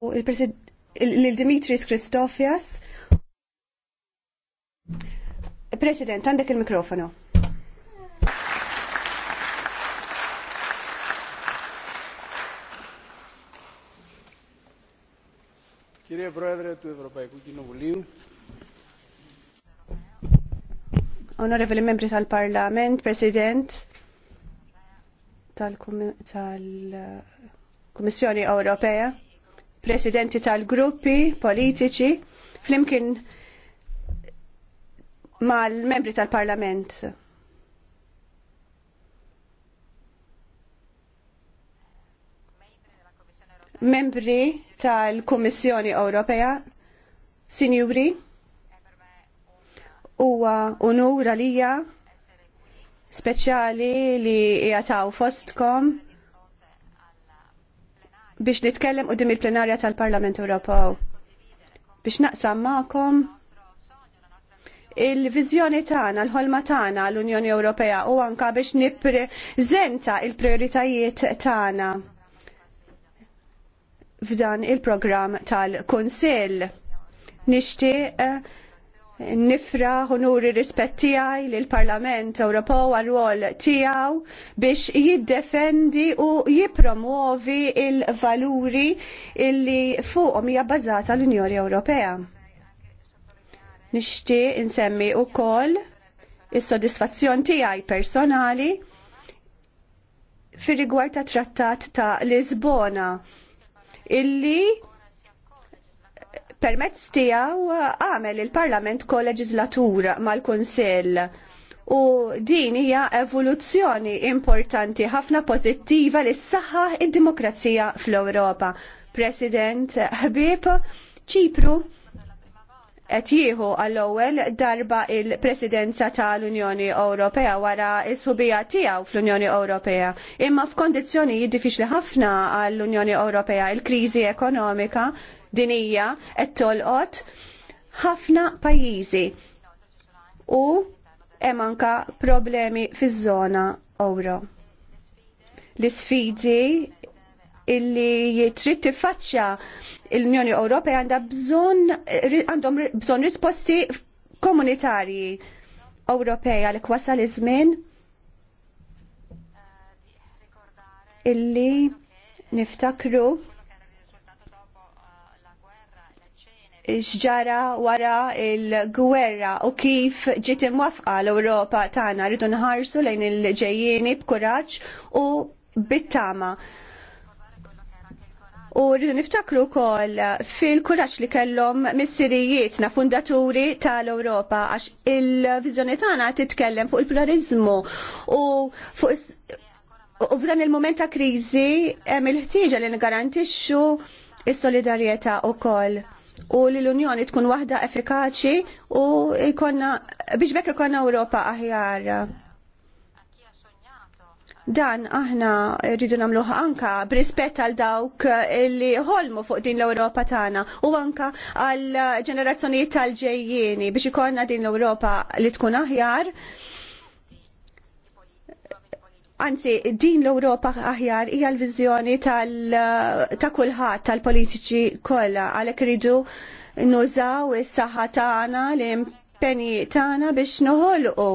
u il-Dimitris Kristofias. President, għandek il-mikrofonu. Κύριε Πρόεδρε του Ευρωπαϊκού Κοινοβουλίου. Onorevoli membri tal-Parlament, President tal-Kummissjoni tal Ewropea presidenti tal-gruppi politiċi flimkien mal-membri tal-parlament. Membri tal-Kummissjoni Ewropea, Sinjuri, huwa unur għalija speċjali li jgħataw fostkom biex nitkellem dim il-plenarja tal-Parlament Ewropew. Biex naqsam magħkom il-vizjoni tagħna, l-ħolma tagħna l-Unjoni Ewropea u anka biex nippreżenta il-prioritajiet tagħna f'dan il-programm tal-Kunsill. Nixtieq eh, nifra honuri tiegħi lil parlament Ewropew għal wol tiegħu biex jiddefendi u jipromuovi il-valuri illi fuqhom hija bbażata l-Unjoni Ewropea. Nixtieq insemmi wkoll is-sodisfazzjon tiegħi personali fir-rigward ta' trattat ta' Lisbona illi Permezz tiegħu għamel il-Parlament koleġislatur mal-Kunsill u din hija evoluzzjoni importanti ħafna pożittiva li saħħa id-demokrazija fl-Ewropa. President ħbieb Ċipru qed jieħu għall-ewwel darba il-Presidenza tal-Unjoni Ewropea wara s-subija tiegħu fl-Unjoni Ewropea. Imma f'kondizzjonijiet diffiċli ħafna għall-Unjoni Ewropea il-kriżi ekonomika dinija qed tolqot ħafna pajjiżi u hemm anke problemi fiż-żona euro. L-isfidi illi trid tiffaċċja l-Unjoni Ewropea għandha bżonn għandhom bżonn risposti komunitarji Ewropea li kwasal iż-żmien illi niftakru xġara wara il-gwerra u kif ġiet imwafqa l-Ewropa tagħna rridu nħarsu lejn il-ġejjieni b'kuraġġ u bit-tama. U rridu niftakru wkoll fil-kuraġġ li kellhom missirijietna fundaturi tal-Ewropa għax il vizjoni tagħna titkellem fuq il-pluralizmu u fuq U f'dan il-moment ta' kriżi hemm il-ħtieġa li ngarantixxu is-solidarjetà wkoll u li l-Unjoni tkun waħda effikaċi u ikonna, biex bekk ikonna Ewropa aħjar. Dan aħna rridu nagħmluha anka b'rispett għal dawk li ħolmu fuq din l-Ewropa tagħna u anka għal ġenerazzjonijiet tal-ġejjieni biex ikollna din l-Ewropa li tkun aħjar. Anzi, din l-Europa aħjar hija l-viżjoni ta' kulħadd tal-politiċi kollha għalhekk iridu nużaw is-saħħa tagħna l-impenji tagħna biex noħolqu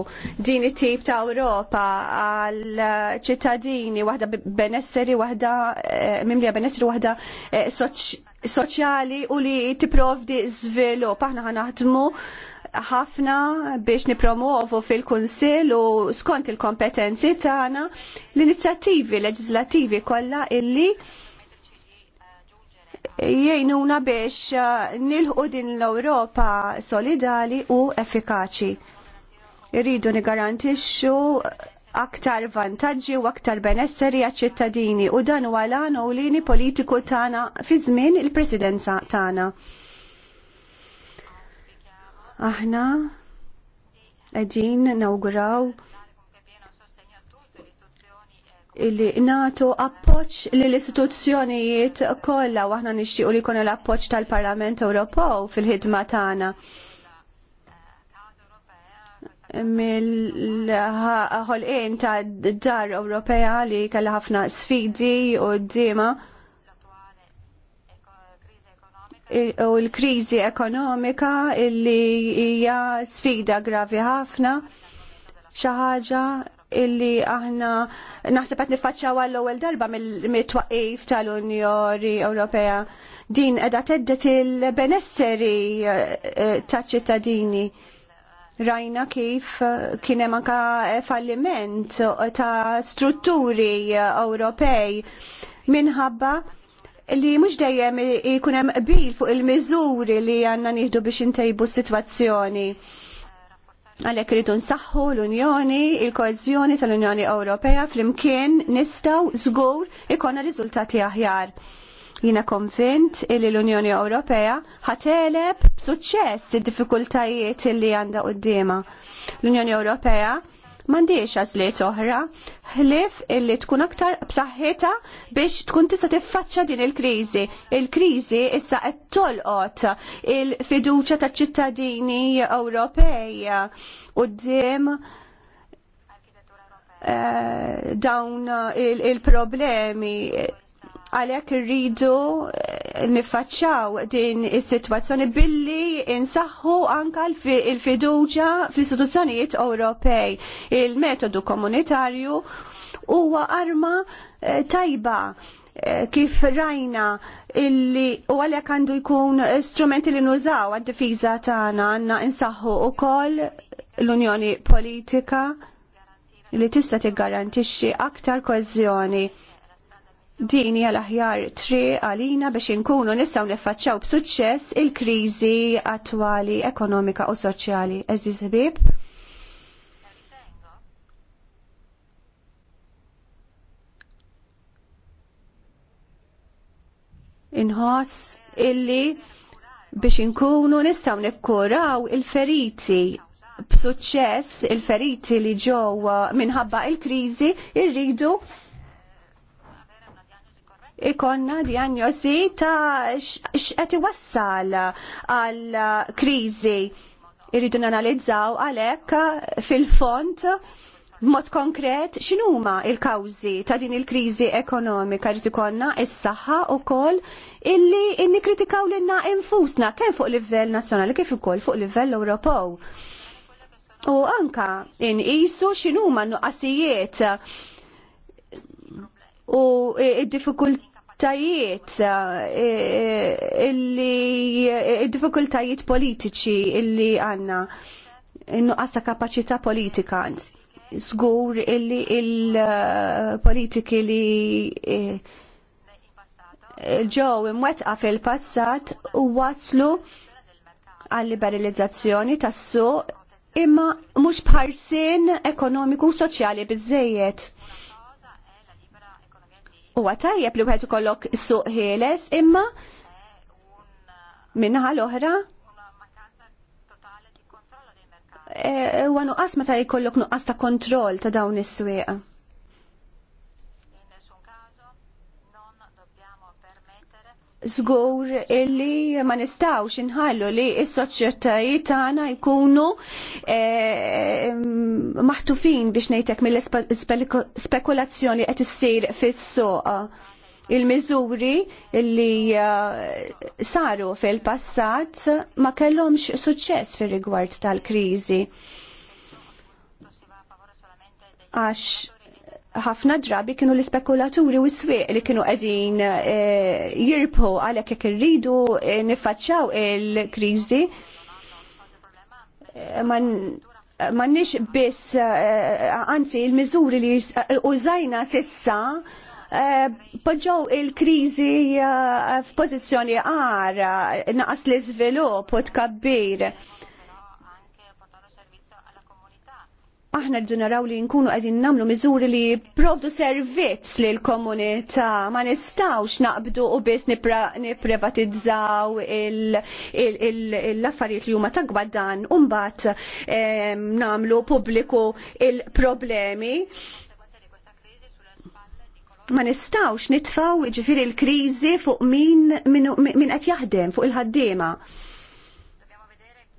din it-tip ta' Ewropa għal ċittadini waħda benesseri waħda eh, mimlija benesseri waħda eh, soċjali u li tipprovdi żvilupp. Aħna ħanaħdmu ħafna biex nipromuovu fil-Kunsill u skont il-kompetenzi tagħna l-inizjattivi leġislattivi kollha illi jgħinuna biex uh, nilħu din l-Ewropa solidali u effikaċi. Irridu nigarantixxu aktar vantaġġi u aktar benesseri għaċ ċittadini u dan huwa l-għan politiku tagħna fi żmien il-presidenza tagħna. Aħna qegħdin nawguraw illi natu appoċ li l-istituzzjonijiet kollha u aħna nixtiequ li jkun l-appoċ tal-Parlament Ewropew fil-ħidma tagħna. Mill-ħolqien ta' dar Ewropea li kellha ħafna sfidi u d u l-kriżi ekonomika illi hija sfida gravi ħafna xi ħaġa illi aħna naħseb qed niffaċċaw għall-ewwel darba mit-twaqif tal-Unjoni Ewropea. Din qiegħda teddet il-benesseri eh, eh, taċ-ċittadini. Rajna kif eh, kien hemm anke falliment ta' strutturi Ewropej minħabba li mhux dejjem ikun hemm qbil fuq il-miżuri li għandna nieħdu biex intejbu s-sitwazzjoni. Għalhekk rridu nsaħħu l-Unjoni, il koezjoni tal-Unjoni Ewropea flimkien nistgħu żgur ikonna riżultati aħjar jina konvint li l-Unjoni Ewropea ħateleb b'suċċess id-diffikultajiet li għandha quddiema L-Unjoni Ewropea Mandiex għażliet oħra, ħlif illi tkun aktar b'saħħeta biex tkun tista' tiffaċċa din il-kriżi. Il-kriżi issa qed tolqot il-fiduċja taċ-ċittadini Ewropej quddiem eh, dawn il-problemi. Il għalhekk irridu eh, nifacċaw din is-sitwazzjoni billi insaħħu anka l-fiduċja fl-istituzzjonijiet Ewropej. Il-metodu komunitarju huwa arma eh, tajba eh, kif rajna illi u għalhekk għandu jkun strumenti li nużaw għad-difiża tagħna għandna insaħħu wkoll l-Unjoni Politika li tista' tiggarantixxi aktar koeżjoni Din hija l-aħjar tri għalina biex inkunu nistgħu niffaċċjaw b'suċċess il-kriżi attwali ekonomika u soċjali. Eżiż Inħoss illi biex inkunu nistgħu nikkuraw il-feriti b'suċċess il-feriti li ġewwa minħabba il-kriżi irridu il ikonna diagnosi ta' x'qed iwassal għal kriżi irridu nanalizzaw għalhekk fil-font b'mod konkret x'inhuma il-kawżi ta' din il-kriżi ekonomika rrid ikollna is saħħa wkoll illi nikkritikaw lilna infusna kemm fuq livell nazzjonali kif ukoll fuq livell Ewropew. U anka inqisu x'inhuma nuqqasijiet u d-diffikultà diffikultajiet eh, eh, illi eh, diffikultajiet politiċi illi għanna nuqqas ta' kapaċità politika żgur illi il-politiki li ġew imwetqa fil-passat u waslu għal liberalizzazzjoni tas-suq imma mhux bħarsin ekonomiku u soċjali biżejjed Huwa tajjeb li wieħed ikollok suq ħieles imma minnaħa l-oħra eh, huwa nuqqas meta jkollok nuqqas ta' kontroll ta' dawn is sweqa Żgur illi ma nistawx inħallu li s-soċjetajiet tagħna jkunu eh, mm, maħtufin biex ngħidlek mill-spekulazzjoni qed issir fis-soqa il miżuri li eh, saru fil-passat ma kellhomx suċċess fir rigward tal-kriżi. Għax ħafna drabi kienu l-ispekulaturi u s sviq li kienu qegħdin eh, jirpu għalhekk jekk irridu eh, nifacċaw il-kriżi. Eh, nix biss anzi il-miżuri li użajna sissa poġġow il-kriżi f'pożizzjoni għara naqas l-iżvilupp u tkabbir. aħna rridu naraw li nkunu qegħdin nagħmlu miżuri li provdu servizz lill komunità ma nistgħux naqbdu u biss nipprivatizzaw l-affarijiet li huma ta' dan u mbagħad ehm, nagħmlu pubbliku il-problemi ma nistgħux nitfaw jiġifieri l-kriżi fuq min qed jaħdem fuq il-ħaddiema.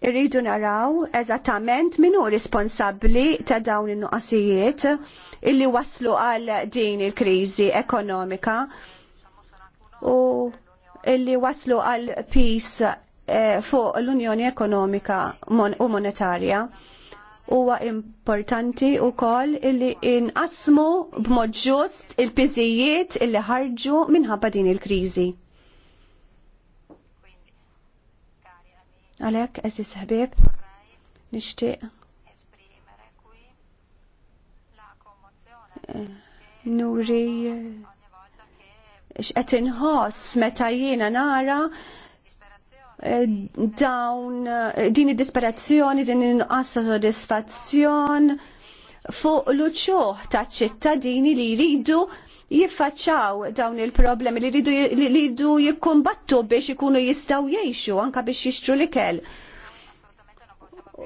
Irridu naraw eżattament min hu responsabbli ta' dawn in-nuqqasijiet illi waslu għal din il-kriżi ekonomika u illi waslu għal pis eh, fuq l-Unjoni Ekonomika u Monetarja huwa importanti u koll illi inqasmu b'mod ġust il-piżijiet illi ħarġu minħabba din il-kriżi. Għalek, għazi sħabib, nishtiq. Eh, nuri, eh, xqed inħoss meta jiena nara eh, dawn din id-disperazzjoni, din inqas sodisfazzjon fuq l-uċuħ ta' ċittadini li jridu jiffaċċaw dawn il-problemi li jridu jikkumbattu biex ikunu jistgħu jgħixu anke biex jixtru l-ikel.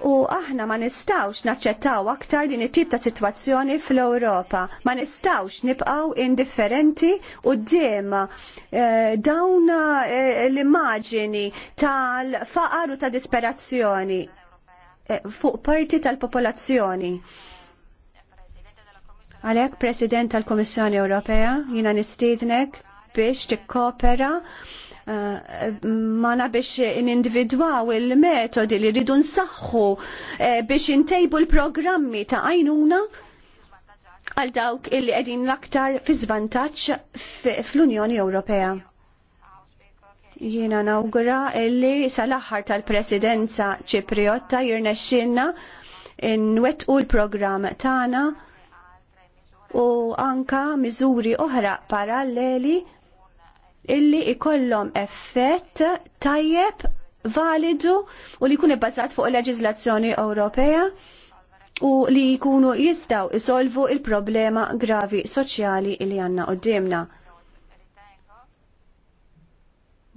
U aħna ma nistawx naċċettaw aktar din it-tip ta' sitwazzjoni fl-Ewropa. Ma nistawx nibqaw indifferenti u d-dim eh, dawn eh, l-immaġini tal-faqar u ta' disperazzjoni eh, fuq parti tal-popolazzjoni. Għalhekk President tal-Kummissjoni Ewropea, jiena nistiednek biex tikkopera eh, mana biex nindividwaw il-metodi li rridu nsaħħu eh, biex intejbu l-programmi ta' għajnuna għal dawk illi qegħdin l-aktar fi żvantaġġ fl-Unjoni Ewropea. Jiena nawgura li sal-aħħar tal-Presidenza Ċipriotta jirnexxinna nwettqu l-programm tagħna u anka miżuri oħra paralleli illi ikollhom effett tajjeb validu u li jkun ibbażat fuq il-leġiżlazzjoni Ewropea u li jkunu jistaw isolvu il-problema gravi soċjali li għanna qoddimna.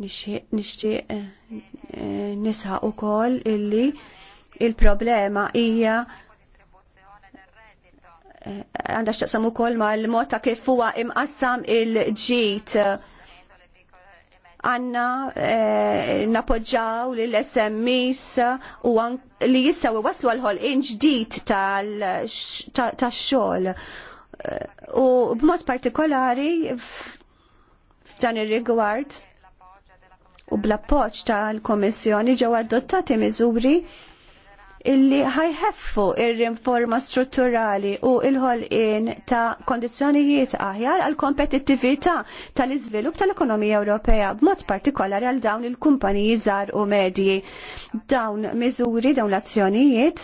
Nixtieq eh, nisħaq ukoll illi il-problema hija għandha taqsam ukoll mal l ta' kif huwa imqassam il-ġid għanna eh, napoġġaw li l-SMIs u li jistaw waslu għal-ħol inġdijt tal-xol. U b'mod partikolari f'dan ir-rigward u bl-appoġġ tal-Komissjoni ġew adottati miżuri illi ħajħeffu ir-rinforma strutturali u il-ħolqien ta' kondizjonijiet aħjar għal kompetittività tal-iżvilupp tal-ekonomija Ewropea b'mod partikolari għal dawn il-kumpaniji żgħar u medji. Dawn miżuri, dawn l-azzjonijiet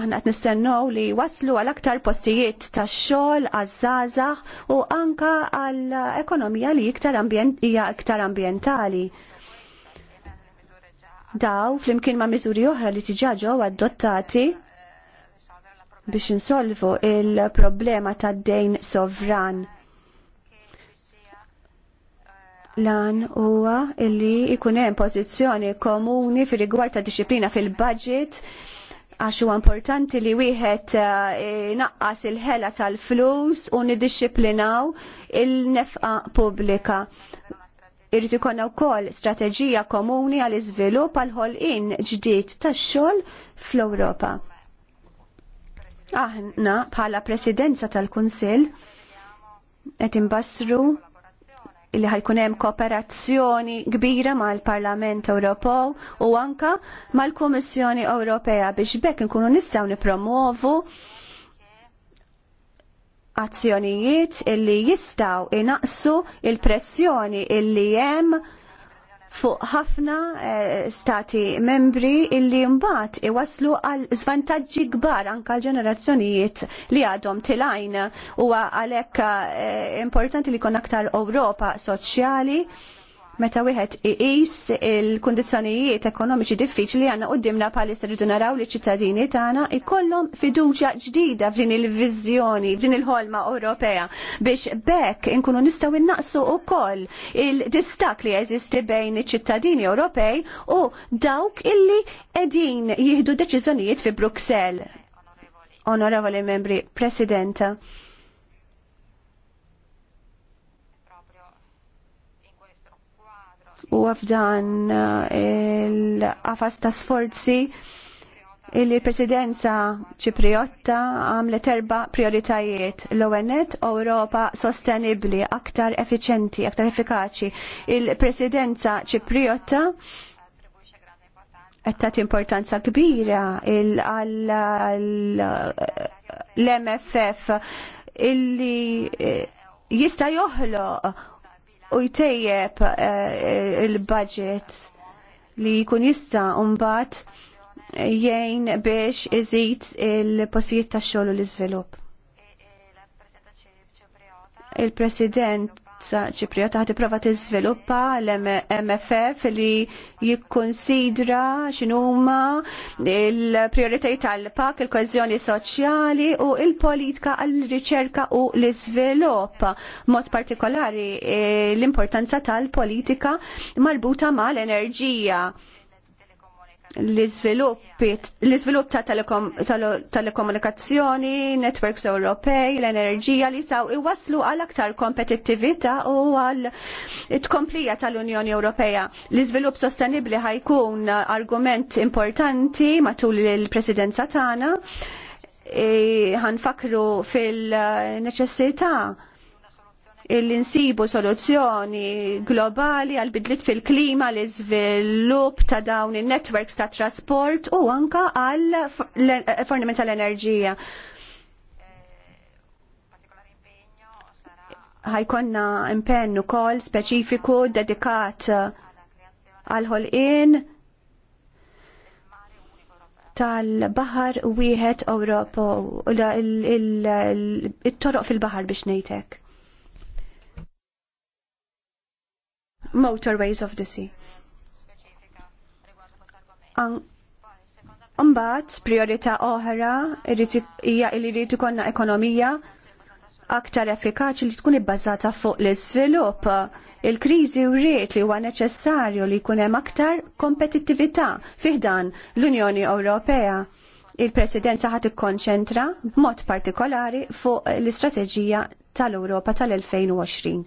aħna qed nistennew li waslu għal aktar postijiet tax-xogħol għaż-żgħażagħ u anka għall ekonomija li iktar ambjent hija iktar ambjentali. Daw, flimkien ma' miżuri oħra li tiġaġo adottati biex insolvu il-problema ta' dejn sovran. Lan huwa illi ikun hemm pożizzjoni komuni fir-rigward ta' disciplina fil-budget għax huwa importanti li wieħed eh, naqqas il-ħela tal-flus u nidixxiplinaw il-nefqa pubblika. Irrid ikun wkoll strateġija komuni għall iżvilupp għal ħolqien ġdid tax-xogħol fl-Ewropa. Aħna bħala presidenza tal-Kunsill qed imbassru li ħajkun hemm kooperazzjoni kbira mal-Parlament Ewropew u anka mal-Kummissjoni Ewropea biex bekk nkunu nistgħu nippromovu azzjonijiet illi jistaw inaqsu il-pressjoni illi jem fuq ħafna eh, stati membri illi mbagħad iwaslu għal żvantaġġi kbar anke għal ġenerazzjonijiet li għadhom tilajn huwa għalhekk eh, importanti li jkun aktar Ewropa soċjali meta wieħed iqis il-kundizzjonijiet ekonomiċi diffiċli għandna qudiemna bħalissa rridu naraw li ċittadini tagħna ikollhom fiduċja ġdida f'din il-viżjoni, f'din il-ħolma Ewropea biex bekk inkunu nistgħu innaqsu wkoll il-distak li jeżisti bejn iċ-ċittadini Ewropej u dawk illi qegħdin jieħdu deċiżjonijiet fi Bruxelles. Onorevoli membri, Presidenta, u għafdan eh, il-qafas ta' sforzi illi presidenza ċipriotta għamlet erba prioritajiet l-ONET Europa sostenibli, aktar effiċenti, aktar effikaċi. Il-presidenza ċipriotta għattat importanza kbira l-MFF illi eh, jista joħloq u jtejjeb eh, il-budget li jkun jista' mbagħad jgħin biex iżid il-postijiet tax xogħol u l-iżvilupp. Il-President ċipriota ħati prova tiżviluppa l-MFF li jikkonsidra x'inhuma il-prioritajiet tal-pak, il-koeżjoni soċjali u il-politika għall-riċerka u l-iżvilupp. Mod partikolari eh, l-importanza tal-politika marbuta mal-enerġija l-izvilupp ta' telekomunikazzjoni, networks Ewropej, l-enerġija li saw iwaslu għal aktar kompetittività u għal tkomplija tal-Unjoni Ewropea. L-izvilupp sostenibli ħajkun argument importanti matul il-presidenza tagħna e, ħanfakru fil-neċessità illi nsibu soluzzjoni globali għal bidlit fil-klima l iżvilupp ta' dawn in networks ta' trasport u anka għal forniment tal-enerġija. ħajkonna impenn ukoll speċifiku dedikat għal ħolqien tal-baħar wieħed Ewropa u il-toroq fil-baħar biex nejtek. Motorways of the Sea. Mbagħad priorità oħra hija li jrid ikollna ekonomija aktar effikaċi li tkun ibbażata fuq l-iżvilupp. Il-kriżi rrit li huwa neċessarju li jkun hemm aktar kompetittività fiħdan l-Unjoni Ewropea. Il-Presidenza ħat ikkonċentra b'mod partikolari fuq l-istrateġija tal-Ewropa tal-2020.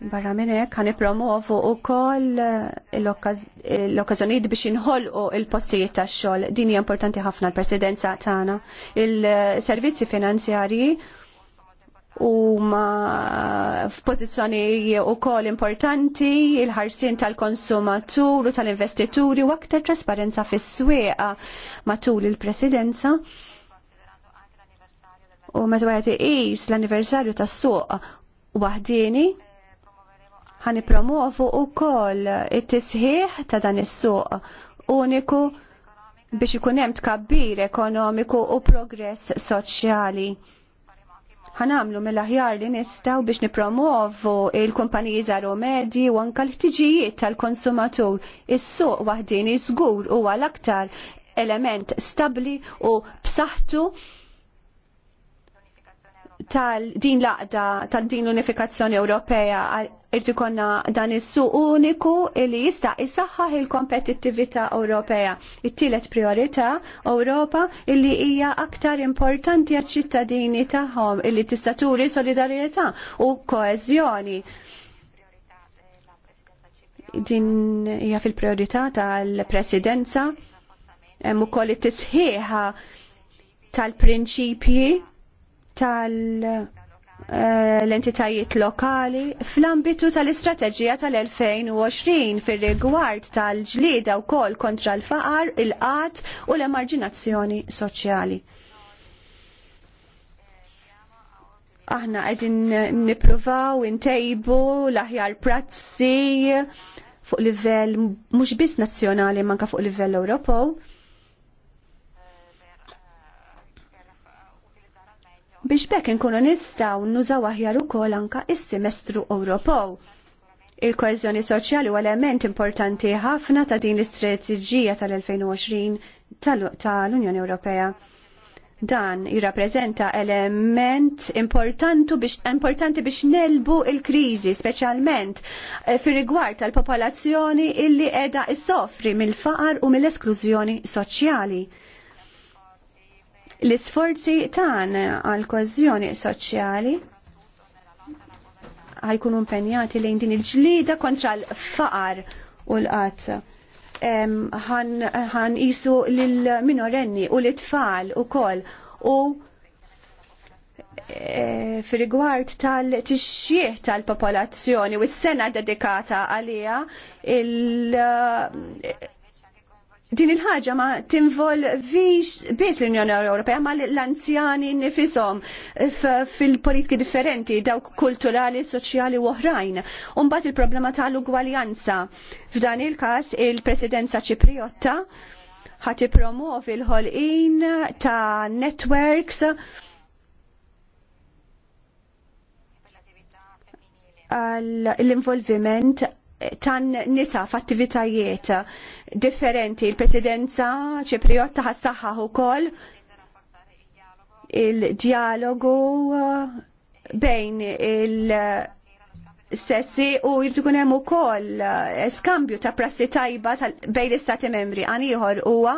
Barra minn hekk ħan nippromovu wkoll eh, l-okkażjonijiet biex inħolqu il-postijiet tax-xogħol. Din hija importanti ħafna l-presidenza tagħna. Il-servizzi finanzjarji huma f'pożizzjoni wkoll importanti il-ħarsien tal-konsumatur u tal-investituri u aktar trasparenza fis-swieqa matul il-presidenza u meta wieħed iqis l-anniversarju tas-suq waħdieni ħanipromuovu wkoll it-tisħiħ ta' dan is-suq uniku biex ikun hemm tkabbir ekonomiku u progress soċjali. Ħanamlu mill-aħjar li nistgħu biex nipromuovu il-kumpaniji żaru medji u anke l-ħtiġijiet tal-konsumatur. Is-suq waħdin iżgur huwa l-aktar element stabbli u b'saħħtu tal-din laqda tal-din l-unifikazzjoni Ewropea irti konna dan is-suq uniku li jista' isaħħaħ il-kompetittività Ewropea. It-tielet priorità Ewropa illi hija aktar importanti għaċ-ċittadini tagħhom illi tista' turi solidarjetà u koeżjoni. Din hija fil-priorità tal-Presidenza hemm ukoll it-tisħiħa tal-prinċipji tal- eh, entitajiet lokali fl-ambitu tal-istrateġija tal-2020 fir-rigward tal-ġlieda wkoll kontra l-faqar, il-qat u l-emarġinazzjoni soċjali. Aħna qegħdin nippruvaw intejbu l-aħjar prazzi fuq livell mhux biss nazzjonali manka fuq livell Ewropew biex bekk inkunu nistgħu nużaw aħjar ukoll anka is-semestru Ewropew. Il-koeżjoni soċjali huwa element importanti ħafna ta' din l-istrateġija tal-2020 tal-Unjoni Ewropea. Dan jirrappreżenta element biex, importanti biex nelbu il-kriżi, speċjalment eh, fir rigward tal-popolazzjoni illi qiegħda issofri mill-faqar u mill-esklużjoni soċjali. L-isforzi tan għal-kozzjoni soċjali ħajkunu impenjati lejn din il-ġlida kontra l-faqar u l-qatt. Għan jisu l-minorenni u l-tfal u kol u e, fil-rigward tal-tixxieħ tal-popolazzjoni u s-sena dedikata għalija il- din il-ħaġa ma tinvolvix biss l-Unjoni Ewropea ma l-anzjani nifisom fil-politiki differenti dawk kulturali, soċjali u oħrajn. Umbat il-problema tal-ugwaljanza. F'dan il-kas il-Presidenza Ċipriotta ħati promuov l-ħolqin ta' networks l-involviment tan nisa f'attivitajiet differenti. Il-presidenza ċipriotta ħassaħħa ukoll il-dialogu uh, bejn il- sessi u jirtu kunem u koll uh, skambju ta' prassi tajba bejn l-istati membri għan iħor huwa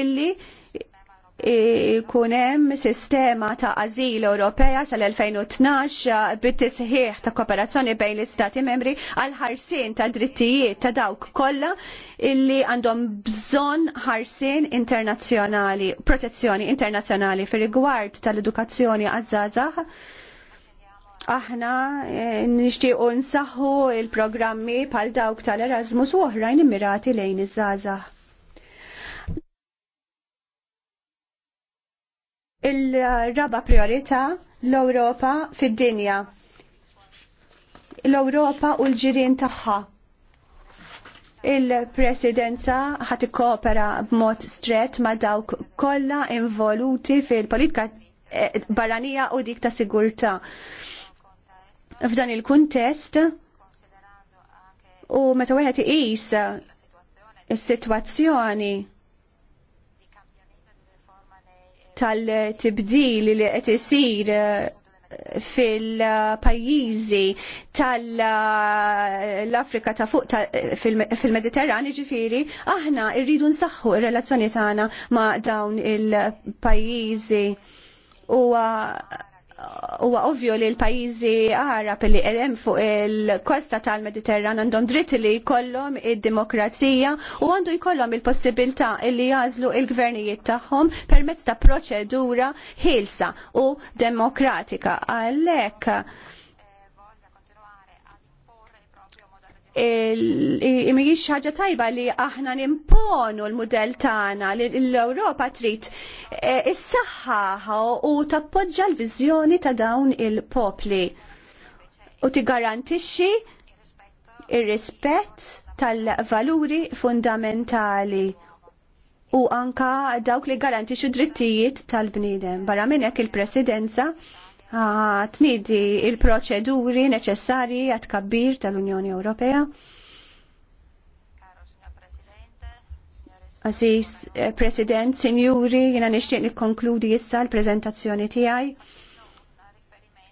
illi ikunem hemm sistema ta' azil Ewropea sal-2012 bit-tisħiħ ta' kooperazzjoni bejn l-Istati membri għal ħarsien ta' drittijiet ta' dawk kollha illi għandhom bżonn ħarsien internazzjonali, protezzjoni internazzjonali fir-rigward tal-edukazzjoni għaż-żgħażagħ aħna eh, nixtiequ nsaħħu il-programmi bħal dawk tal-Erasmus u oħrajn immirati lejn iż-żgħażagħ. il-raba priorità l-Europa fid-dinja. L-Europa u l-ġirien tagħha. Il-presidenza ħat ikkopera b'mod strett ma' dawk kollha involuti fil-politika eh, barranija u dik ta' sigurtà. F'dan il-kuntest u meta wieħed iqis is-sitwazzjoni tal-tibdil li qed isir eh, fil-pajjiżi tal-Afrika ta' fuq fil-Mediterran, ġifiri, aħna irridu nsaħħu ir-relazzjoni tagħna ma' dawn il-pajjiżi. U huwa ovvju li l-pajjiżi Arab li hemm fuq il-kosta tal-Mediterran għandhom dritt li jkollhom id-demokrazija u għandu jkollhom il-possibilità li jażlu il-gvernijiet tagħhom permezz ta' proċedura ħilsa u demokratika. Għalhekk mhijiex ħaġa tajba li aħna nimponu l-mudell tagħna li l-Ewropa trid e, issaħħaħ u tappoġġa l-viżjoni ta' dawn il-popli u garantixi ir-rispett tal-valuri fundamentali u anka dawk li garantixxu drittijiet tal-bniedem. Barra minn hekk il-Presidenza tnidi il-proċeduri neċessarji għat kabbir tal-Unjoni Ewropea. Aziz eh, President, Sinjuri, jina nishtiq nikkonkludi issa l-prezentazzjoni tiegħi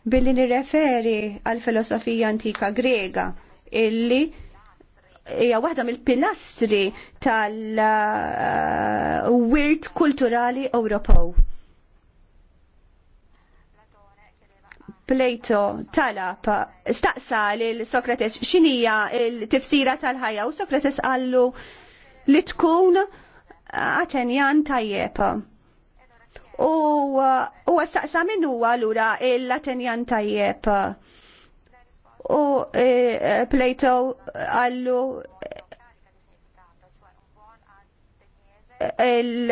billi nirreferi għal filosofija antika grega illi hija waħda mill-pilastri tal-wirt eh, kulturali Ewropew. Plato talab staqsa lil Sokrates x'inhija l-tifsira tal-ħajja u Sokrates qallu li tkun Atenjan tajjeb. U huwa staqsa min huwa lura l-Atenjan tajjeb. U e, Plato qallu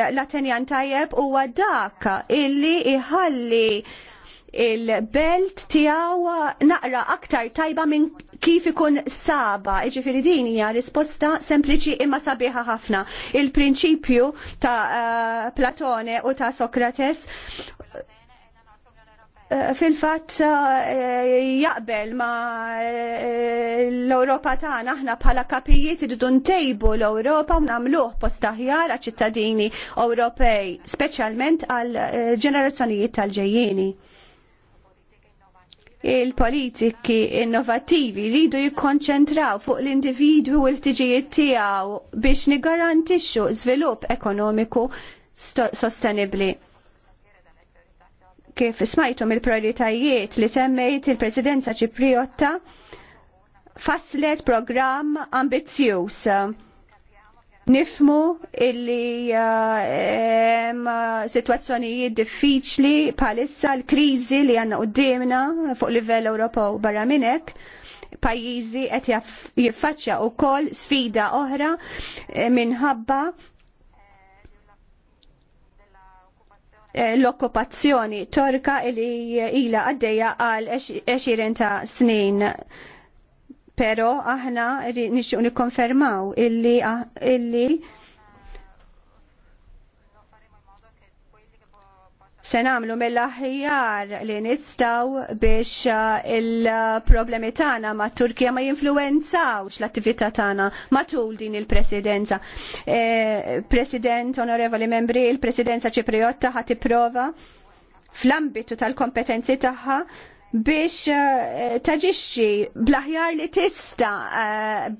l-Atenjan tajjeb huwa dak illi iħalli il-belt tiegħu naqra aktar tajba minn kif ikun saba. Iġifiri din hija risposta sempliċi imma sabiħa ħafna. Il-prinċipju ta' eh, Platone u ta' Sokrates eh, fil-fat eh, jaqbel ma l-Europa tagħna naħna bħala kapijiet id-dun ntejbu l-Europa u postaħjar post aħjar għaċ-ċittadini Ewropej, speċjalment għall ġenerazzjonijiet tal-ġejjieni il-politiki innovativi rridu jikkonċentraw fuq l-individwu u l tiġijiet tiegħu biex nigarantixxu żvilupp ekonomiku sostenibbli. Kif smajtum il-prioritajiet li semmejt il-Presidenza Ċipriotta faslet programm ambizzjuż Nifmu illi situazzjonijiet diffiċli palissa l-krizi li għanna qoddimna fuq livell u barra minnek pajjiżi qed jiffaċċja wkoll sfida oħra minħabba l-okkupazzjoni torka li ila għaddejja għal 20 ta' snin Pero aħna nixtiequ nikkonfermaw illi illi se nagħmlu mill-aħjar li nistgħu biex il-problemi tagħna mat Turkija ma jinfluwenzawx l-attività tagħna matul din il-presidenza. E, President, onorevoli membri, il-presidenza ċipriotta ħat prova fl-ambitu tal-kompetenzi tagħha biex eh, taġixxi blaħjar li tista eh,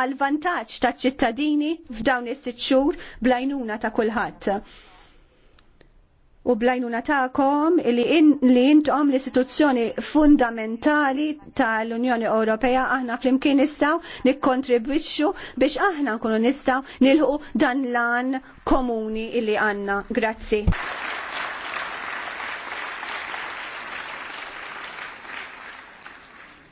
għal vantaġġ taċ ċittadini f'dawn is-sitt xhur blajnuna ta' kulħadd u blajnuna ta'kom li, in, li intom l-istituzzjoni fundamentali tal-Unjoni Ewropea aħna flimkien nistaw nikkontribwixxu biex aħna nkunu nistaw nilħu dan lan komuni li għanna. Grazzi.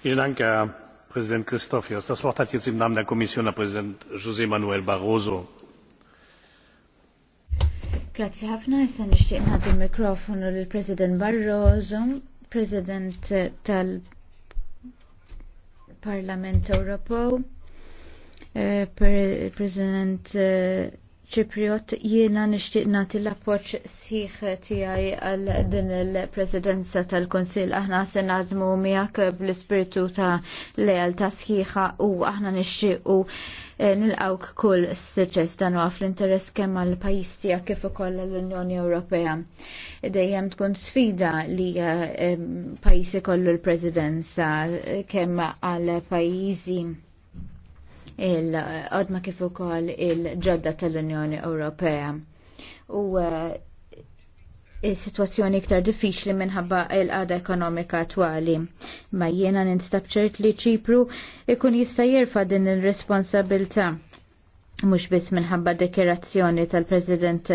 Vielen Dank, Herr Präsident Christofias. Das Wort hat jetzt im Namen der Kommission Herr Präsident José Manuel Barroso. Grazzi ħafna, issa nixtieq nagħti l mikrofonu lill President Barroso, President tal-Parlament Ewropew, eh, President eh, Ċipriot jiena nixtieq nagħti l-appoġġ sħiħ tiegħi għal din il-Presidenza tal-Kunsill. Aħna se nażmu miegħek bl-ispirtu ta' lealtà sħiħa u aħna nixtiequ eh, nilqawk kull suċċess dan huwa fl-interess kemm għall pajjiż tiegħek kif ukoll l-Unjoni Ewropea. Dejjem tkun sfida li eh, pajjiżi kollu l-Presidenza eh, kemm għal pajjiżi il-qodma kif ukoll il-ġodda tal-Unjoni Ewropea. U eh, il-situazzjoni iktar diffiċli minħabba il-qada ekonomika attwali. Ma jiena ċert li ċipru ikun jista' jirfa' din ir responsabilta mux biss minħabba dekirazzjoni tal-President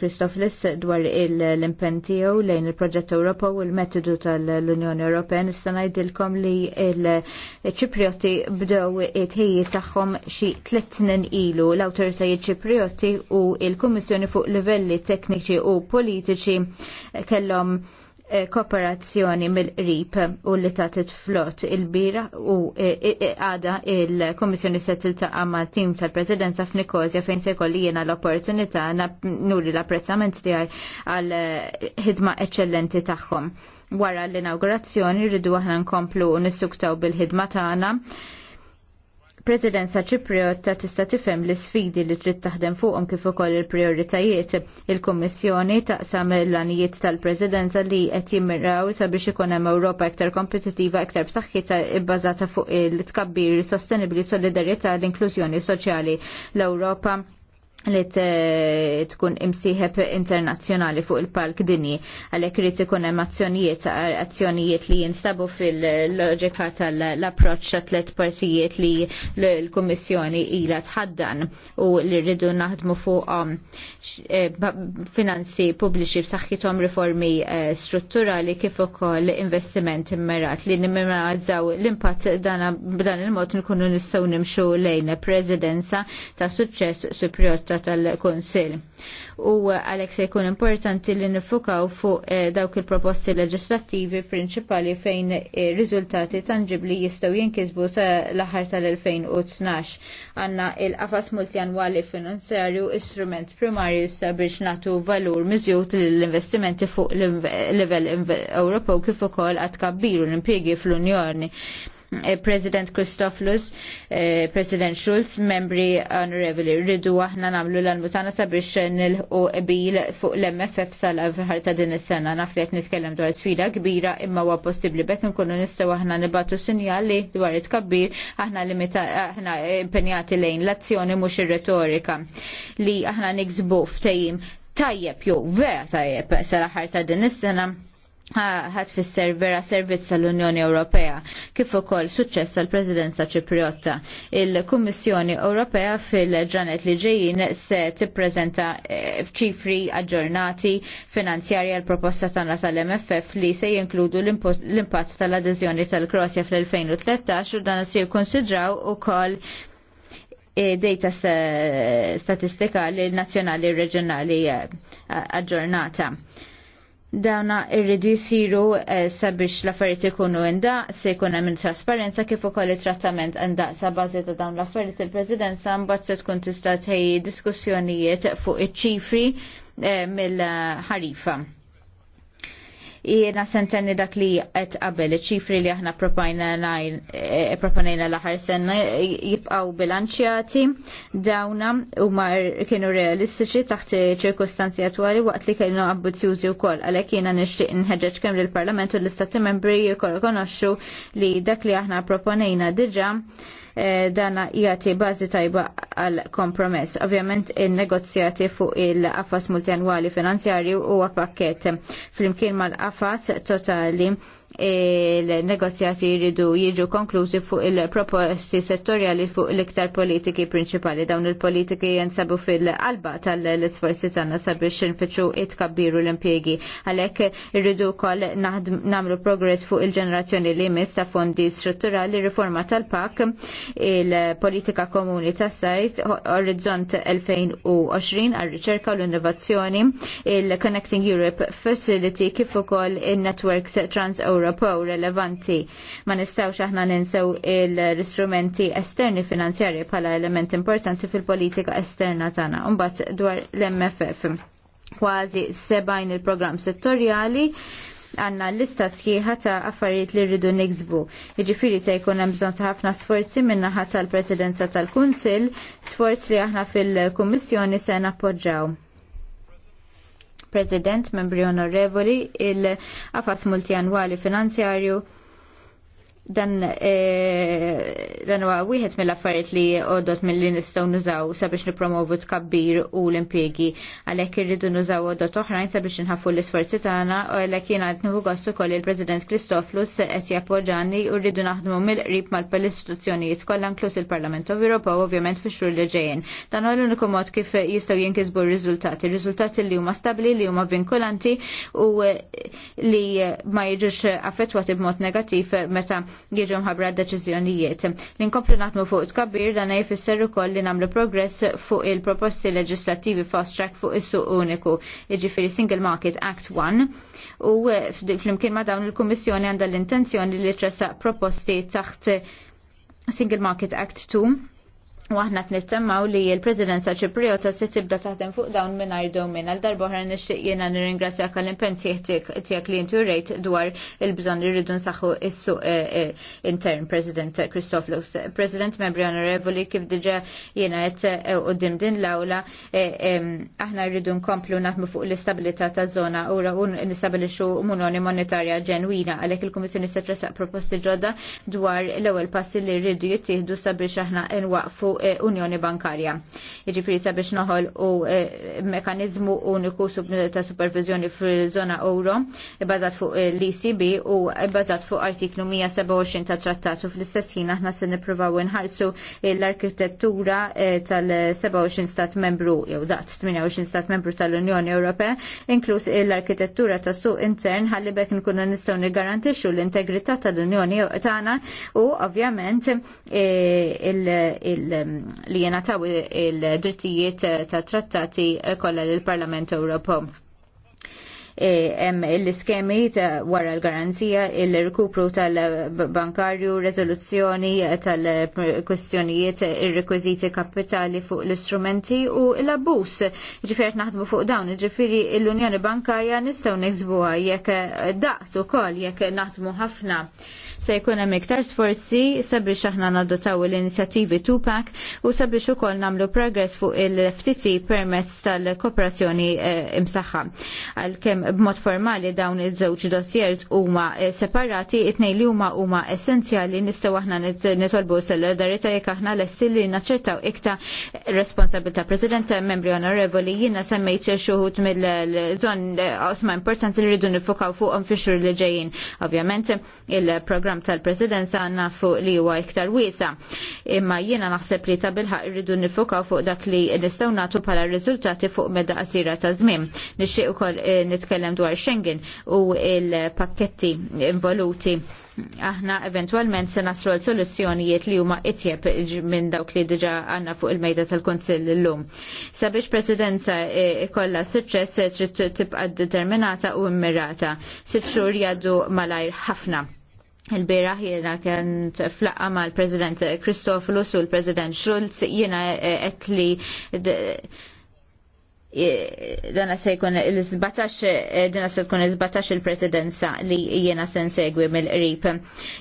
Kristoflis eh, dwar l tiegħu lejn il-proġett Ewropa u l-metodu tal-Unjoni Ewropea nista' ngħidilkom li l-Ċiprioti bdew it ħiji tagħhom xi tliet snin ilu l-awtoritajiet Ċiprioti u l-Kummissjoni fuq livelli tekniċi u politiċi kellhom Eh, kooperazzjoni mill-qrib u li tatit flott il-bira u eh, eh, għada il-Komissjoni se tiltaqa' ma' tim tal-Presidenza f'Nikozja fejn se jkolli jiena l-opportunità nuri l-apprezzament tiegħi għal ħidma eċċellenti tagħhom. Wara l-inaugurazzjoni rridu aħna nkomplu nissuktaw bil-ħidma tagħna Presidenza Ċipriota tista' tifhem l isfidi li trid taħdem fuqhom kif ukoll il-prioritajiet. Il-Kummissjoni taqsam l-anijiet tal-Presidenza li qed jimmiraw sabiex ikun hemm Ewropa iktar kompetittiva, iktar b'saħħitha bbażata fuq il-tkabbir sostenibbli, solidarjetà l-inklużjoni soċjali. L-Ewropa li eh, tkun imsiħeb internazzjonali fuq il-park dinji għalhekk irid ikun hemm azzjonijiet li jinstabu fil-loġika tal-approċċ ta' tliet partijiet li l-Kummissjoni ilha tħaddan u li rridu naħdmu fuq eh, finanzi pubbliċi b'saħħithom riformi eh, strutturali kif ukoll investiment immerat li nimmerazzaw l-impatt dan il-mod nkunu nistgħu nimxu lejn presidenza ta' suċċess superior proposta tal-Konsil. U għalek se jkun importanti li nifukaw fuq eh, dawk il-proposti leġislattivi prinċipali fejn riżultati tangibli jistaw jinkisbu sa l-aħħar tal-2012. Għanna il-qafas multjanwali finanzjarju istrument primarju biex natu valur mizjut l-investimenti fuq l-level Ewropew kif ukoll għad kabbiru l-impjegi fl-Unjoni Eh, President Christoflus, eh, President Schulz, membri onorevoli, rridu aħna namlu l-almutana sabiex nilħu bil fuq l-MFF sal ta' din is-sena. Naf li qed nitkellem dwar sfida kbira imma huwa possibbli bekk nkunu nistgħu aħna nibatu sinjali dwar it-kabbir aħna limita aħna impenjati lejn l-azzjoni mhux ir-retorika li aħna niksbu ftehim tajjeb jew vera tajjeb sal ħarta ta' din is-sena ħat fisser vera servizz tal-Unjoni Ewropea kif ukoll suċċess tal-Presidenza Ċipriotta. Il-Kummissjoni Ewropea fil-ġranet li ġejjin se tippreżenta eh, f'ċifri aġġornati finanzjarja l-proposta tagħna tal-MFF li se jinkludu l-impatt tal-adeżjoni tal-Krosja fl-2013 u dan se jikkonsidraw ukoll eh, data eh, statistika li nazzjonali reġjonali aġġornata dawna irridu jisiru eh, sabiex l-affarijiet ikunu indaq, se jkun hemm trasparenza kif ukoll it-trattament indaq sa bażi ta' dawn l-affarijiet il-Presidenza mbagħad se tkun tista' tgħid diskussjonijiet fuq iċ-ċifri eh, mill-ħarifa. Jiena sentenni dak li qed qabel iċ-ċifri li aħna proponejna eh, l-aħħar sena jibqgħu bilanċjati dawna huma kienu realistiċi taħt ċirkustanzi attwali waqt li kienu ambizzjużi wkoll għalhekk jiena nixtieq inħeġġeġ kemm lill-Parlament u l-Istati Membri jikkonoxxu li dak li aħna proponejna diġà Eh, dana jagħti bażi tajba għal kompromess. Ovvjament il negozjati fuq il-qafas multianwali finanzjarju huwa pakkett flimkien mal-qafas totali il-negozjati jridu jiġu konklużi fuq il-proposti settorjali fuq l-iktar politiki prinċipali. Dawn il-politiki jensabu fil-qalba tal-sforzi tagħna sabiex nfittxu it-kabbiru l impiegi Għalhekk irridu wkoll nagħmlu progress fuq il-ġenerazzjoni li jmiss ta' fondi strutturali, riforma tal-PAK, il-politika komuni tas-sajt, Orizzont 2020 għal-riċerka u l-innovazzjoni, il-Connecting Europe Facility kif ukoll in networks Trans-Europe Ewropew relevanti. Ma nistgħux aħna ninsew l-istrumenti esterni finanzjarji bħala element importanti fil-politika esterna tagħna. Imbagħad dwar l-MFF. Kważi sebajn il-programm settorjali għanna lista sħiħa ta' affarijiet li rridu niksbu. Iġifiri se jkun hemm bżonn ta' ħafna sforzi ħata tal-Presidenza tal-Kunsill, sforz li aħna fil-Kummissjoni se nappoġġaw. President, membri onorevoli, il-qafas multianwali finanzjarju dan e, dan huwa wieħed mill-affarijiet li għodot mill-li nistgħu nużaw sabiex nippromovu tkabbir u l-impjegi għalhekk irridu nużaw għodot oħrajn sabiex inħafu l-isforzi tagħna u għalhekk jiena qed nieħu gost ukoll il-President Kristoflus qed jappoġġani u rridu naħdmu mill-qrib mal-istituzzjonijiet kollha inklus il-Parlament u ovvjament fix-xhur li ġejjin. Dan huwa l-uniku mod kif jistgħu jinkisbu r-riżultati, riżultati li huma stabbli li huma vinkolanti u li ma jiġux affettwati b'mod negattiv meta jiġu mħabra deċiżjonijiet. L-inkomplu naħtmu fuq tkabbir dan jfisser ukoll li nagħmlu progress fuq il-proposti leġislattivi fast track fuq is-suq uniku, jiġifieri Single Market Act 1 u flimkien ma dawn il-Kummissjoni għandha l-intenzjoni li ċessa proposti taħt Single Market Act 2 U aħna t-nittemmaw li l-Presidenza ċipriota se tibda taħdem fuq dawn mingħajr domin għal darba oħra jena jiena nirringrazzja għal impenn tiegħek li jintu rejt dwar il-bżonn li rridu nsaħħu is-suq eh, eh, intern President Kristoflus. President Membri Onorevoli kif diġà jiena eh, u dim din l-awla aħna rridu nkomplu naħdmu fuq l-istabilità taż-żona ura u nistabilixxu munoni monetarja ġenwina għalhekk il-Kummissjoni se tressaq proposti ġodda dwar l-ewwel passi li rridu jittieħdu sabiex aħna n-waqfu Eh, Unjoni Bankarja. Jiġifieri sabiex noħol u eh, mekanizmu uniku ta' supervizjoni fil-żona euro bbażat fuq eh, l-ECB u bbażat fuq artiklu 127 ta' trattatu fl-istess ħin aħna se nippruvaw inħarsu l-arkitettura tal-27 stat membru jew daqt 28 stat membru tal-Unjoni Ewropea, inkluż l-arkitettura tas suq intern ħalli bekk nkunu nistgħu niggarantixxu l-integrità tal-Unjoni tagħna u ovvjament il- li jena taw il-drittijiet ta' trattati kollha l-Parlament Ewropo. hemm e, l-iskemi wara l-garanzija, il rekupru tal-bankarju, rezoluzzjoni tal-kwestjonijiet, ir-rekwiżiti kapitali fuq l-istrumenti u l-abbus. Ġifieri naħdmu fuq dawn, ġifieri l-Unjoni Bankarja nistgħu nixbuha jekk daqs ukoll jekk naħdmu ħafna se jkun hemm iktar sforzi sabiex aħna nadotaw l-inizjattivi Tupac u sabiex ukoll nagħmlu progress fuq il-FTT permezz tal-kooperazzjoni eh, imsaħħa. Għalkemm b'mod formali dawn iż-żewġ dossiers huma eh, separati, it-tnejn li huma huma essenzjali nistgħu aħna nitolbu solidarità jekk aħna lesti li naċċettaw iktar responsabilità. President membri onorevoli jiena semmejt xuħut mill-żon eh, osma importanti li rridu nifokaw fuqhom fix-xhur li ġejjin. Ovvjament il-programm program tal-presidenza nafu li huwa iktar wiesa. Imma jiena naħseb li ta' bilħaq irridu nifokaw fuq dak li nistgħu nagħtu bħala riżultati fuq meda qasira ta' żmien. Nixtieq ukoll eh, nitkellem dwar Schengen u il-pakketti involuti aħna eventualment se nasru għal soluzzjonijiet li huma itjeb minn dawk li diġa għanna fuq il-mejda tal-Kunsill l-lum. Sabiex presidenza eh, ikolla suċċess trid tibqa' determinata u immirata. Sitt xhur jgħaddu malajr ħafna. Il-bira jena kent flaqqa mal-President Kristoflus u l-President Schulz jiena eh, qed li dana se jkun il-17 eh, dana se jkun il-17 il-presidenza li jiena sen segwi mill-qrib.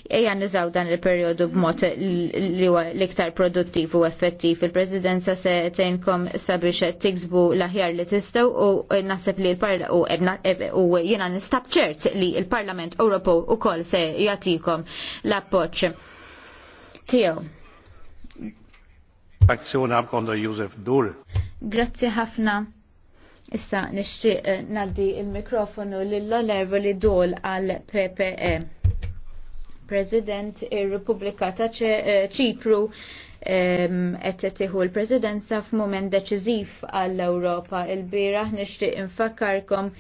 Ejja niżaw dan il-perjodu b'mod li huwa l-iktar produttiv u effettiv. Il-presidenza se tenkom sabiex tiksbu l-aħjar li tistgħu u naħseb li u jiena nistab ċert li il-Parlament Ewropew ukoll se jagħtikom l-appoġġ tijaw Grazie Josef Grazzi ħafna. Issa nixtieq eh, naddi il-mikrofonu lill li dol għal PPE. President ir-Repubblika ta' eh, Ċipru qed tieħu l-Presidenza f'mument deċiżiv għall-Ewropa. Il-bieraħ nixtieq infakkarkom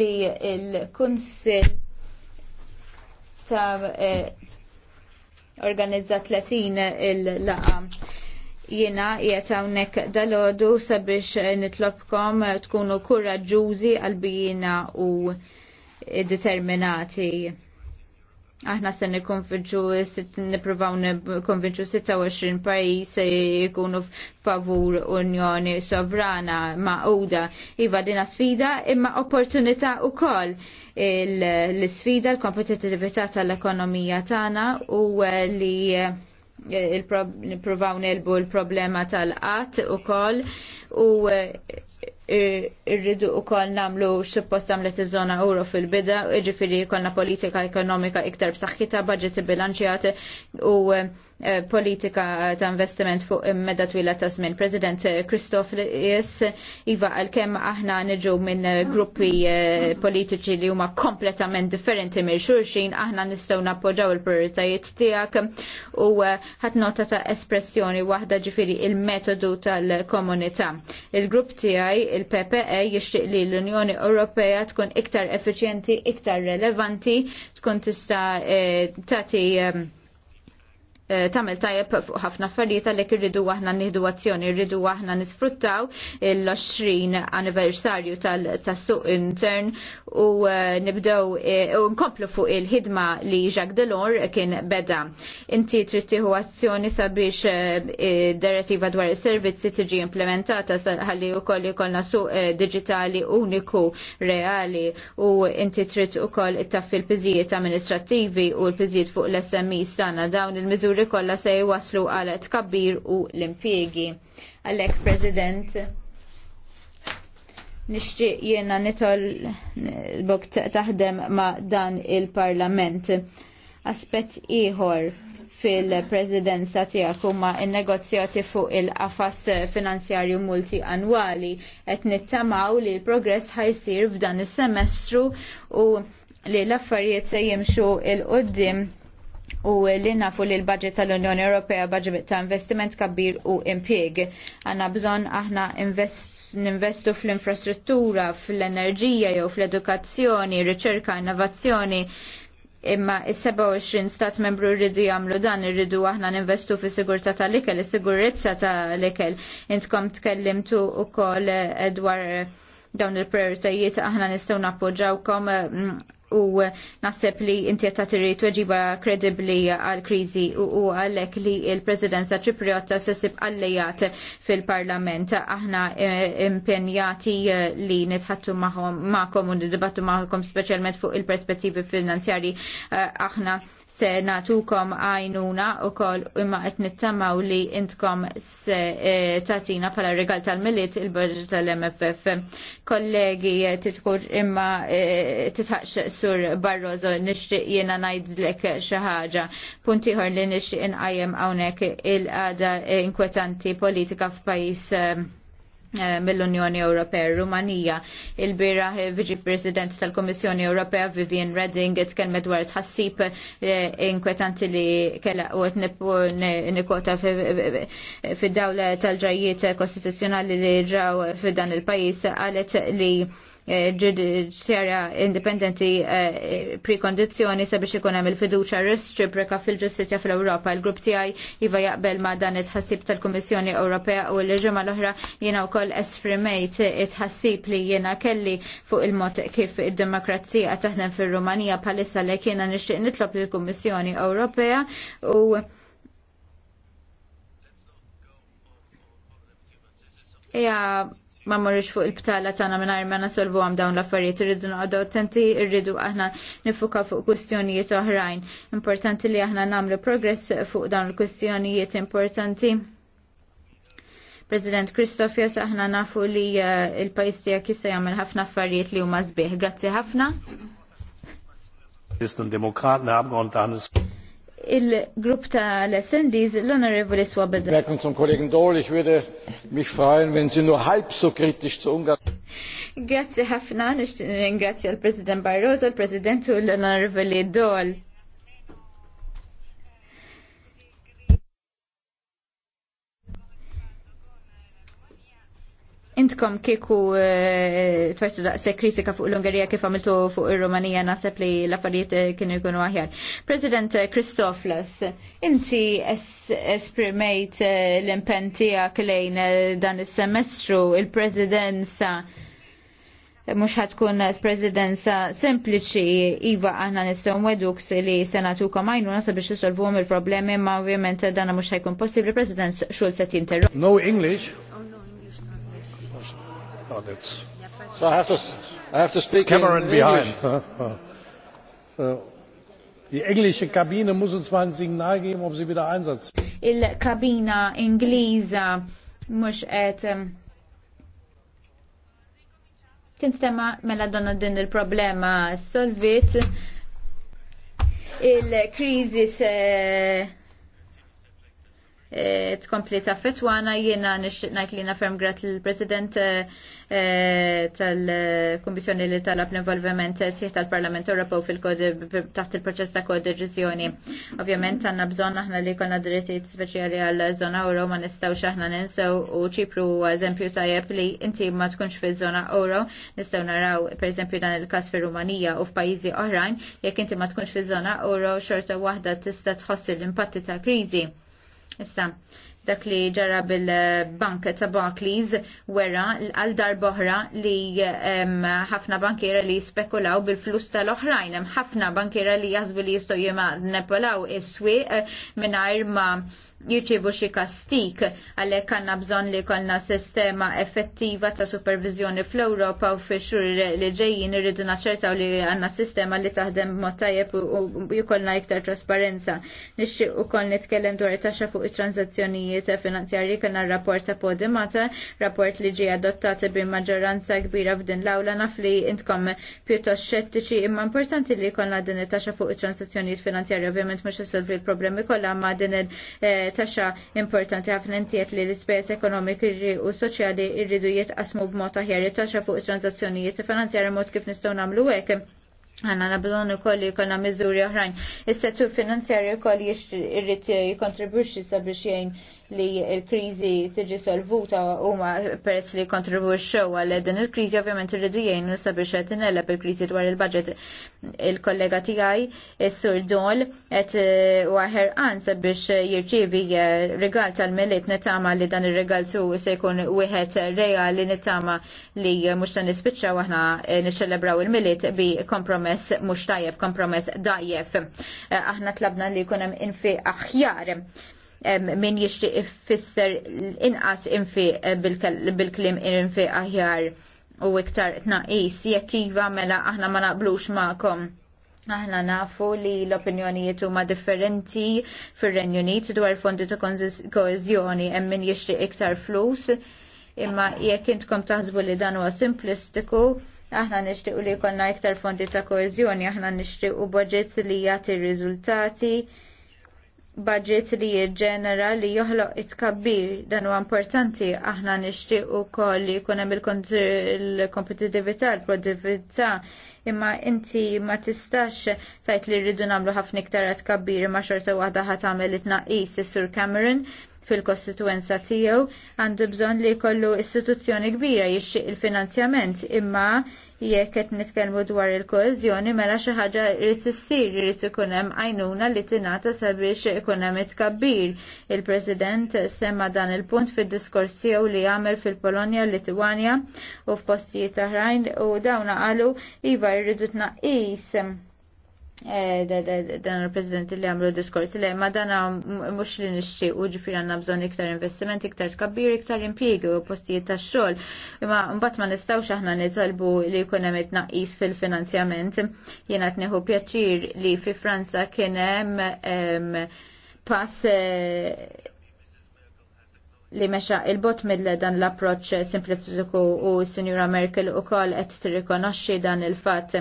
li l-Kunsill ta' eh, organizzat 30 il laqam Jiena jiet hawnhekk dalodu sabiex nitlobkom tkunu kuraġġużi għalbijina u determinati. Aħna se nikkonvinċu nippruvaw nikkonvinċu 26 pajjiż jkunu favur Unjoni Sovrana maquda. Iva dina sfida imma opportunità wkoll l-sfida l-kompetitività tal-ekonomija tagħna u li nipruvaw nelbu l-problema tal-qat u koll eh, u eh, irridu u koll namlu suppost għamlet iż-żona euro fil-bida, iġifiri kollna politika ekonomika iktar b'saħħitha, budget bilanċjati u eh, Eh, politika ta' investiment fuq medda twila ta' żmien. President Kristof Jess, iva għal-kem aħna niġu minn gruppi eh, politiċi li huma kompletament differenti minn xurxin, aħna nistgħu nappoġġaw il-prioritajiet tiegħek u eh, ħadd nota ta' espressjoni waħda ġifieri il-metodu tal-komunità. Il-grupp tiegħi, il-PPE, jixtieq li l-Unjoni Ewropea tkun iktar effiċjenti, iktar relevanti, tkun tista' tagħti Eh, tamel tajjeb fuq ħafna affarijiet għalhekk irridu aħna nihdu azzjoni, irridu aħna nisfruttaw l-20 anniversarju tas-suq intern u eh, nibdew eh, u nkomplu fuq il-ħidma li Jacques Delors kien beda. Inti trid tieħu azzjoni sabiex direttiva dwar is-servizzi tiġi implementata ħalli wkoll jikolna suq digitali uniku reali u inti trid ukoll taffi l-piżijiet amministrattivi u l-piżijiet fuq l-SMI sana dawn il-miżuri li kollha se jwaslu għal tkabbir u l-impjiegi. Għalhekk President nixtieq jiena nitol bok taħdem ma' dan il-Parlament. Aspett ieħor fil-presidenza tiegħek huma nnegozjati il fuq il-qafas finanzjarju multi annwali qed nittamaw li l-progress ħajsir f'dan is-semestru u li l-affarijiet se jimxu il-qoddim u li nafu li l-budget tal-Unjoni Ewropea budget ta' investiment kabbir u impieg. Għanna bżon aħna ninvestu fl-infrastruttura, fl-enerġija jew fl-edukazzjoni, riċerka, innovazzjoni, imma is-27 stat membru rridu jagħmlu dan irridu aħna ninvestu fi sigurtà tal-ikel, is-sigurezza tal-ikel. Intkom tkellimtu wkoll dwar dawn il-prioritajiet aħna nistgħu nappoġġawkom mm, u naħseb li inti qed tagħti tweġiba kredibbli għal kriżi u għalhekk li l-Presidenza Ċipriotta se sib allejat fil-Parlament. Aħna eh, impenjati eh, li nitħattu magħhom u nidibattu magħkom speċjalment fuq il-perspettivi finanzjarji eh, aħna se natukom għajnuna u kol imma qed nittamaw li intkom se eh, tatina pala regal tal-miliet il-budget tal-MFF. Kollegi eh, titkur imma eh, titħax sur Barroso nishtiq jiena ngħidlek xi ħaġa. Punt ieħor li nixtieq inqajjem hawnhekk il-għada inkwetanti politika f'pajjiż mill-Unjoni Ewropea Rumanija. Il-bira viġi President tal-Komissjoni Ewropea Vivian Redding tkellmet dwar tħassib inkwetanti li kella u nikota fid-dawla tal-ġajiet kostituzzjonali li ġraw dan il-pajis għalet li Eh, ġudizjarja indipendenti eh, prekondizjoni sabiex ikun hemm il-fiduċa reċiproka fil-ġustizja fl-Ewropa. Il-grupp tiegħi iva jaqbel ma' dan it-ħassib tal-Kummissjoni Ewropea u l-ġimgħa l-oħra jiena wkoll esprimejt it-ħassib li jiena kelli fuq il-mod kif id-demokrazija taħdem fir-Rumanija bħalissa li kiena nixtieq nitlob lill-Kummissjoni Ewropea u Yeah ma morrix fuq il-btala tagħna mingħajr ma nasolvuhom għam dawn l-affarijiet irridu noqogħdu attenti, irridu aħna nifuka fuq kwistjonijiet oħrajn. Importanti li aħna nagħmlu progress fuq dawn il-kwistjonijiet importanti. President Kristofias, aħna nafu li eh, il-pajis tijak jissa jgħamil ħafna affarijiet li huma sbieħ. Grazzi ħafna il-grupp tal-SNDs l-Honorable Swabed. Merken zum Kollegen Dohl, ich würde mich freuen, wenn Sie nur halb so kritisch zu Ungarn. Grazie ħafna, nixtin ringrazzja l-President Barroso, il president u l-Honorable Dohl. Intkom kieku eh, twertu daqse kritika fuq l-Ungerija kif għamiltu fuq il-Romanija nasab li l-affarijiet eh, kienu jkunu aħjar. President Kristoflas, eh, inti esprimejt l-impentija klejn dan il-semestru il-presidenza mux ħatkun presidenza sempliċi Iva għanna nistaw wedux li senatu komajnu nasa biex jisolvu il-problemi ma ovvijament dana mux ħajkun possibli president xul set No English on it. So I have to, I have to speak Cameron in English. behind. so, die englische Kabine muss uns mal ein Signal geben, ob sie wieder Einsatz. Il-kabina Ingliża mhux qed ehm, tinstema mela donna din il-problema solvit il-krizi se eh, eh, tkompli ta' fetwana jiena nix najt li nafhem grat il-President eh, Eh, tal-Kummissjoni li talab l-involviment sieħ tal-Parlament Ewropew fil taħt il-proċess ta' kodeġizjoni. Ovvjament għandna bżonn aħna li konna drittijiet speċjali għal żona euro ma nistgħux aħna ninsew u ċipru eżempju tajjeb li inti ma tkunx fiż-żona euro nistgħu naraw pereżempju dan il-każ fir-Rumanija u f'pajjiżi oħrajn jekk inti ma tkunx fi żona euro xorta waħda tista' tħossi l-impatti ta' kriżi. Issa, dak li ġara bil-bank ta' Barclays wera għal darboħra li ħafna bankiera li jispekulaw bil-flus tal-oħrajn, hemm ħafna bankiera li jazbu li jistgħu jema nepolaw is-swieq eh, mingħajr ma' jirċivu xi kastik għalhekk għandna bżonn li jkollna sistema effettiva ta' supervizjoni fl-Ewropa u fi xur li ġejjin irridu naċċertaw li għandna sistema li taħdem mod tajjeb u jkollna iktar trasparenza. u ukoll nitkellem dwar taxxa fuq it-transazzjonijiet finanzjarji kellna rapport ta' Podimata, rapport li ġie adottati bi maġġoranza kbira f'din l-awla naf li intkom pjuttost xettiċi imma importanti li jkollna din it-taxxa fuq it-transazzjonijiet finanzjarji ovvjament mhux isolvi l-problemi kollha ma' din il- eh, taxxa importanti ħafna intiet li l-ispejjeż ekonomiki u soċjali rridu jitqasmu b'mod aħjar it-taxxa fuq it-transazzjonijiet finanzjarji mod kif nistgħu nagħmlu hekk għanna nabdonu ukoll li jkollna miżuri oħrajn. Is-settur finanzjarju jiex irrid jikontribuċi sabiex jgħin li l-kriżi tiġi solvuta huma peress li kontribwixxew għal din il-kriżi ovvjament irridu jgħinu sabiex qed inelep il-kriżi dwar il-budget il-kollega tiegħi is-sur Dol qed eh, huwa ħerqan sabiex jirċievi eh, rigal tal-miliet nitama li dan ir-rigal se jkun wieħed li nitama li mhux se nispiċċaw aħna eh, niċċelebraw il-miliet bi kompromess mhux tajjeb, kompromess dajjef. Aħna tlabna li jkun hemm infi aħjar min jixtieq l inqas infi eh, bil-klim infi aħjar u iktar tnaqis jekk iva mela aħna ma naqblux ma'kom. Aħna nafu li l-opinjonijiet huma differenti fir-Renju Unit dwar fondi ta' koeżjoni hemm min jixtieq iktar flus, imma jekk intkom taħsbu li dan huwa simplistiku, aħna nixtiequ li jkollna iktar fondi ta' koeżjoni, aħna nixtiequ budget li jagħti riżultati budget li jiġġenera li joħloq it-kabbir dan huwa importanti aħna nixtieq ukoll li jkun hemm il-kompetitività, l-produttività imma inti ma tistax tajt li rridu nagħmlu ħafna iktar tkabbir imma xorta waħda ħadd tagħmel it-tnaqqis is-Sur Cameron fil-kostituenza tiegħu għandu bżonn li jkollu istituzzjoni kbira jixtieq il-finanzjament imma jekk qed nitkellmu dwar il-koeżjoni mela xi ħaġa irid issir irid ikun hemm għajnuna li tingħata sabiex ikun hemm itkabbir. Il-President semma dan il-punt fid-diskors tiegħu li għamel fil-Polonja, Litwanja u f'postijiet oħrajn u dawn qalu iva jridu tnaqqis Eh, dan il-President li għamlu diskors li ma dan mux li nixtri u ġifir għanna bżon iktar investimenti, iktar tkabbir, iktar impiegi u postijiet ta' xol. Ma mbatt ma nistawx aħna nitolbu li kunem itnaqis fil-finanzjament. Jena tneħu pjaċir li fi Franza kienem pass eh, li meċa il-bot mill dan l-approċ simplifiku u Sinjura Merkel u kol et t dan il-fat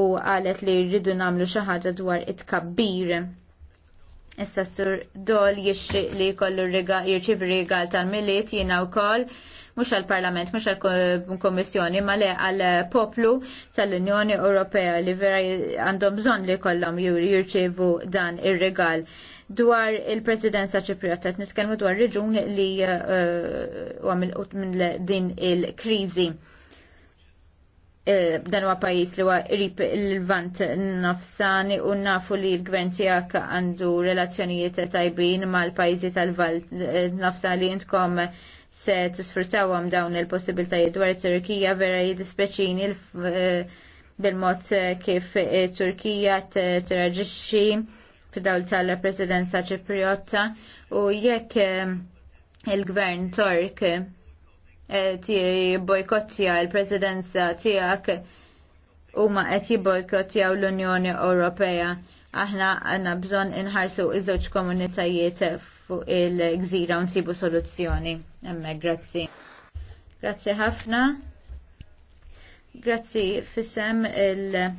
u qalet li rridu nagħmlu xi ħaġa dwar it-kabbir. Issa sur dol jixtieq li jkollu jirċib rigal tal-miliet jiena wkoll mhux għall-Parlament, mhux għall komissjoni ma le għal poplu tal-Unjoni Ewropea li vera għandhom bżonn li jkollhom jirċievu dan ir-rigal. Dwar il-Presidenza Ċipriota, nitkellmu dwar riġun li huwa uh, min din il-kriżi. Eh, dan huwa pajjiż li huwa qrib il-vant nafsani u nafu li l-gvern tiegħek għandu relazzjonijiet tajbin mal-pajjiżi tal-valt li eh, intkom se tisfruttawhom dawn il-possibiltajiet dwar it Turkija vera jiddispeċini eh, bil-mod kif Turkija tiraġixxi f'dawl tal-Presidenza Ċipriotta u jekk il-Gvern Tork Eh, tiegħi bojkottja l-presidenza tiegħek huma qed jibbojkottja l-Unjoni Ewropea. Aħna għandna bżonn inħarsu iż-żewġ komunitajiet fuq il-gżira u nsibu soluzzjoni. Hemmhekk grazzi. Grazzi ħafna. Grazzi fissem il-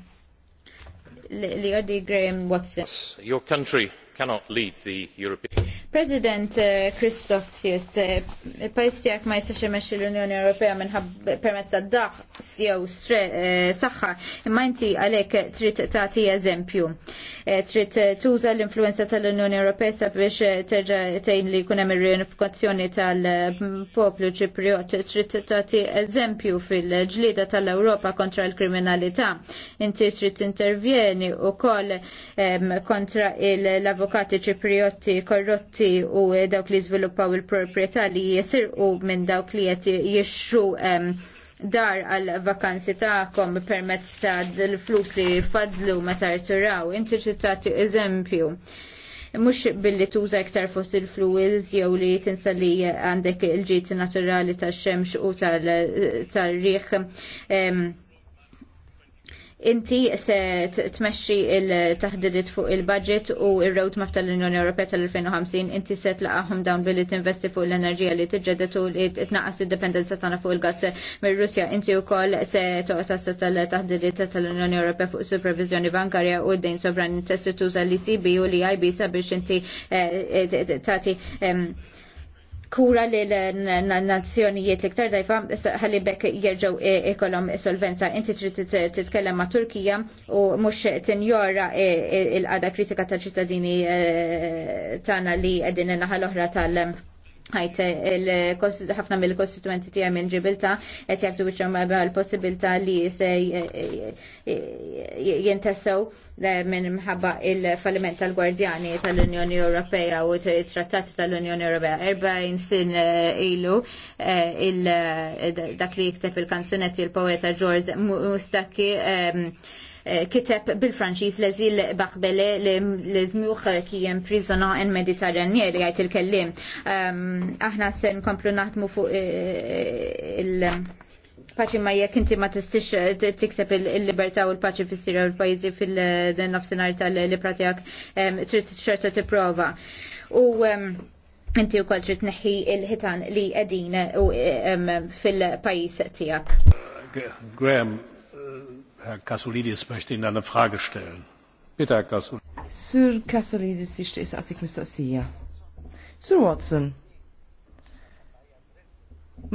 li Graham Watson. Your country cannot lead the European President Kristof eh, eh, il-pajis ma jistax imexxi l-Unjoni Ewropea minħab permezz tad daħ jew eh, saħħa, imma inti għalhekk trid tagħti eżempju. Trid tuża l-influenza tal-Unjoni Ewropea sabiex terġa' tgħin li jkun hemm ir-reunifikazzjoni tal-poplu Ċipriot, trid tagħti eżempju fil-ġlieda tal-Ewropa kontra l-kriminalità. Inti trid intervjeni wkoll ehm, kontra l-avukati Ċipriotti korrotti prodotti u dawk li żviluppaw il-proprjetà li jisirqu minn dawk li qed jixxu ehm, dar għal vakanzi ta'kom permezz ta' l-flus li fadlu meta jturaw. Inti tagħti eżempju. Mhux billi tuża iktar il fluwils jew li tinsa li għandek il ġiet naturali tax xemx u tal-riħ ehm, Inti se tmexxi il-taħdidiet fuq il-budget u il-roadmap tal-Unjoni Ewropea tal-2050 inti se tlaqahom dawn billi tinvesti fuq l-enerġija li tiġġedet u li tnaqqas id-dependenza tagħna fuq il-gass mir-Russja. Inti wkoll se toqtas tal-taħdidiet tal-Unjoni Ewropea fuq supervizjoni bankarja u d-dejn sovran tuża l CB u li IB sabiex inti eh, eh, tagħti kura li l-nazzjonijiet li ktar dajfa ħalli bekk jirġaw ikolom solvenza. Inti trid titkellem ma' Turkija u mux tinjora il-qada kritika ta' ċittadini eh, tana li għedin naħal oħra tal- ħajt ħafna mill-kostituenti tiegħi minn ġibilta qed jabdu wiċċhom l-possibilità li se eh, eh, eh, jintessew minn mħabba il-falliment tal-Gwardjani tal-Unjoni Ewropea u t-trattati tal-Unjoni Ewropea. Erbajn sin ilu dak li jikteb il-kanzunetti il-poeta George Mustaki ehm, Eh, kiteb bil-Franċiż leżil baħbele li żmuħ kien prizona in li jgħid il-kellim. Ehm, aħna se nkomplu naħdmu fuq eh, eh, il- paċi ma jekk inti ma tistix tikseb il-libertà u l-paċi fissira u l-pajjiżi fil-nofsinhar tal-libra tiegħek ehm, trid xorta tipprova. U ehm, inti wkoll trid tneħħi il-ħitan li qegħdin fil-pajjiż tiegħek. Graham, Herr Kasulidis möchte Ihnen eine Frage stellen. Bitte, Herr Sir ich stehe als ich mistoqsija. Sir Watson,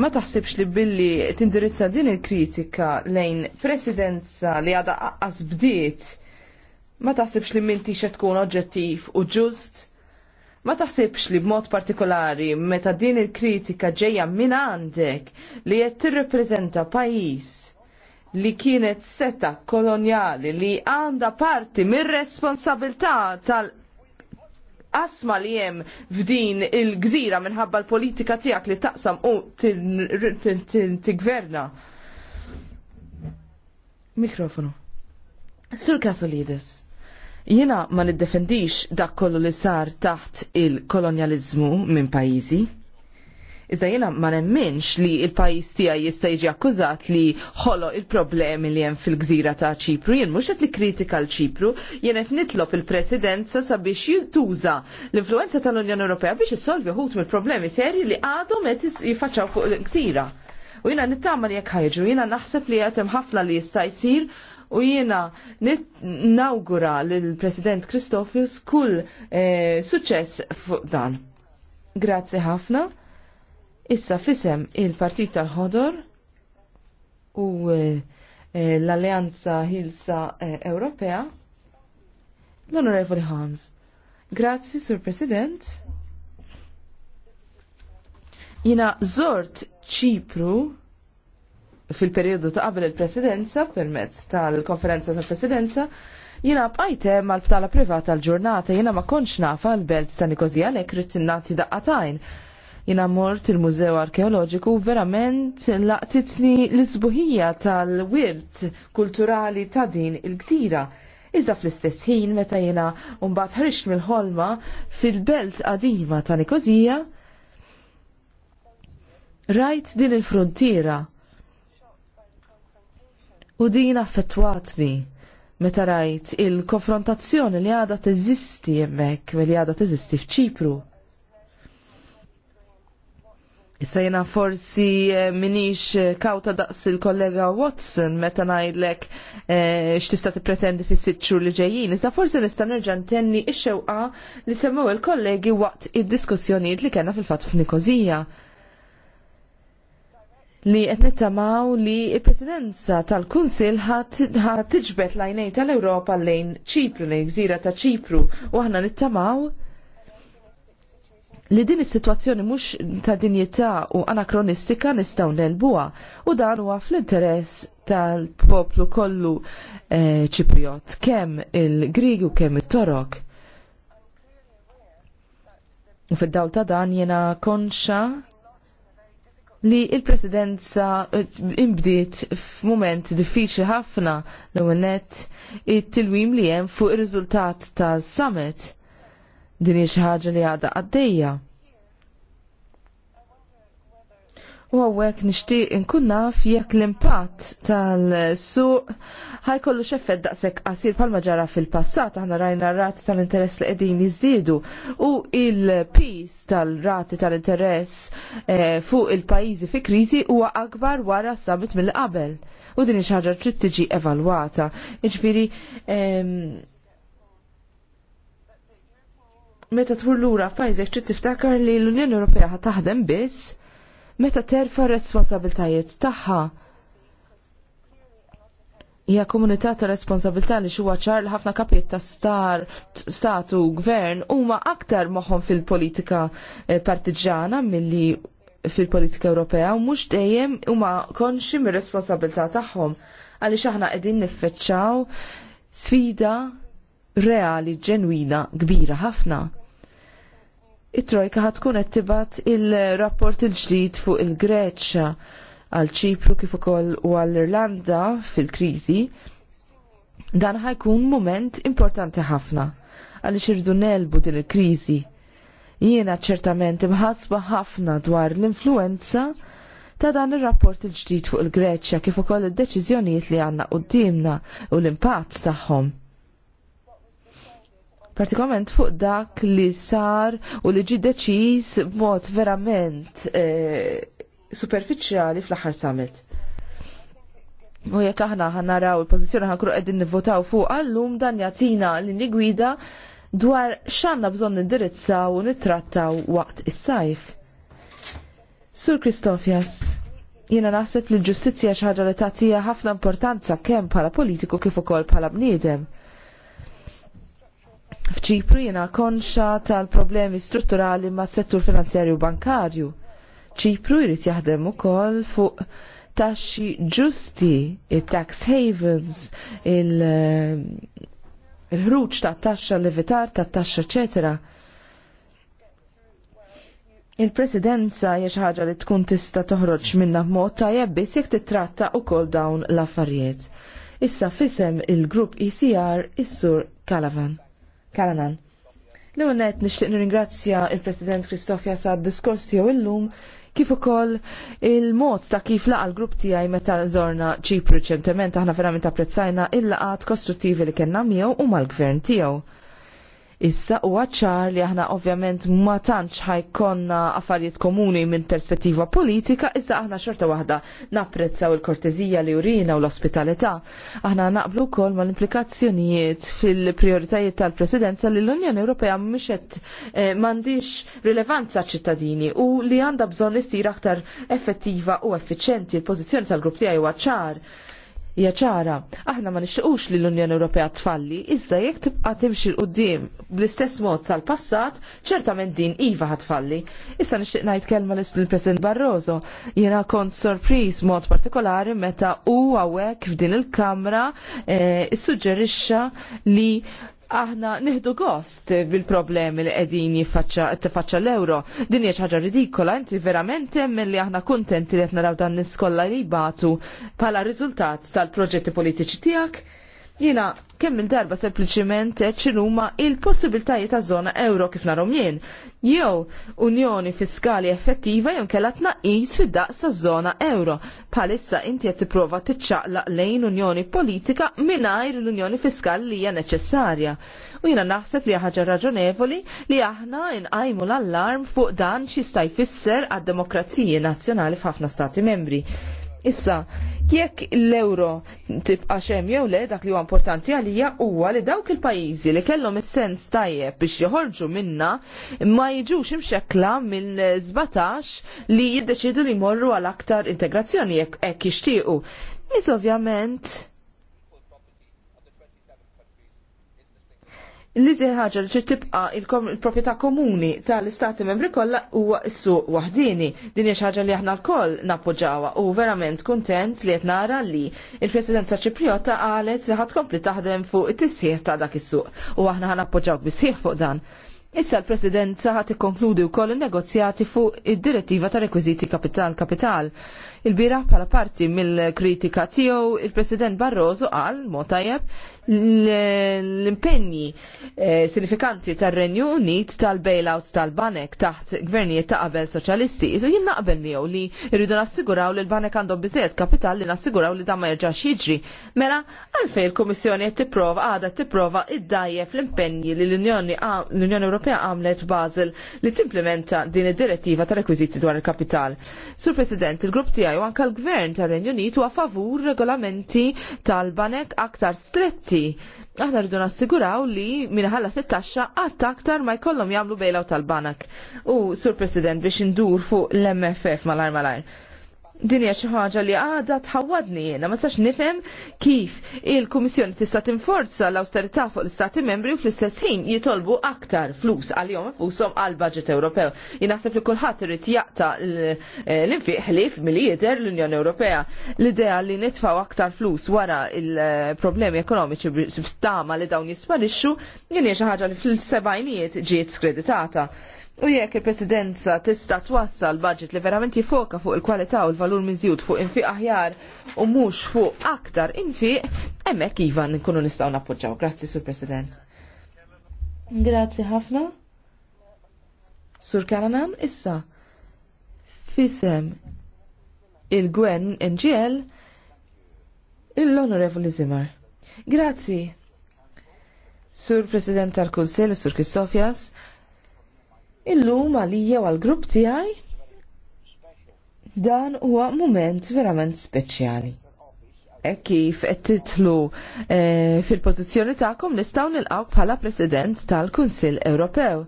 ma taħsibx li billi tindirizza din il-kritika lejn presidenza li għada għazbdiet, bdiet, ma taħsibx li minti xa tkun oġġettiv u ġust? Ma taħsibx li b'mod partikolari meta din il-kritika ġejja minn għandek li qed tirrepreżenta pajjiż li kienet seta koloniali li għanda parti mir-responsabilità tal- asma li jem f'din il-gżira minħabba l-politika tijak li taqsam u t-gverna. Mikrofonu. Sur Kasolides, jena ma niddefendix dak kollu li sar taħt il-kolonializmu minn pajizi, Iżda jiena ma nemminx li il-pajis tiegħi jista' jiġi akkużat li ħolo il-problemi li hemm fil-gżira ta' Ċipru. Jien mhux qed nikkritika l-Ċipru, jien qed nitlob il-Presidenza sabiex jituża l-influenza tal-Unjoni Ewropea biex issolvi ħut mill-problemi serji li għadhom qed jiffaċċaw fuq il-gżira. U jiena nittama li jekk ħajġu, jiena naħseb li qed ħafna li jista' jsir u jiena nawgura l-President Kristofius kull eh, suċċess fuq dan. Grazzi ħafna. Issa fisem il-Partit tal-Ħodor u eh, l-Alleanza Hilsa eh, Ewropea l-Onorevoli Hans. Grazzi, Sur President. Jina zort ċipru fil-periodu ta' qabel il-presidenza, permezz tal-konferenza tal-presidenza, jina bqajte mal-btala privata l-ġurnata, jina ma konċ nafa l-belt ta' Nikozija lek nazi da' atajn. Jina mort il-Mużew Arkeoloġiku verament laqtitni l-izbuħija tal-wirt kulturali ta' din il-gżira. Iżda fl-istess ħin meta jina mbagħad ħrixt mill-ħolma fil-belt qadima ta' Nikozija, rajt din il-frontiera u din affettwatni meta rajt il-konfrontazzjoni li għadha teżisti jemmek, li għadha teżisti fċipru. Issa jena forsi eh, minix eh, kawta daqs il-kollega Watson meta najdlek eh, x'tista' tippretendi fis sitxu li ġejjin. Iżda forsi nista' nerġa' ntenni x-xewqa li semmew il-kollegi waqt id-diskussjonijiet li kellna fil-fatt f'Nikozija. Li qed nittamaw li l-Presidenza tal-Kunsil ħat l-għajnejn tal-Ewropa lejn Ċipru, lejn Gżira ta' Ċipru, u aħna nittamaw li din is-sitwazzjoni mhux ta' dinjità u anakronistika nistgħu nelbuha u dan huwa fl-interess tal-poplu kollu eh, Ċipriot, kemm il-Grig u kemm it-Torok. U fid-dawl ta' dan jiena konxa li il-presidenza eh, imbdiet f'mument diffiċli ħafna l net it-tilwim li hemm fuq ir-riżultat tas summit din xi ħaġa li għadha għaddejja. U għawek nishtiq nkun naf jekk l-impatt tal-suq ħajkollu xeffed daqshekk qasir palma ġara fil-passat aħna rajna rati tal-interess li qegħdin jiżdiedu u il-pis tal-rati tal-interess eh, fuq il-pajjiżi fi kriżi huwa akbar wara s mill-qabel. U din xi ħaġa trid tiġi evalwata. Jiġifieri meta tmur lura f'pajjiżek trid tiftakar li l-Unjoni Ewropea ħa taħdem biss meta terfa' r-responsabiltajiet tagħha. Hija komunità ta' responsabilità li huwa ċar li ħafna kapiet ta' star, statu, gvern huma aktar moħħom fil-politika eh, partiġana milli fil-politika Ewropea u mhux dejjem huma konxi mir-responsabilità tagħhom għaliex aħna qegħdin niffeċċaw sfida reali ġenwina kbira ħafna it-trojka ħatkun qed tibgħat il-rapport il-ġdid fuq il-Greċċa għal ċipru kif ukoll u għall Irlanda fil-kriżi, dan ħajkun moment importanti ħafna għaliex irdu nelbu din il-kriżi. Jiena ċertament imħasba ħafna dwar l-influenza ta' dan ir-rapport il ġdid fuq il-Greċja kif ukoll id-deċiżjonijiet li għandna qudiemna u l-impatt tagħhom. Pratikament fuq dak li sar u li ġi deċiż b'mod verament eh, superfiċjali fl-aħħar summit. U jekk aħna ħanaraw il-pożizzjoni ħankru qegħdin nivvotaw fuq għallum dan jagħtina li nigwida dwar x'għandna bżonn nindirizzaw u nittrattaw waqt is-sajf. Sur Kristofjas, jiena naħseb li l-ġustizzja xi ħaġa li tagħtiha ħafna importanza kemm bħala politiku kif ukoll bħala bniedem. F'ċipru jiena konxa tal-problemi strutturali mas settur finanzjarju bankarju. ċipru jrid jaħdem ukoll fuq taxxi ġusti, il-tax havens, eh, il-ħruġ ta' taxxa levitar ta' taxxa eccetera. Il-presidenza hija xi ħaġa li tkun tista' toħroġ minnha b'mod tajjeb biss jekk titratta wkoll dawn l-affarijiet. Issa fisem il-grupp ECR is-sur Calavan. Kalanan. L-għunet nishtiq nirringrazzja il-President Kristofja sa' diskors tiegħu illum kif ukoll il-mod ta' kif laqa l-grupp tiegħi meta żorna ċipru ċentement aħna verament apprezzajna il-laqat kostruttivi li kellna miegħu u mal-gvern tiegħu. Issa u ċar li aħna ovvjament ma tantx ħajkonna affarijiet komuni minn perspettiva politika, iżda aħna xorta waħda napprezzaw il-kortezija li urina u l-ospitalità. Aħna naqblu kol ma l-implikazzjonijiet fil-prioritajiet tal-presidenza li l-Unjoni Ewropea mxet eh, mandiċ rilevanza ċittadini u li għanda bżon li sir aktar effettiva u effiċenti. Il-pozizjoni tal-grupp tijaj u ċar Ja ċara. Aħna ma nixtiqux li l-Unjoni Ewropea tfalli, iżda jekk tibqa' timxi l-qudiem bl-istess mod tal-passat, ċertament din iva ħatfalli. Issa nixtieq ngħid kelma l president Barroso. Jiena kont sorpriż mod partikolari meta hu hawnhekk f'din il-Kamra eh, issuġġerixxa li aħna nieħdu gost bil-problemi li qegħdin jiffaċċa l-euro. Din hija ħaġa ridikola, inti verament hemm li aħna kuntenti li qed naraw dan l iskola li jbatu bħala riżultat tal-proġetti politiċi tiegħek Jina, kemm il-darba sempliciment ċinuma il-possibiltajiet ta' zona euro kif narom jien. Jew unjoni fiskali effettiva jew kella tnaqis fid-daqs ta' zona euro. Palissa inti qed tipprova tiċċaqlaq lejn unjoni politika mingħajr l-unjoni fiskali li hija neċessarja. U jiena naħseb li ħaġa raġonevoli li aħna inqajmu l-allarm fuq dan xi jista' jfisser għad-demokrazija nazzjonali f'ħafna stati membri. Issa, Jekk l-euro tibqa' xem jew le dak li huwa importanti għalija huwa li dawk il-pajjiżi li kellhom is-sens tajjeb biex joħorġu minna ma jiġux imxekkla mill-17 li jiddeċidu li jmorru għal aktar integrazzjoni jekk jixtiequ. Iż ovvjament li ħaġa li tibqa il-propieta komuni tal-istati membri kollha huwa s-suq Din hija ħaġa li aħna lkoll nappoġġawha u verament kuntent li qed nara li il-Presidenza Ċipriota qalet li ħad kompli taħdem fuq it-tisħiħ ta' dak is-suq u aħna ħan appoġġawk bisħiħ fuq dan. Issa l-Presidenza ħad ikkonkludi wkoll in-negozjati fuq id-direttiva ta' rekwiżiti kapital kapital. -kapital Il-biraħ bħala parti mill-kritika tiegħu il-President Barroso qal mod tajjeb l-impenji eh, sinifikanti tar-Renju Unit tal-bailout tal-banek taħt gvernijiet ta' qabel soċjalisti. Iżu jien naqbel miegħu li rridu nassiguraw li l-banek għandhom biżejjed kapital li nassiguraw li dan ma jerġax jiġri. Mela għalfejn il-Kummissjoni qed tipprova għadha tipprova iddajjef l-impenji li l-Unjoni Ewropea għamlet Basel li timplementa din id-direttiva ta' rekwiżiti dwar il-kapital. Sur President, il-grupp tiegħi tiegħi u anke l-Gvern tar-Renju Unit huwa favur regolamenti tal-banek aktar stretti. Aħna rridu nassiguraw li minħalla sit-taxxa aktar ma jkollhom jagħmlu bejlaw tal banek U Sur President biex indur fuq l-MFF mal-armalajr. -ar din hija xi ħaġa li għadha tħawadni jiena ma sax nifhem kif il-Kummissjoni tista' tinforza l-awsterità fuq l-Istati membri u fl-istess ħin jitolbu aktar flus għalihom infushom għall baġit Ewropew. Jien naħseb li kulħadd irid jaqta l-infiq ħlief milli jidher l-Unjoni Ewropea l-idea li nitfgħu aktar flus wara il-problemi ekonomiċi f'tama li dawn jisparixxu jien hija xi ħaġa li fil-sebgħinijiet ġiet skreditata. U jekk il-presidenza tista' twassal budget li verament jifoka fuq il-kwalità u l-valur miżjud fuq infiq aħjar u mhux fuq aktar infiq, hemmhekk iva nkunu nistgħu nappoġġaw. Grazzi sur President. Grazzi ħafna. Sur Kananan, issa fisem il-Gwen NGL l-Onorevoli Zimar. Grazzi. Sur President tal-Kunsel, Sur Kristofjas. Illum għalija u għal-grupp tiegħi dan huwa moment verament speċjali E kif qed titlu e, fil-pożizzjoni tagħkom nistgħu nilqgħu bħala President tal-Kunsill Ewropew.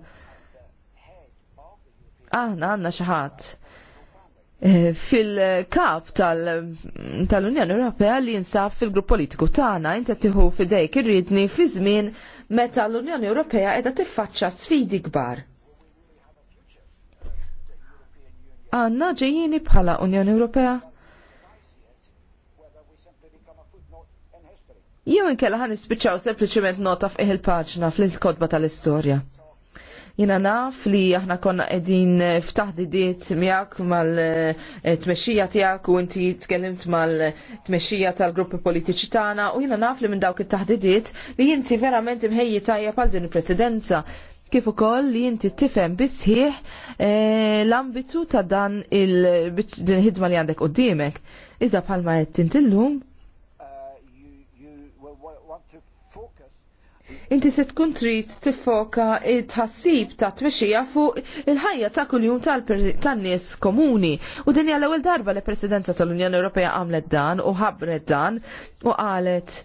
Aħna għandna xi ħadd e, fil-kap tal-Unjoni tal Ewropea li jinsab fil-grupp politiku tagħna inti tieħu fidejk irridni fi żmien meta l-Unjoni Ewropea qiegħda tiffaċċa sfidi kbar. għanna ġejjini bħala Unjoni Ewropea? Jew inkella ħan nispiċċaw sempliċement nota f'ih il-paġna fl-kodba tal-istorja. Jina naf li aħna konna edin f'taħdidiet miegħek mal-tmexxija tiegħek u inti tkellimt mal-tmexxija tal-gruppi politiċi tagħna u jina naf li minn dawk it-taħdidiet li inti verament imħejji tajjeb għal din il-presidenza kif ukoll li inti tifhem bisħieħ eh, l-ambitu ta' dan il-din ħidma li għandek qudiemek. Iżda bħalma qed tintillum Inti se tkun trid tiffoka it-ħassib ta' tmexxija fuq il-ħajja ta' kuljum tan-nies komuni. U din hija l-ewwel darba li Presidenza tal-Unjoni Ewropea għamlet dan u ħabret dan u qalet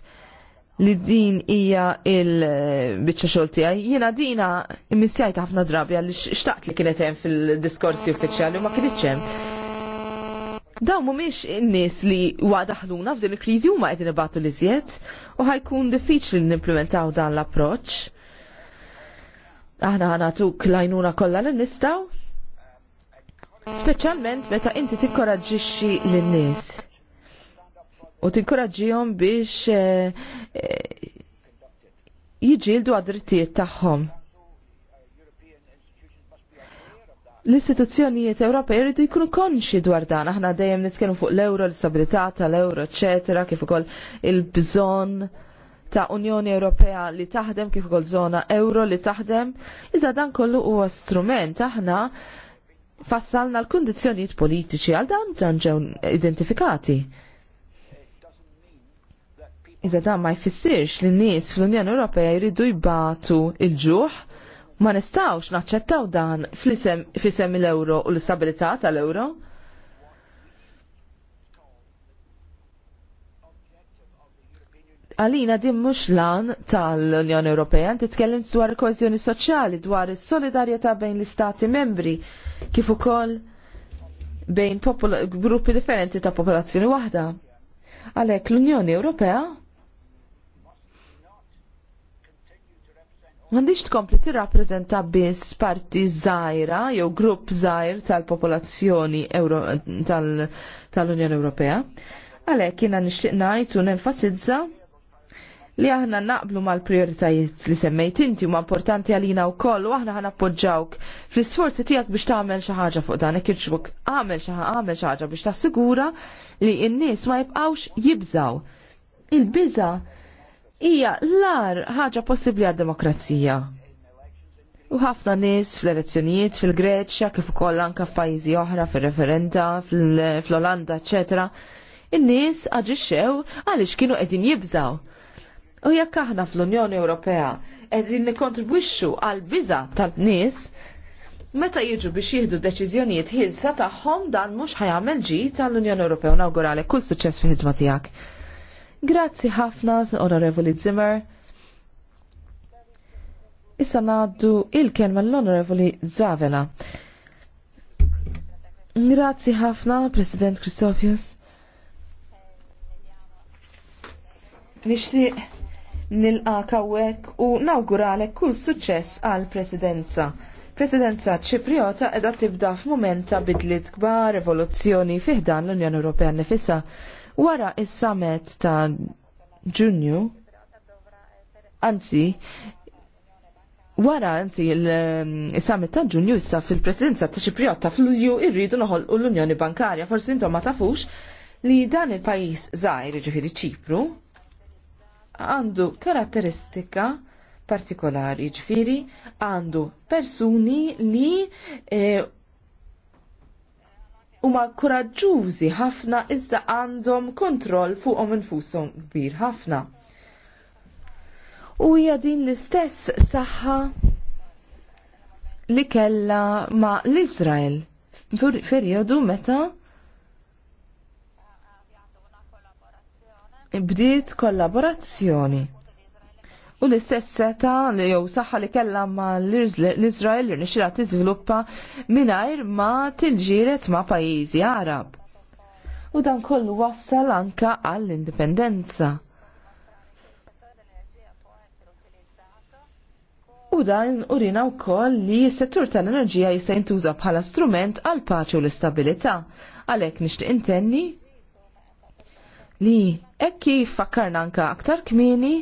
li din hija il-bicċa eh, xogħol tiegħi. Jiena dina missjajt ħafna drabi għal xtaqt li kienet hemm fil-diskorsi uffiċjali u ma kienet hemm. Daw mhumiex in-nies li wadaħluna f'din il-kriżi huma għedin ibatu li żjed u ħajkun diffiċli nimplementaw dan l-approċċ. Aħna ħanatuk lajnuna kollha l-nistaw. Speċjalment meta inti tikkoraġġixxi lin-nies u tinkoraġġihom biex eh, eh, jiġildu għad-drittijiet tagħhom. L-istituzzjonijiet Ewropej jridu jkunu konxi dwar dan, aħna dejjem nitkellmu fuq l-euro, l-istabilità tal-euro, eċetera, kif ukoll il-bżonn ta' Unjoni Ewropea li taħdem kif ukoll żona euro li taħdem, iżda dan kollu huwa strument aħna fassalna l kundizzjonijiet politiċi għal dan dan ġew identifikati. Iżda dan ma jfissirx li n-nies fl-Unjoni Ewropea jridu jbatu il-ġuħ ma nistawx naċċettaw dan fl-isem l-euro u l-istabilità tal-euro. Għalina din mhux lan tal-Unjoni Ewropea titkellem dwar il-kohezjoni soċjali, dwar is-solidarjetà bejn l-istati membri, kif ukoll bejn gruppi differenti ta' popolazzjoni waħda. Għalhekk l-Unjoni Ewropea M'għandix tkompli tirrappreżenta biss parti żgħira jew grupp zaħir tal-popolazzjoni tal-Unjoni Ewropea. Għalhekk jiena nixtieq ngħid u nenfasizza li aħna naqblu mal-prioritajiet li semmejt inti huma importanti għalina u koll u aħna għan appoġġawk fl-isforzi tiegħek biex tagħmel xi ħaġa fuq dan hekk xbuk għamel xi għamel xi ħaġa biex tassigura li n-nies ma jibqgħux jibżaw. Il-biża' hija l-ar ħaġa possibbli għad-demokrazija. U ħafna nies fl-elezzjonijiet fil-Greċja kif ukoll anke f'pajjiżi oħra fir-referenda fl-Olanda, eċetera, in-nies aġixxew għaliex kienu qegħdin jibżaw. U jekk aħna fl-Unjoni Ewropea qegħdin nikkontribwixxu għal biża tan-nies, meta jiġu biex jieħdu deċiżjonijiet ħilsa tagħhom dan mhux ħajamel ġid tal-Unjoni Ewropea nawgurale kull suċċess fil-ħidma tiegħek. Grazzi ħafna, Onorevoli Zimmer. Issa naddu il-kelma l-Onorevoli Zavela. Grazzi ħafna, President Christofius. Nishtiq nil-għakawek u nawguralek kull suċċess għal presidenza. Presidenza ċipriota edha tibda f ta' bidlit kbar, revoluzzjoni fiħdan l-Unjoni Ewropea nefissa. Wara is-summit ta' Ġunju, anzi, Wara, anzi, il-summit um, ta' ġunju issa fil-presidenza ta' Ċipriotta fl-Ulju irridu noħol u l-Unjoni Bankarja, forsi intom ma tafux li dan il-pajis zaħir, ġifiri ċipru, għandu karatteristika partikolari ġifiri għandu persuni li eh, huma kuraġġużi ħafna iżda għandhom kontroll fuqhom infushom kbir ħafna. U hija din l-istess saħħa li kellha ma' l izrael periodu meta bdiet kollaborazzjoni u l-istess seta li jew saħħa li kellam ma l-Izrael li nixra tiżviluppa mingħajr ma tilġiret ma' pajjiżi Arab. U dan kollu wassal anka għall-indipendenza. U dan urina wkoll li s-settur tal-enerġija jista' jintuża bħala strument għal paċi u l-istabilità. Għalhekk nixtieq intenni li hekk kif fakkarna anka aktar kmieni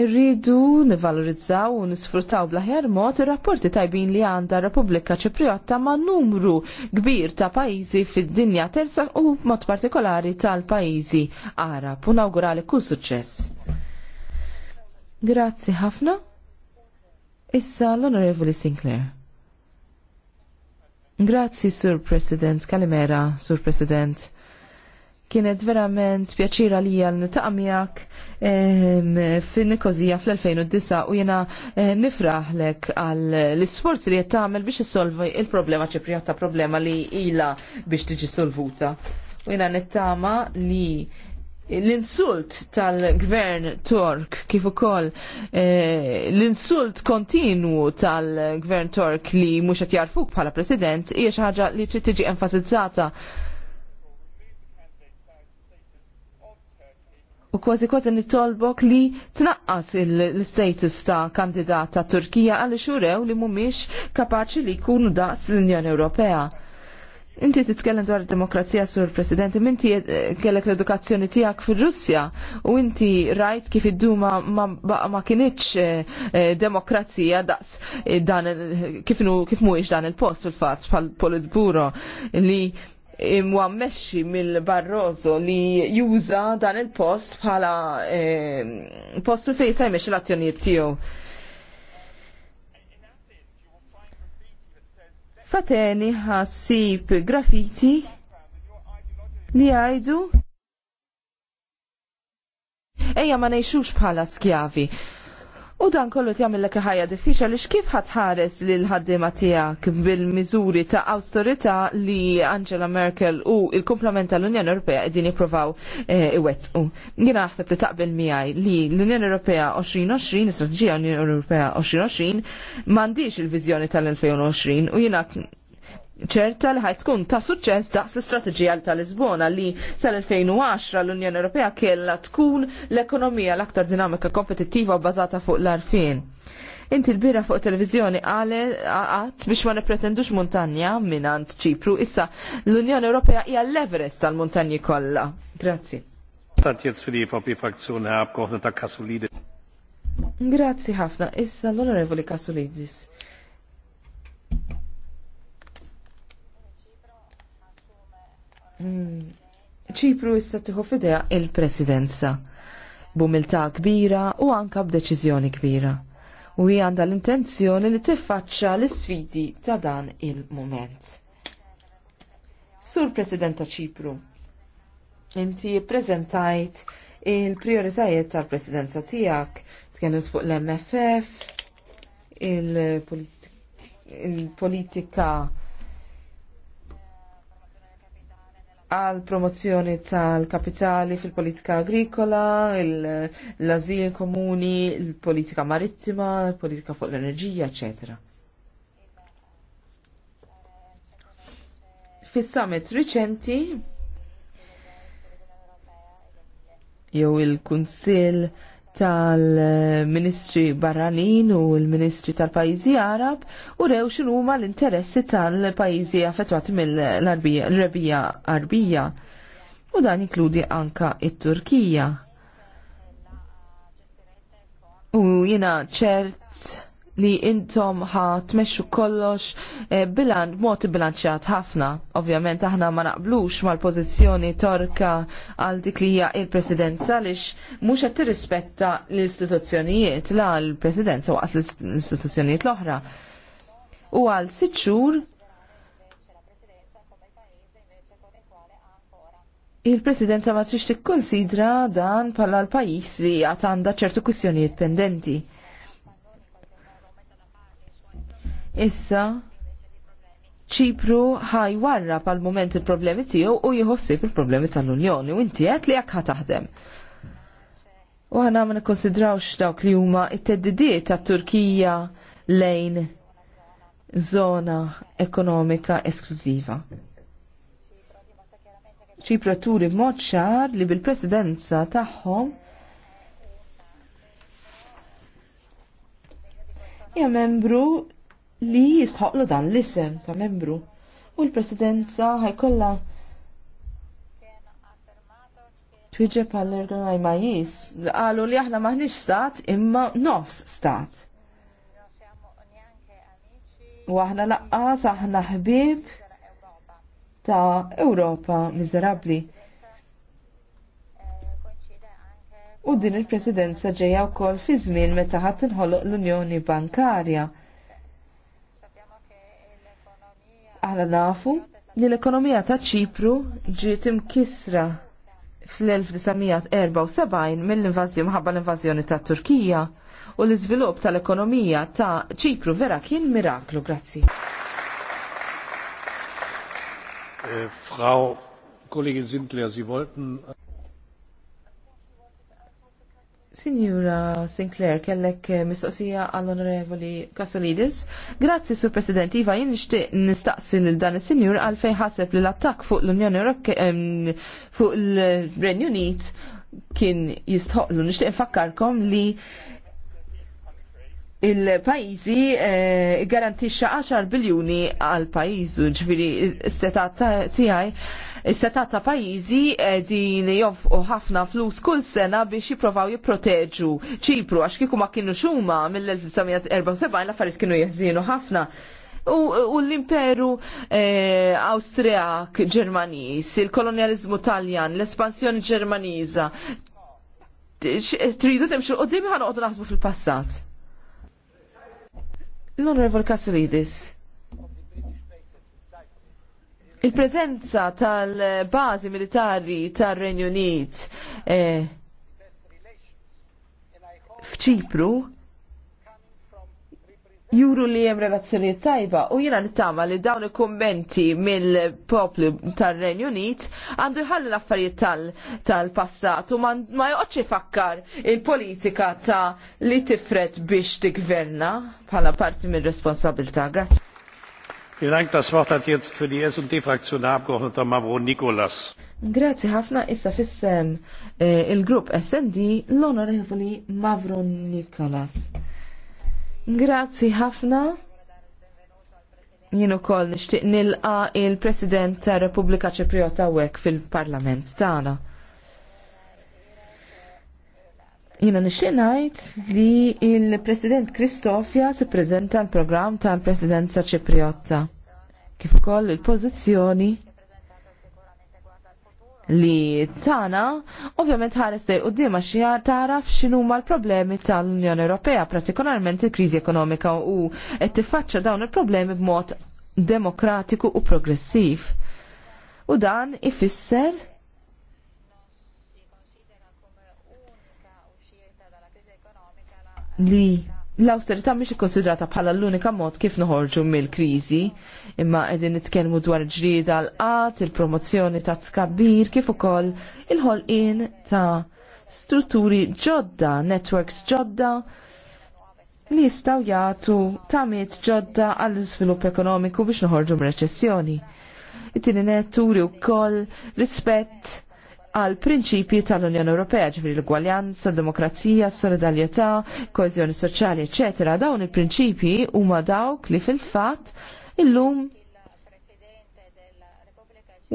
Irridu nivalorizzaw u nisfruttaw blaħjar mod ir-rapporti tajbin li għandha Repubblika Ċipriotta ma' numru kbir ta' pajjiżi fid-dinja terza u mod partikolari tal-pajjiżi Arab. U nawgurali kull suċċess. Grazzi ħafna. Issa l-Onorevoli Sinclair. Grazzi, Sur President. Kalimera, Sur President. Kienet verament pjaċira li għal nitaqmijak fin nikozija fl-2009 u jena eh, nifraħlek għal l-sforzi li jattamel biex jissolvi il-problema ċipriata problema li ila biex tiġi solvuta. U jena nittama li l-insult tal-gvern Tork kif ukoll eh, l-insult kontinu tal-gvern Tork li mhux qed jarfuk bħala president hija xi ħaġa li trid tiġi enfasizzata u kważi kważi nittolbok li tnaqqas l-status ta' kandidata Turkija għal xurew li mumiex kapaċi li jkunu daqs l-Unjoni Ewropea. Inti titkellem dwar demokrazija sur Presidenti, minti eh, kellek l-edukazzjoni tiegħek fir-Russja u inti rajt kif id-duma ma, ma kienieċ eh, eh, demokrazija daqs dan kif, kif mhuwiex dan il-post fil-fatt bħal politburo li mwammexxi mill-Barroso li juża dan il-post bħala eh, post li fejn jmexxi l-azzjonijiet tiegħu. Fateni ħassib graffiti li għajdu Ejja ma nejxux bħala skjavi. U dan kollu tjamillek ħajja diffiċa li xkif ħatħares li l-ħaddima tijak bil-mizuri ta' austerita li Angela Merkel u il-komplement tal-Unjoni Ewropea edin jiprofaw eh, iwetqu. Jina naħseb li taqbel miħaj li l-Unjoni Ewropea 2020, l-Istrategija Unjoni Ewropea 2020, mandiġ il-vizjoni tal-2020 u jina ċerta li ħaj tkun ta' suċċess daqs l-istrateġija tal-Lisbona li sal-2010 l-Unjoni Ewropea kellha tkun l-ekonomija l-aktar dinamika kompetittiva u bbażata fuq l-arfin. Inti l-bira fuq televizjoni għale għat biex ma nepretendux montanja minant ċipru, issa l-Unjoni Ewropea hija l-Everest tal-montanji kollha. Grazzi. Grazzi ħafna. Issa l-Onorevoli Kasulidis. Mm. ċipru issa tieħu fidea il-presidenza b'umilta kbira u anka b'deċiżjoni kbira. U hi għanda l-intenzjoni li tiffaċċa l-isfidi ta' dan il-moment. Sur Presidenta Ċipru, inti prezentajt il-prioritajiet tal-presidenza tiegħek tkellimt fuq l-MFF, il-politika il politika għal promozzjoni tal-kapitali fil-politika agrikola, l-azil komuni, l-politika marittima, l-politika fuq l-enerġija, ecc. fis-summit riċenti jew il-Kunsill tal-Ministri Barranin u l-Ministri tal-Pajjiżi Arab u rew huma l-interessi tal-pajjiżi affettwati mill-Rebija Arbija. U dan inkludi anka it-Turkija. U jiena ċert li intom ħa tmexxu kollox eh, bilan, mod bilanċjat ħafna. Ovvjament aħna ma naqblux mal-pożizzjoni torka għal dik li hija il-presidenza għaliex mhux qed tirrispetta l-istituzzjonijiet la l-presidenza waqas l-istituzzjonijiet l-oħra. U għal sitt xhur il-presidenza ma trix tikkonsidra dan bħala l-pajjiż li għad għandha ċertu kwistjonijiet pendenti. Issa ċipru ħaj warra pal moment il-problemi tiegħu u jħossib il-problemi tal-Unjoni u inti qed li jekk ħataħdem. U ħana ma nikkonsidrawx dawk li huma it-teddidiet tat-Turkija lejn zona ekonomika esklużiva. ċipra turi mod ċar li bil-presidenza tagħhom ja membru li jistħoqlu dan l-isem ta' membru u l-presidenza ħajkolla twiġeb għall-ergonaj majis jis qalu li aħna maħnix stat imma nofs stat. U aħna laqqas aħna ħbib ta' Ewropa miserabli. U din il-presidenza ġejja wkoll fi żmien meta ħadd l-Unjoni Bankarja. Aħna nafu li l-ekonomija ta' ċipru ġiet imkisra fl-1974 mill-invażjoni ħabba l-invażjoni ta' Turkija u l-iżvilupp tal-ekonomija ta' ċipru vera kien miraklu, grazzi. Eh, Frau Kollegin Sintler, Sie wollten Signora Sinclair, kellek eh, mistoqsija għall-Onorevoli Kasolidis. Grazzi, Sur President. Iva, jien nixtieq nistaqsi lil dan is-Sinjur fejn ħaseb li l-attakk fuq l-Unjoni Ewropea fuq l-Renju Unit kien jistħoqlu. Nixtieq nfakkarkom li il-pajizi eh, garantixxa 10 biljuni għal pajizu ġviri s-setat tiegħi Is-setat ta' pajjiżi din jofqu ħafna flus kull sena biex jipprovaw jipproteġu ċipru għax kieku ma kienu xuma mill-1974 l-affarijiet kienu jeżinu ħafna. U, u l-imperu eh, Austriak Ġermanis, il-kolonializmu Taljan, l-espansjoni Ġermaniża, tridu temxu u dimmi ħanoqdu naħsbu fil-passat. L-Onorevol Kasridis. Il-prezenza tal-bazi militari tal-Renju Unit eh, f'ċipru juru li jem relazzjoniet tajba u jena nittama li dawn il-kommenti mill-poplu tal-Renju Unit għandu jħalli l-affarijiet tal-passat u ma joqgħodx ifakkar il-politika ta' li tifret biex t-gverna bħala parti mill-responsabilta. Grazie. Nikolas. Grazie ħafna issa fissem eh, il-grupp SD l-onorevoli Mavro Nikolas. Grazie ħafna jienu kol nishtiq nilqa il-President ta' Repubblika Ċipriota għek fil-Parlament tana. jina nixinajt li il-President Kristofja si prezenta l-program tal-Presidenza Ċipriotta. Kif ukoll il-pozizjoni li tana, ovvjament ħares dej qudiem għax taraf ma l-problemi tal-Unjoni Ewropea, partikolarment il-kriżi ekonomika u qed tiffaċċa dawn il-problemi b'mod demokratiku u progressiv. U dan ifisser li l-austerità mhix ikkonsidrata bħala l-unika mod kif noħorġu mill-kriżi, imma qegħdin nitkellmu dwar ġrieda l-qat, il-promozzjoni ta' tkabbir, kif ukoll il-ħolqien ta' strutturi ġodda, networks ġodda li jistgħu jagħtu tagħmiet ġodda għall-iżvilupp ekonomiku biex noħorġu mir-reċessjoni. It-tieni netturi wkoll rispett għal prinċipji tal-Unjoni Ewropea ġifri l-gwaljanza, demokrazija, solidarjetà, koezjoni soċjali, ecc. Dawn il-prinċipji huma dawk li fil-fatt illum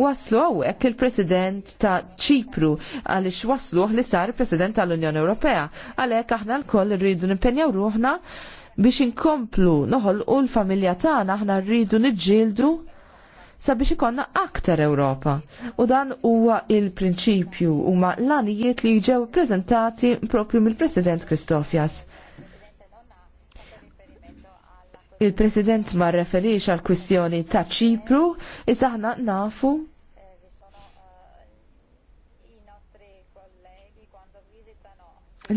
waslu għawek il-President ta' ċipru għalix waslu li sar il-President tal-Unjoni Ewropea. Għalek aħna l-koll rridu nimpenjaw ruħna biex inkomplu noħol u l-familja tagħna aħna rridu niġġieldu sabiex ikonna aktar Ewropa. U dan huwa il-prinċipju huma l-anijiet li ġew prezentati propju mill-President Kristofjas. Il-President ma referix għal kwistjoni ta' ċipru, iżda aħna nafu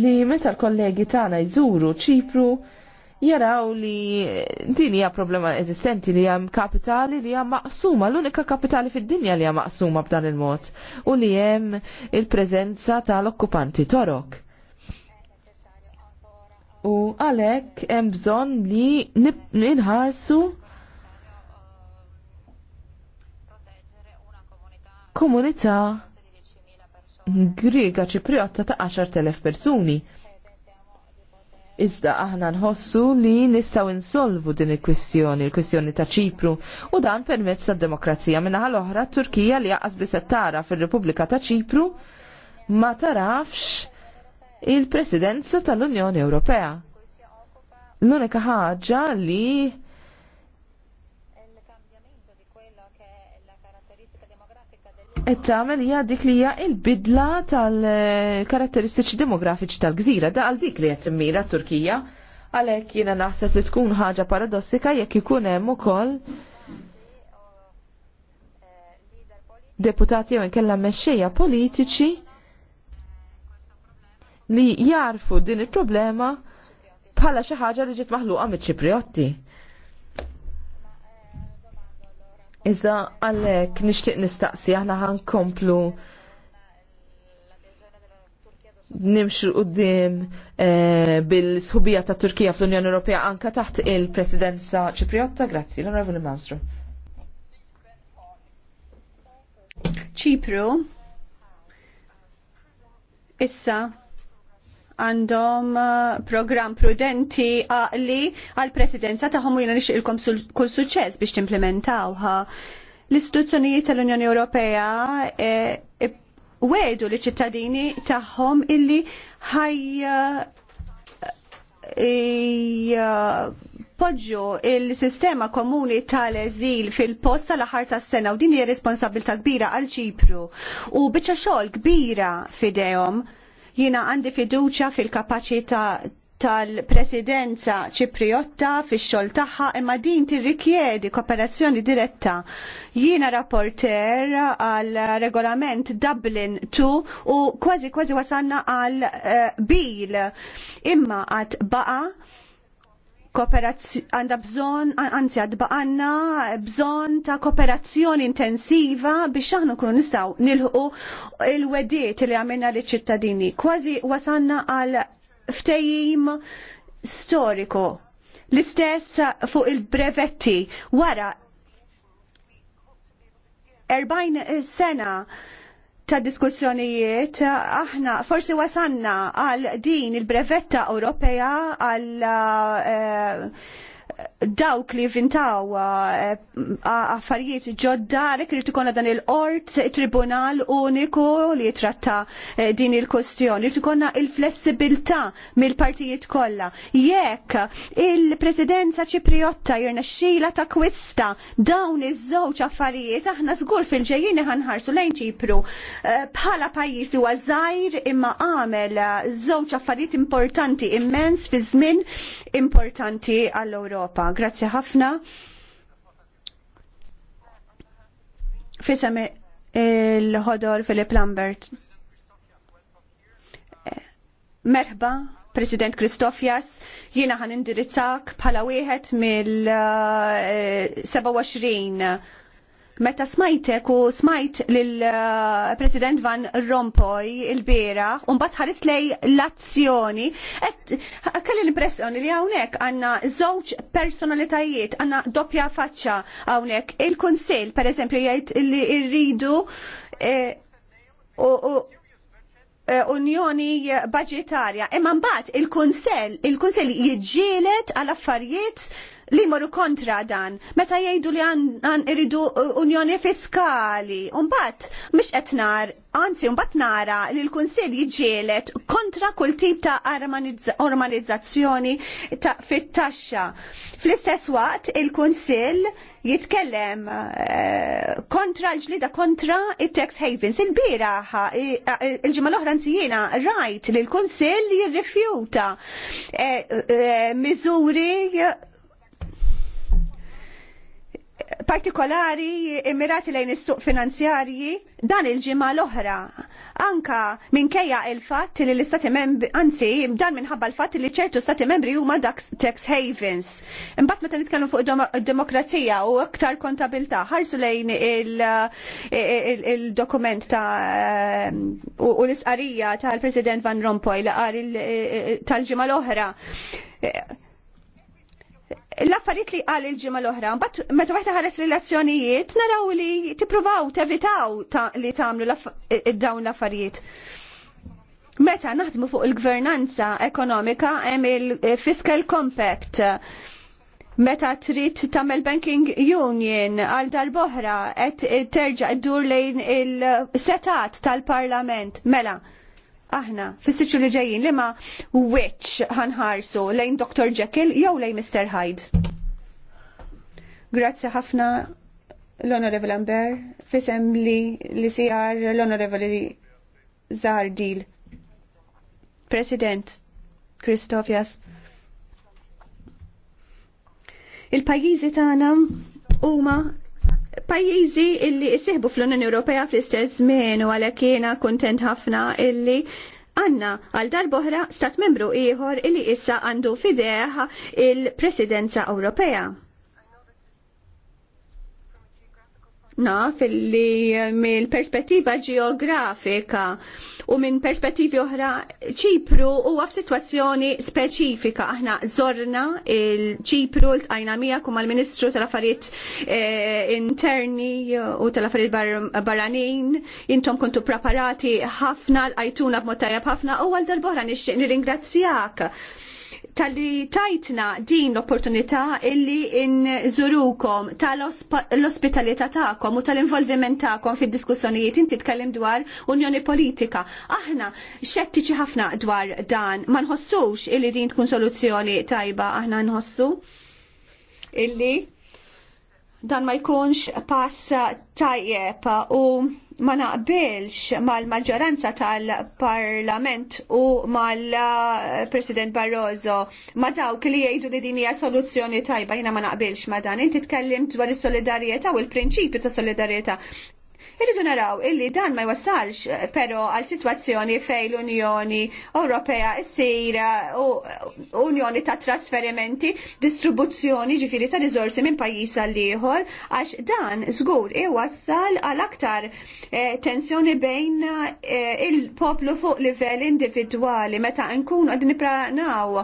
li meta l-kollegi tagħna jżuru ċipru jaraw li din hija problema eżistenti li hemm kapitali li hija maqsuma, l-unika kapitali fid-dinja li hija maqsuma b'dan il-mod u li hemm il-preżenza tal-okkupanti torok. U għalhekk hemm bżonn li ninħarsu komunità Griega Ċipriotta ta' 10.000 persuni Iżda aħna nħossu li nistgħu insolvu din il-kwistjoni, il-kwistjoni ta' Ċipru, u dan permezz tad-demokrazija minnaħa l-oħra Turkija li jaqqas qed tara fir-Repubblika ta' Ċipru ma tarafx il-presidenza tal-Unjoni Ewropea. L-unika ħaġa li qed tagħmel hija dik li hija l-bidla tal-karatteristiċi demografiċi tal-gżira da għal dik li qed immira Turkija għalhekk jiena naħseb li tkun ħaġa paradossika jekk ikun hemm ukoll deputati jew inkella mexxejja politiċi li jarfu din il-problema bħala xi ħaġa li ġiet maħluqa miċ-Ċipriotti. Iżda għalhekk nixtieq nistaqsi aħna komplu nimxu qudiem e, eh, bil-sħubija ta' Turkija fl-Unjoni Ewropea anka taħt il-Presidenza Ċipriotta. Grazzi, l-Onorevoli Mamsru. Ċipru issa għandhom eh, program prudenti għaqli għal-presidenza taħom u jena nixilkom kull suċċess biex timplementawha. L-istituzzjonijiet tal-Unjoni Ewropea eh, wedu li ċittadini taħħom illi ħaj eh, poġġu il-sistema komuni tal-eżil fil-post tal-aħħar tas-sena u din hija responsabilta kbira għal Ċipru u biċċa xogħol kbira fidejhom Jina għandi fiduċa fil kapacita tal-presidenza ċipriotta fix xogħol tagħha imma din tirrikjedi kooperazzjoni diretta. Jiena rapporter għal regolament Dublin 2 u kważi kważi wasanna għal eh, bil imma għat baqa' għanda bżon, anzi għadba għanna bżon ta' kooperazzjoni intensiva biex aħna kunu nistaw nilħu il-wediet li għamilna li ċittadini. Kważi wasanna għal ftejim storiku. L-istess fuq il-brevetti wara 40 sena ta' diskussjonijiet, aħna forsi wasanna għal din il-brevetta Ewropea għal eh, dawk li vintaw eh, affarijiet ġodda rek li tukonna dan il-qort tribunal uniku li jitratta eh, din il-kustjoni li tukonna il-flessibilità mill-partijiet kollha. Jekk il-presidenza ċipriotta jirna xila ta' kwista dawn iż-żewġ affarijiet aħna żgur fil ġejjini ħanħarsu lejn ċipru eh, bħala pajjiż li huwa żgħir imma għamel żewġ affarijiet importanti immens fi żmien importanti għall-Ewropa. Grazzi ħafna. Fisem il-ħodor Filip Lambert. Merħba, President Kristofjas, jiena ħan indirizzak bħala wieħed mill-27 eh, Meta smajtek u smajt lil eh, president Van Rompuy il-bera, unbat ħaris lej l-azzjoni, kelli l-impressjoni li hawnhekk għandna żewġ personalitajiet, għandna doppja faċċa hawnhekk. Il-Kunsill, pereżempju, jgħid li rridu eh, u eh, unjoni budgetarja. Imma mbagħad il-Kunsell, il-Kunsell jiġġieled għal affarijiet li moru kontra dan. Meta jgħidu li għan iridu uh, unjoni fiskali, unbat, mish etnar, anzi, unbat nara li l-Kunsil jġielet kontra kull tip ta' armanizzazzjoni ta' fit-taxxa. Fl-istess waqt, il-Kunsil jitkellem uh, kontra l-ġlida kontra il-tax havens. Il-biraħa, il-ġimma l-oħra nzijina, rajt li l kunsil jirrifjuta eh, eh, miżuri partikolari immirati lejn is-suq finanzjarji dan il-ġimgħa l-oħra. Anka minkejja il-fatt li l-istati membri, anzi, dan minħabba l-fatt li ċertu stati membri huma dak tax havens. Imbagħad meta nitkellmu fuq id-demokrazija u aktar kontabilità, ħarsu lejn il-dokument ta' u l-isqarija tal-President Van Rompuy li qal tal-ġimgħa l-oħra l-affarijiet li qal il-ġimgħa l-oħra, mbagħad meta waħda ħares relazzjonijiet naraw li tippruvaw tevitaw li tagħmlu dawn l-affarijiet. Meta naħdmu fuq il-gvernanza ekonomika hemm il-Fiscal Compact meta trid tagħmel banking union għal darboħra qed terġa' ddur lejn il-setat tal-Parlament. Mela, aħna fis li ġejjin li ma witch ħanħarsu lejn Dr. Jekyll jew lejn Mr. Hyde. Grazzi ħafna l-Onorevoli Amber fisem li li sijar l-Onorevoli Zardil. President Kristofjas. Il-pajjiżi tagħna huma pajjiżi illi jisihbu fl-Unjoni Ewropea fl-istess żmien u għalhekk jiena kuntent ħafna illi għanna għal darboħra stat membru ieħor illi issa għandu fideħ il-Presidenza Ewropea. naf li mill-perspettiva ġeografika u minn perspettivi oħra ċipru huwa f'sitwazzjoni speċifika. Aħna zorna il-ċipru l-tqajna mija kum mal-Ministru tal-Affarijiet eh, Interni u tal-Affarijiet bar Barranin. Intom kontu preparati ħafna l-qajtuna b'mod tajjeb ħafna u għal darbohra nixtieq nirringrazzjak tal-li tajtna din l-opportunità illi n-zurukom tal-ospitalità ta'kom u tal-involviment ta'kom fid diskussjonijiet inti tkellim dwar unjoni politika. Aħna xettiċi ħafna dwar dan, ma nħossux illi din tkun soluzzjoni tajba aħna nħossu illi dan ma jkunx pass tajjeb u ma naqbilx mal-maġġoranza tal-Parlament u mal-President Barroso ma dawk li jgħidu li din hija soluzzjoni tajba jiena ma naqbilx ma dan. Inti tkellimt dwar is-solidarjetà u l-prinċipju ta' solidarjetà. Irridu naraw illi dan ma jwassalx eh, però għal situazzjoni fej l-Unjoni Ewropea ssir eh, eh, Unjoni ta' trasferimenti, distribuzzjoni ġifiri ta' rizorsi minn pajjiż għal ieħor għax dan żgur iwassal għal aktar tensjoni bejn il-poplu fuq livell individwali meta nkun qed nipranaw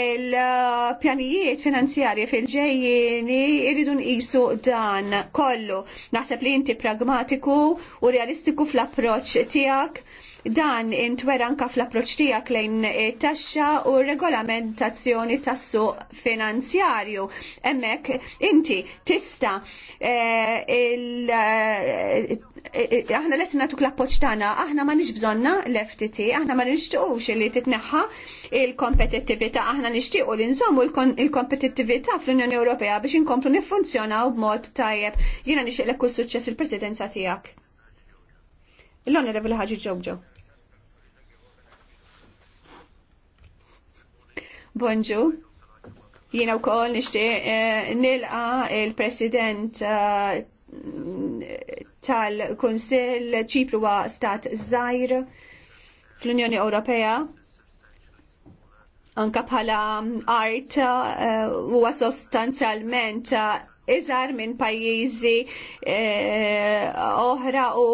il-pjanijiet finanzjarji fil-ġejjini irridu nqisu dan kollu. Naħseb li inti pragmatiku pratiku u realistiku fl-approċ tiegħek Dan intwera anka fl approċċ tiegħek lejn eh, taxxa u regolamentazzjoni tas-suq finanzjarju. Hemmhekk inti tista' eh, eh, aħna lesna natuk l-appoċ tagħna, aħna ma nix bżonna l-FTT, aħna ma nixtiequx li titneħħa il-kompetittività, aħna nixtiequ li nżommu il-kompetittività fl-Unjoni Ewropea biex inkomplu niffunzjonaw b'mod tajjeb. Jiena nixtieq lek kull suċċess il-presidenza tiegħek. L-onorevoli ħaġi Ġobġo. Bonġu. Jiena wkoll nixtieq eh, nilqa il-President eh, tal konsil Ċipru wa Stat Żgħir fl-Unjoni Ewropea anka bħala mm, art eh, huwa sostanzjalment eh, iżar minn pajjiżi oħra u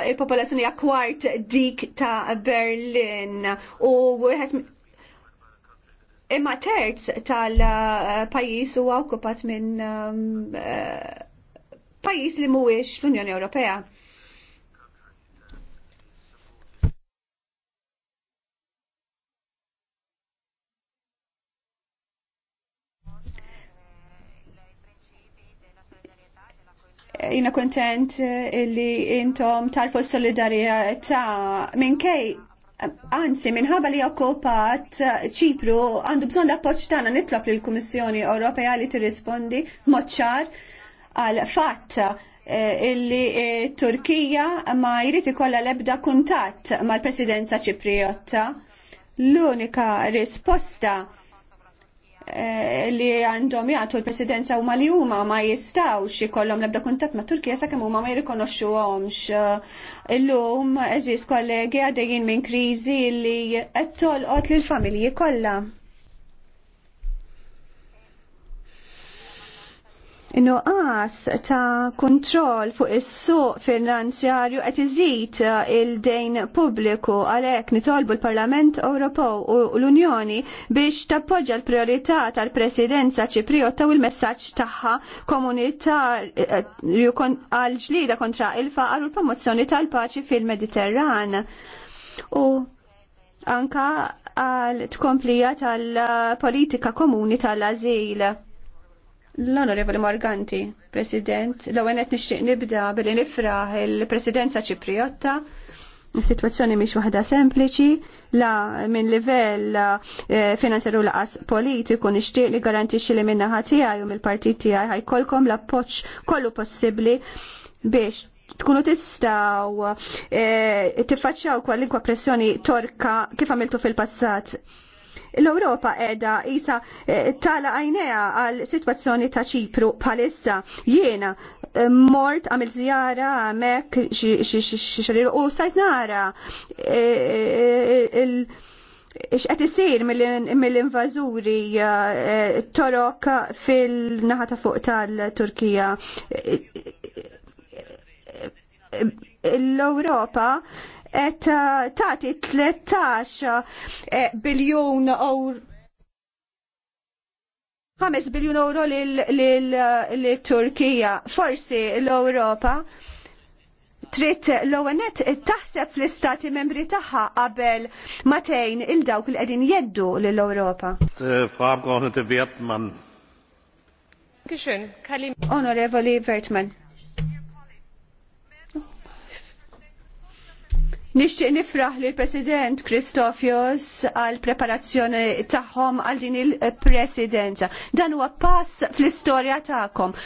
l popolazzjoni akwart kwart dik ta' Berlin u wieħed Imma terz tal-pajis eh, huwa okkupat minn ehm, eh, pajis li mhuwiex fl unjoni Ewropea. jina kontent eh, li intom tal-fu solidarieta kej Anzi, minħabba li okkupat eh, ċipru għandu bżon l-appoċ tagħna nitlob lill-Kummissjoni Ewropea li tirrispondi mod ċar għal fatt eh, illi eh, Turkija ma jrid ikollha l-ebda kuntatt mal-Presidenza Ċipriotta. L-unika risposta Eh, li għandhom jagħtu l-presidenza huma li huma ma jistgħux ikollhom l-ebda kuntatt ma' Turkija sakemm huma ma jirrikonoxxuhomx. Eh, illum eżis kollegi għaddejjin minn kriżi li qed tolqot lill-familji kollha. Nuqqas ta' kontroll fuq is-suq finanzjarju qed iżid uh, il-dejn pubbliku għalhekk nitolbu l-Parlament Ewropew u l-Unjoni biex tappoġġa l prijorità tal-Presidenza Ċipriotta taw il messaġġ tagħha komunitarju għal ġlida kontra il-faqar u l-promozzjoni tal-paċi fil-Mediterran. U anka għal tkomplija tal-politika komuni tal-azil. L-Onorevoli Morganti, President, l-ewwel nishtiq nixtieq nibda billi nifraħ il-Presidenza Ċipriotta. Is-sitwazzjoni mhix waħda sempliċi, la minn livell eh, finanzjeru laqas politiku nixtieq li garantixxi li minna tiegħi u mill-partit tiegħi ħajkolkom l-appoġġ kollu possibbli biex tkunu tistaw e, eh, tiffaċċaw kwalinkwa pressjoni torka kif għamiltu fil-passat. L-Europa edha isa eh, tala għajnea għal situazzjoni ta' ċipru palissa jiena eh, mort għamil zjara mek xirir u sajt nara eh, xqed isir mill-invażuri torok fil-naħa ta' fuq tal-Turkija. L-Ewropa et eh, tati 13 biljon or 5 biljon euro l-Turkija. Eh, Forsi l-Europa tritt l-ONET taħseb fl-istati membri taħħa qabel matejn il-dawk l-edin jeddu l-Europa. Eh, Frau Abgeordnete Wertmann. Onorevoli Wertmann. Nixtieq nifraħ li l-President Kristofios għal preparazzjoni tagħhom għal din il-Presidenza. Dan huwa pass fl-istorja tagħkom.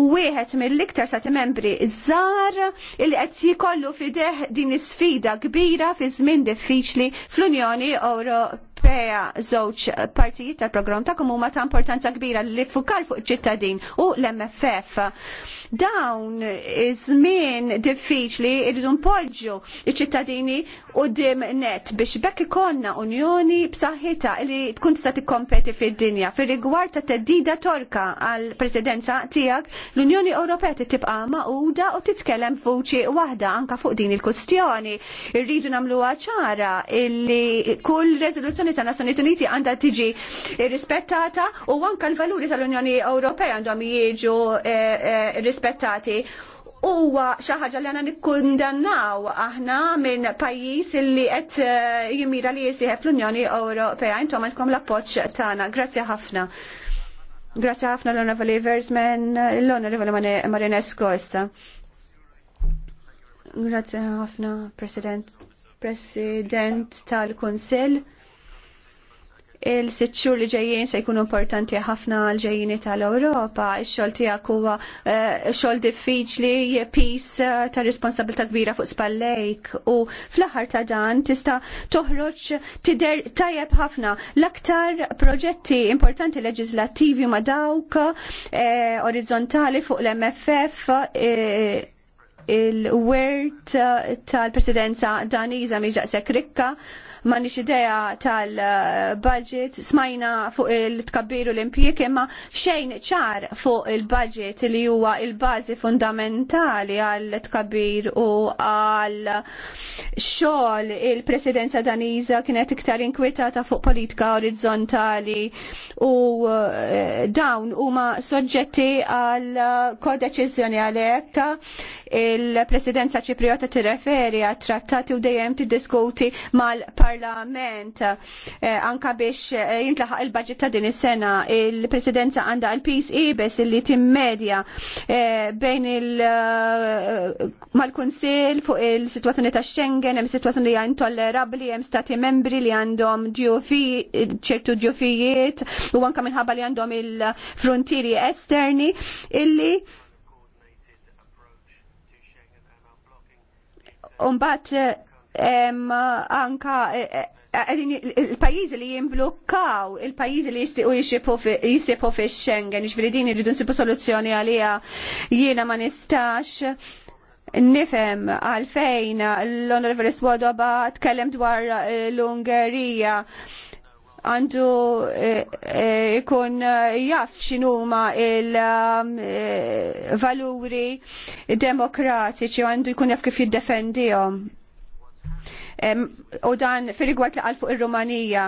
Wieħed mill-iktar sati membri żar il qed jikollu fideħ din is-sfida kbira fi żmien diffiċli fl-Unjoni Ewropea. Żewġ partijiet tal-programm tagħkom huma ta' importanza kbira li fukar fuq ċittadin u l-MFF Dawn iż-żmien diffiċli irridu npoġġu iċ-ċittadini qudiem net biex bekk ikonna Unjoni b'saħħitha li tkun tista' tikkompeti fid-dinja. Fir-rigward ta' teddida torka għall presidenza tiegħek, l-Unjoni Ewropea tibqa' maquda u titkellem f'vuċi waħda anka fuq din il-kustjoni. Irridu nagħmluha ċara illi kull reżoluzzjoni ta' Nazzjonijiet Uniti għandha tiġi rispettata u anka l-valuri tal-Unjoni Ewropea għandhom jiġu eh, eh, rispettati huwa xi ħaġa li għandna nikkundannaw aħna minn pajjiż li qed eh, jimira li jisieħ fl-Unjoni Ewropea intom għandkom l-appoġġ tagħna. Grazzi ħafna. Grazzi ħafna l-Onorevoli Versman, l-Onorevoli Marinesco issa. Grazzi ħafna, President. President tal-Kunsill il-sitt xhur li ġejjin se jkunu importanti ħafna għal ġejjini tal-Ewropa. Ix-xogħol tiegħek huwa eh, xogħol diffiċli, pis eh, ta' responsabilità kbira fuq spallejk u fl-aħħar ta' dan tista' toħroġ tidher tajjeb ħafna. L-aktar proġetti importanti leġislattivi ma' dawk eh, orizzontali fuq l-MFF il-wert tal-presidenza daniża miġaqsek rikka ma nix idea tal-budget smajna fuq il-tkabbiru l-impjek imma xejn ċar fuq il-budget li huwa il-bazi fundamentali għal-tkabbir u għal xogħol il-presidenza daniża kienet iktar inkwetata fuq politika orizzontali u eh, dawn huma soġġetti għal kodeċiżjoni għalhekk il-presidenza ċipriota tirreferi għat trattati u dejjem tiddiskuti mal parti tal-Parlament eh, anka biex eh, jintlaħaq il-budget ta' din is-sena il-Presidenza għandha l-peace ibes illi timmedja eh, bejn il- mal-Kunsill fuq il-sitwazzjoni ta' Schengen, hemm sitwazzjoni li intollerabbli, hemm stati membri li għandhom ċertu ġufijiet u anka minħabba li għandhom il-frontieri esterni illi Umbat anka e, e, e, il-pajizi li jimblukkaw, il-pajizi li jistiqu jisipu fi Schengen, ġviri din irridu nsibu soluzzjoni għalija jiena ma nistax nifem għalfejn l-Onorevoli Swodoba tkellem dwar l-Ungerija għandu ikun jaff xinuma il-valuri um, demokratiċi għandu jkun jaff kif jiddefendijom u dan fil rigward li għal fuq ir-Rumanija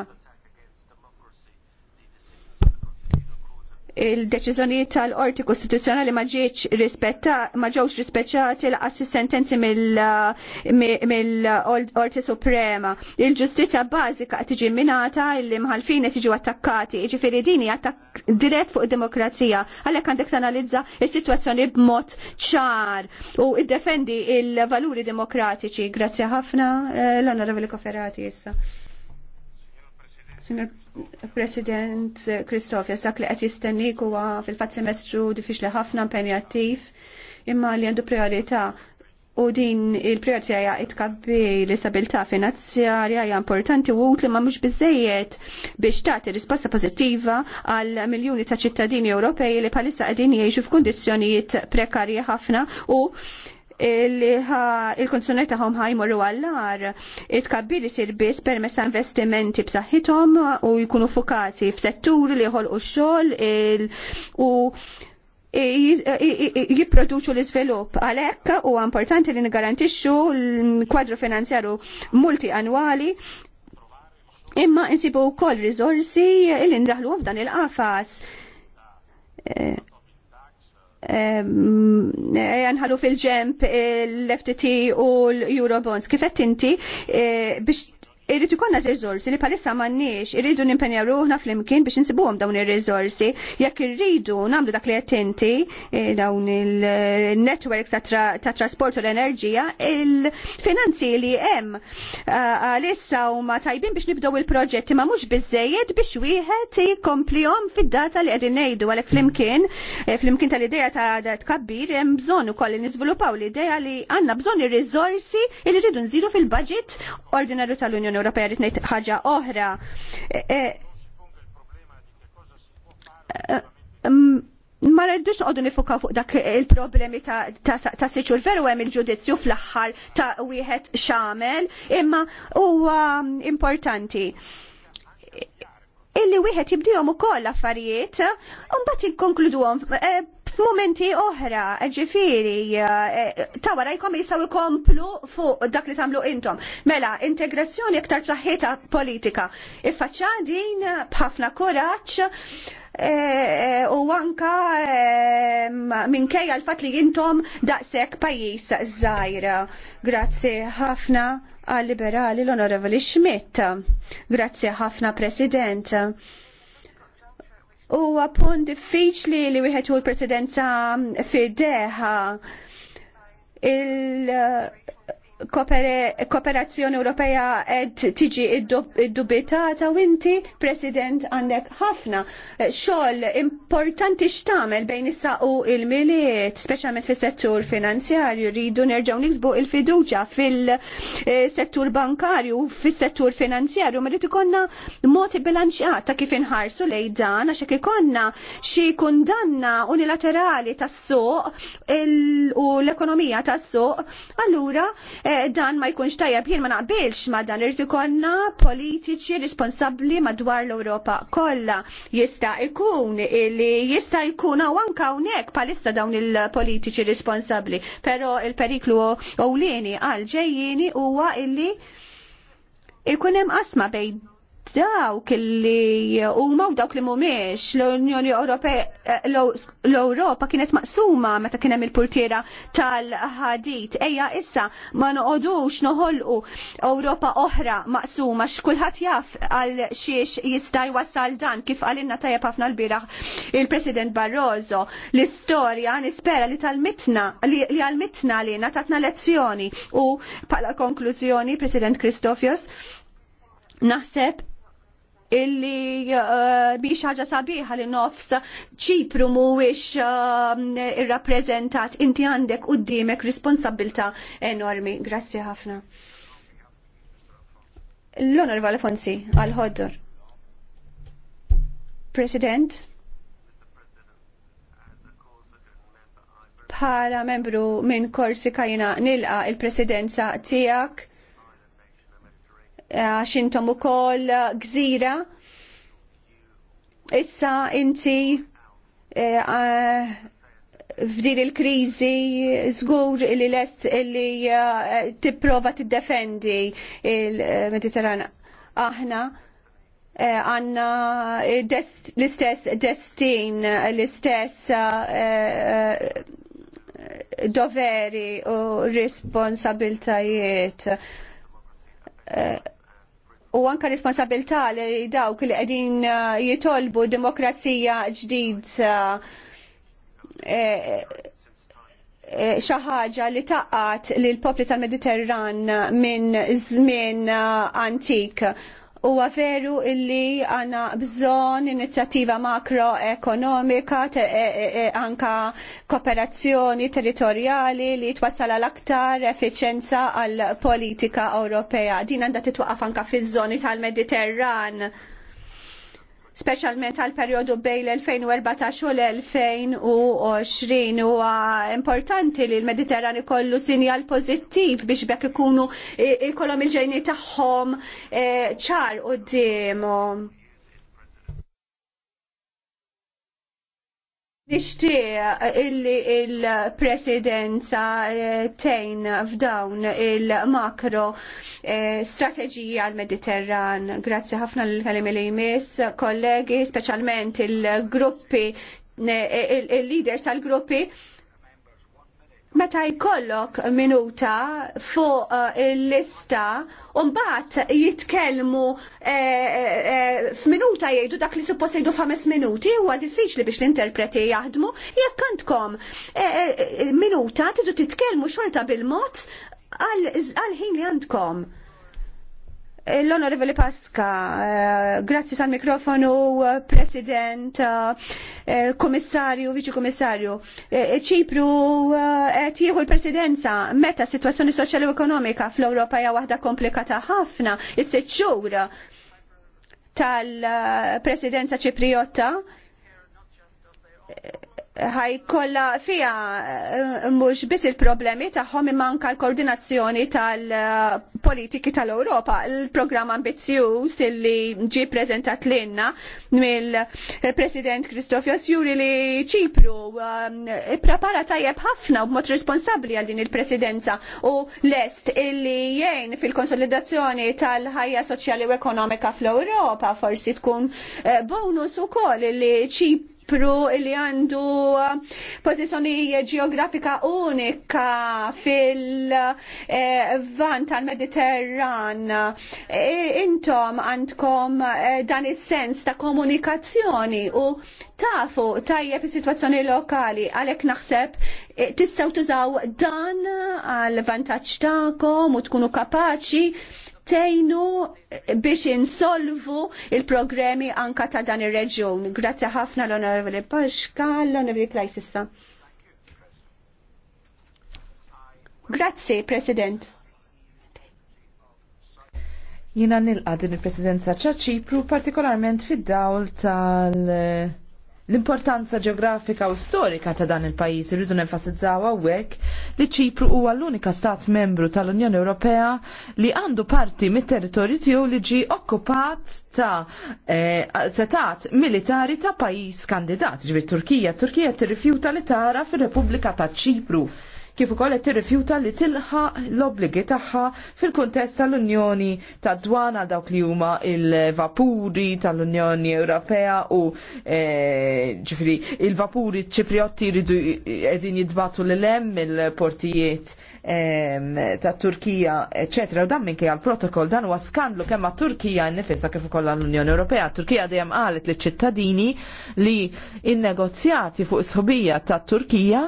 il-deċiżjonijiet tal-Qorti Kostituzzjonali ma ġietx rispetta ma ġewx rispettati laqas sentenzi mill-Qorti Suprema. il ġustizja bażika qed tiġi minata illi mħalfin qed jiġu attakkati, jiġifieri din hija attakk dirett fuq id-demokrazija. Għalhekk għandek tanalizza s sitwazzjoni b'mod ċar u ddefendi il-valuri demokratiċi. Grazzi ħafna eh, l-Onorevoli Koferati issa. Signor President Kristof, dak li qed jistennik huwa fil-fatt semestru diffiċli ħafna impenjattiv imma li għandu priorità u din il-priorità hija itkabbi l istabilta finanzjarja hija importanti u utli ma mhux bizzejiet biex tagħti risposta pożittiva għal miljuni ta' ċittadini Ewropej li bħalissa qegħdin jgħixu f'kundizzjonijiet prekarji ħafna u li il-konsumer tagħhom ħajmorru għall għallar, it-kabbir isir biss permezz investimenti b'saħħithom u jkunu fukati f'setturi li jħolqu x-xogħol u jipproduċu l izvelop Għalhekk huwa importanti li nigarantixxu l-kwadru finanzjaru multi annwali imma insibu wkoll rizorsi li indahlu f'dan il-qafas eh, janħalu eh, fil-ġemp l-FTT u l-Eurobonds. Kifet inti eh, biex irrid ikollna riżorsi li bħalissa m'għandniex, irridu nimpenja ruħna flimkien biex insibuhom dawn ir-riżorsi. Jekk irridu nagħmlu dak li qed inti eh, dawn il-networks ta' trasport u l-enerġija, il-finanzi li hemm eh, għalissa huma tajbin biex nibdew il-proġetti ma mhux biżejjed biex wieħed jkomplihom fid-data li qegħdin ngħidu għalhekk flimkien eh, flimkien tal-idea ta' tkabbir hemm bżonn ukoll li niżviluppaw l-idea li għandna bżonn ir-riżorsi li rridu nżidu fil-budget ordinarju tal-Unjoni tal-Unjoni Ewropea rrid ngħid ħaġa oħra. E, e, e, ma rridux għodu nifuka fuq dak il-problemi ta' ta' siċur veru hemm il-ġudizzju fl-aħħar ta' wieħed xamel, imma huwa importanti illi wieħed jibdihom ukoll affarijiet, u mbagħad jikkonkluduhom f'mumenti oħra, ġifiri, eh, ta' jkom jistaw ikomplu fuq dak li tamlu intom. Mela, integrazzjoni iktar b'saħħita politika. Iffaċċa din b'ħafna kuraċ eh, u anka eh, minkejja l-fat li jintom daqsek pajis zaħir. Grazzi ħafna għal-liberali l-onorevoli Schmidt. Grazzi ħafna, President. U punt diffiċli li wieħed hu l-presidenza fideħa il- kooperazzjoni Ewropea qed tiġi iddubitata u inti, President, għandek ħafna eh, xogħol importanti x'tagħmel bejn issa u il-miliet, speċjalment fis-settur finanzjarju, rridu nerġgħu niksbu il-fiduċja fil-settur bankarju, fis-settur finanzjarju, ma rrid ikonna mod bilanċjat ta' kif inħarsu lejn dan għax ikonna xi kundanna unilaterali tas-suq u l-ekonomija tas-suq, allura Eh, dan ma jkunx tajjeb jien ma naqbilx ma dan irid ikollna politiċi responsabbli madwar l-Ewropa kollha. Jista' ikun li jista' jkun hawn anke hawnhekk palissa dawn il-politiċi responsabbli, però il-periklu ewlieni għal ġejjieni huwa illi ikun hemm qasma bejn dawk li huma u dawk li mhumiex l-Unjoni Ewropea l-Ewropa kienet maqsuma meta kien hemm il-portiera tal-ħadit. Ejja issa ma noqogħdux noħolqu Ewropa oħra maqsuma x'kulħadd jaf għal xiex jista' jwassal dan kif għalinna tajjeb ħafna l-biraħ il-President Barroso. L-istorja nispera li tal-mitna li għal-mitna li tatna lezzjoni u bħala konklużjoni President Christofios. naħseb illi biex eh, ħaġa sabiħa li nofs ċipru mhuwiex eh, irrappreżentat inti għandek quddiemek responsabilta enormi. Grazzi ħafna. l onor Valfonsi, għal-ħoddur. President, bħala membru minn Korsika jina nilqa il-presidenza tijak għax intom ukoll gżira. Issa inti eh, eh, f'din il-kriżi żgur li lest li eh, tipprova tiddefendi il-Mediterran aħna għanna l-istess destin, l-istess doveri u responsabiltajiet u anka responsabilità li dawk li qegħdin uh, jitolbu demokrazija ġdid uh, e, e, xaħġa ħaġa li taqqat l popli tal-Mediterran minn żmien uh, antik Huwa veru illi għandna bżonn inizjattiva makroekonomika e- e- e- anka kooperazzjoni territorjali li twassal għal aktar efficienza għal politika Ewropea. Din għandha titwaqqaf anka fiż-żoni tal-Mediterran specialment għal periodu bejn l-2014 u l-2020 u importanti li l-Mediterrani kollu sinjal pozittiv biex bekk ikunu ikollhom il-ġejni tagħhom eh, ċar u d Nishtiq illi il-presidenza eh, tejn f'dawn il-makro eh, strategija għal-Mediterran. Grazzi ħafna l-kalimi li jmiss, kollegi, specialment il-gruppi, il-leaders tal-gruppi. il gruppi il leaders tal gruppi Meta jkollok minuta fuq eh, il-lista, Umbat jitkelmu eh, eh, f'minuta jgħidu dak li suppost jgħidu f'ħames minuti huwa diffiċli biex l-interpreti jaħdmu jekk għandkom minuta tidu titkellmu xorta bil-mod għal ħin li għandkom. L-Onorevoli Pasqa, eh, grazzi tal mikrofonu, eh, President, eh, Komissarju, Viċi Komissarju. Ċipru qed jieħu l-Presidenza meta situazzjoni soċjali u ekonomika fl-Ewropa hija waħda komplikata ħafna, is-sitt xhur tal-Presidenza Ċipriotta kolla fija eh, mhux biss il-problemi tagħhom imma l-koordinazzjoni tal-politiki tal-Ewropa. Il-programm ambizzjuż illi ġie l-inna mill-President Kristofio Sjuri li Ċipru eh, prepara tajjeb ħafna u b'mod responsabbli għal din il-presidenza u lest illi jgħin fil-konsolidazzjoni tal-ħajja soċjali u ekonomika fl-Ewropa forsi tkun eh, bonus ukoll illi ċipru ċipru li għandu pożizzjoni ġeografika unika fil-van tal-Mediterran. E, intom għandkom e, dan is-sens ta' komunikazzjoni u tafu tajjeb is-sitwazzjoni lokali għalhekk naħseb e, tistaw tużaw dan għal vantaġġ tagħkom u tkunu kapaċi tejnu biex insolvu il-programmi anka ta' dan ir-reġjun. Grazzi ħafna l-Onorevoli Paxka, l-Onorevoli Klajsissa. Grazzi, President. Jina nilqa din il-presidenza ċaċipru partikolarment fid-dawl tal- L-importanza ġeografika u storika ta' dan il-pajjiż irridu nenfasizzaw hawnhekk li Ċipru huwa l-unika stat membru tal-Unjoni Ewropea li għandu parti mit-territorju tiegħu li ġi okkupat ta' eh, setat militari ta' pajjiż kandidat, ġifier Turkija. Turkija tirrifjuta li tara fir-Repubblika ta' Ċipru kif ukoll qed tirrifjuta li tilħa l-obbligi tagħha fil-kuntest tal-Unjoni tad-dwana dawk li huma il-vapuri tal-Unjoni Ewropea u e, ġifieri il-vapuri ċipriotti jridu qegħdin jidbatu l hemm il-portijiet e, tat Turkija, eċetera, u dan minn l-protokoll dan huwa skandlu kemm għat-Turkija nifisa kif ukoll l-Unjoni Ewropea. Turkija dejjem qalet liċ ċittadini li nnegozjati negozjati fuq is-sħubija tat Turkija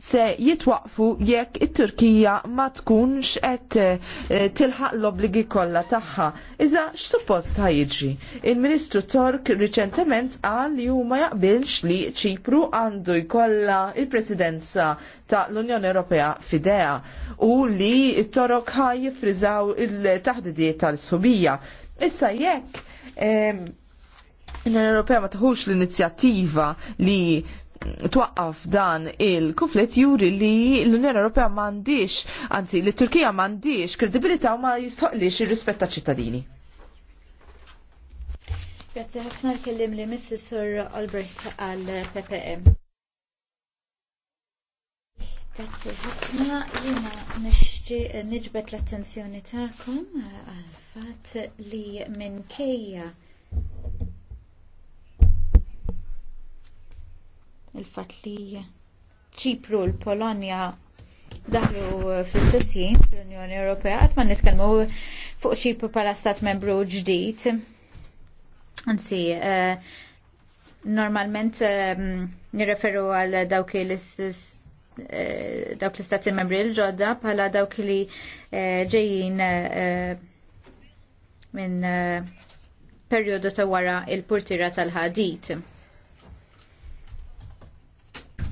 se jitwaqfu jekk it-Turkija ma tkunx qed eh, tilħaq l-obligi kollha tagħha. Iżda x'suppost jiġri? Il-Ministru Tork riċentement qal li huma jaqbilx li Ċipru għandu jkollha il-Presidenza ta' l-Unjoni Ewropea fidea u li t-torok ħaj jifriżaw il-taħdidiet tal-subija. Issa jekk eh, l-Unjoni Ewropea ma taħux l-inizjattiva li twaqqaf dan il-konflitt juri li l-Unjoni Ewropea m'għandix, anzi li Turkija m'għandix kredibilità u ma jistħoqlix ir-rispett ċittadini. Grazie ħafna l-kellim li Mrs. Sur Albert għal PPM. Grazie ħafna jina nixġi nġbet l-attenzjoni ta'kom għal fat li minn kejja il-fat li ċipru l-Polonja daħlu fl-istess jien fl-Unjoni Ewropea għat ma nitkellmu fuq ċipru bħala stat membru ġdid. Anzi, eh, normalment eh, nirreferu għal dawk eh, dawk l-istati membri l-ġodda bħala dawk li ġejjin minn perjodu ta' wara il-purtira tal-ħadit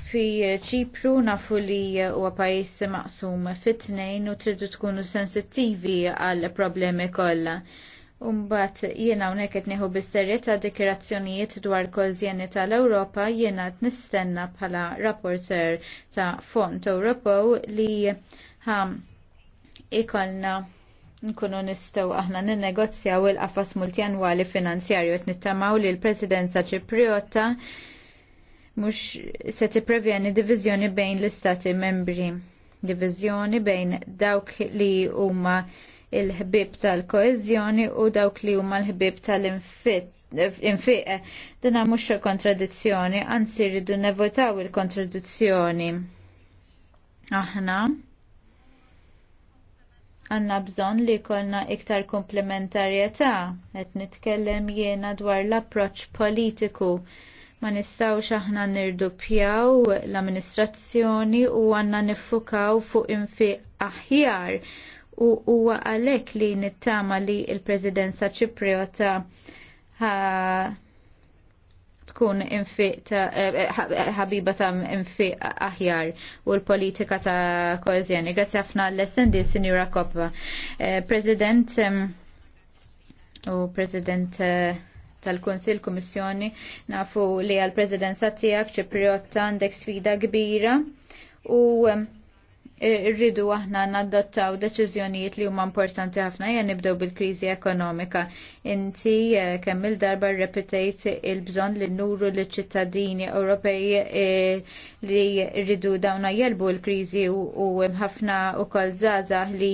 fi ċipru nafu li huwa pajjiż maqsum fit-tnejn u tridu tkunu sensittivi għal problemi kollha. Umbat jiena hawnhekk qed nieħu bis-serjetà dikirazzjonijiet dwar kożjeni tal-Ewropa jiena qed nistenna bħala rapporter ta' Fond Ewropew li ha ikolna nkunu nistgħu aħna ninnegozjaw il-qafas multjanwali finanzjarju qed nittamaw li l-Presidenza Ċipriota mhux se tipprevjeni diviżjoni bejn l-istati membri. Diviżjoni bejn dawk li huma il-ħbib tal-koeżjoni u dawk li huma l-ħbib tal-infitt infiqe, dina mux kontradizzjoni, anzi rridu nevotaw il-kontradizzjoni. Aħna, għanna bżon li kolna iktar komplementarjetà, et nitkellem jiena dwar l-approċ politiku ma nistgħux aħna nirdupjaw l-amministrazzjoni u għandna niffukaw fuq infiq aħjar u huwa għalhekk li nittama li l-Presidenza Ċipriota tkun infiq eh, eh, ħabiba ta' infiq aħjar u l-politika ta' koezjoni. Grazzi ħafna l-essendi, Sinjura Koppa. Eh, President u President tal-Konsil Kummissjoni nafu li għal-Presidenza tiegħek Ċipriotta għandek sfida kbira u Irridu eh, aħna nadottaw deċiżjonijiet li huma importanti ħafna hija nibdew bil-kriżi ekonomika. Inti eh, kemm il-darba repetejt il-bżonn li nuru liċ ċittadini Ewropej eh, li rridu dawna jelbu l-kriżi u ħafna wkoll żgħażagħ li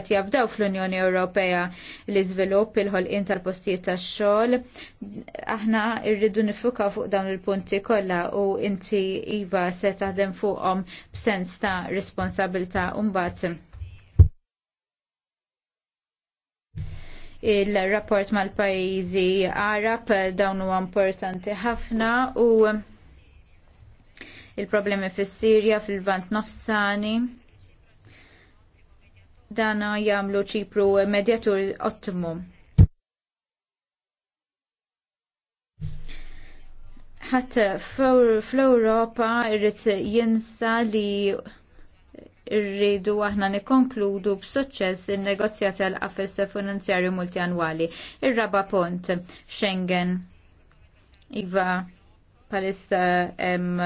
qed jabdaw fl-Unjoni Ewropea l-iżvilupp il-ħolqien tal-postijiet tax-xogħol. Aħna rridu nifuka fuq dawn il-punti kollha u inti iva se taħdem fuqhom b'sens ta' responsabilta umbat il-rapport mal pajjiżi Arab dawn huwa importanti ħafna u il-problemi fis-Sirja fil-Vant Nofsani dana jamlu ċipru medjatur ottimu. ħadd fl-Ewropa irrid jinsa li irridu aħna nikkonkludu b'suċċess in negozjat għal qafis finanzjarju multjanwali. Ir-raba punt Schengen. Iva palissa hemm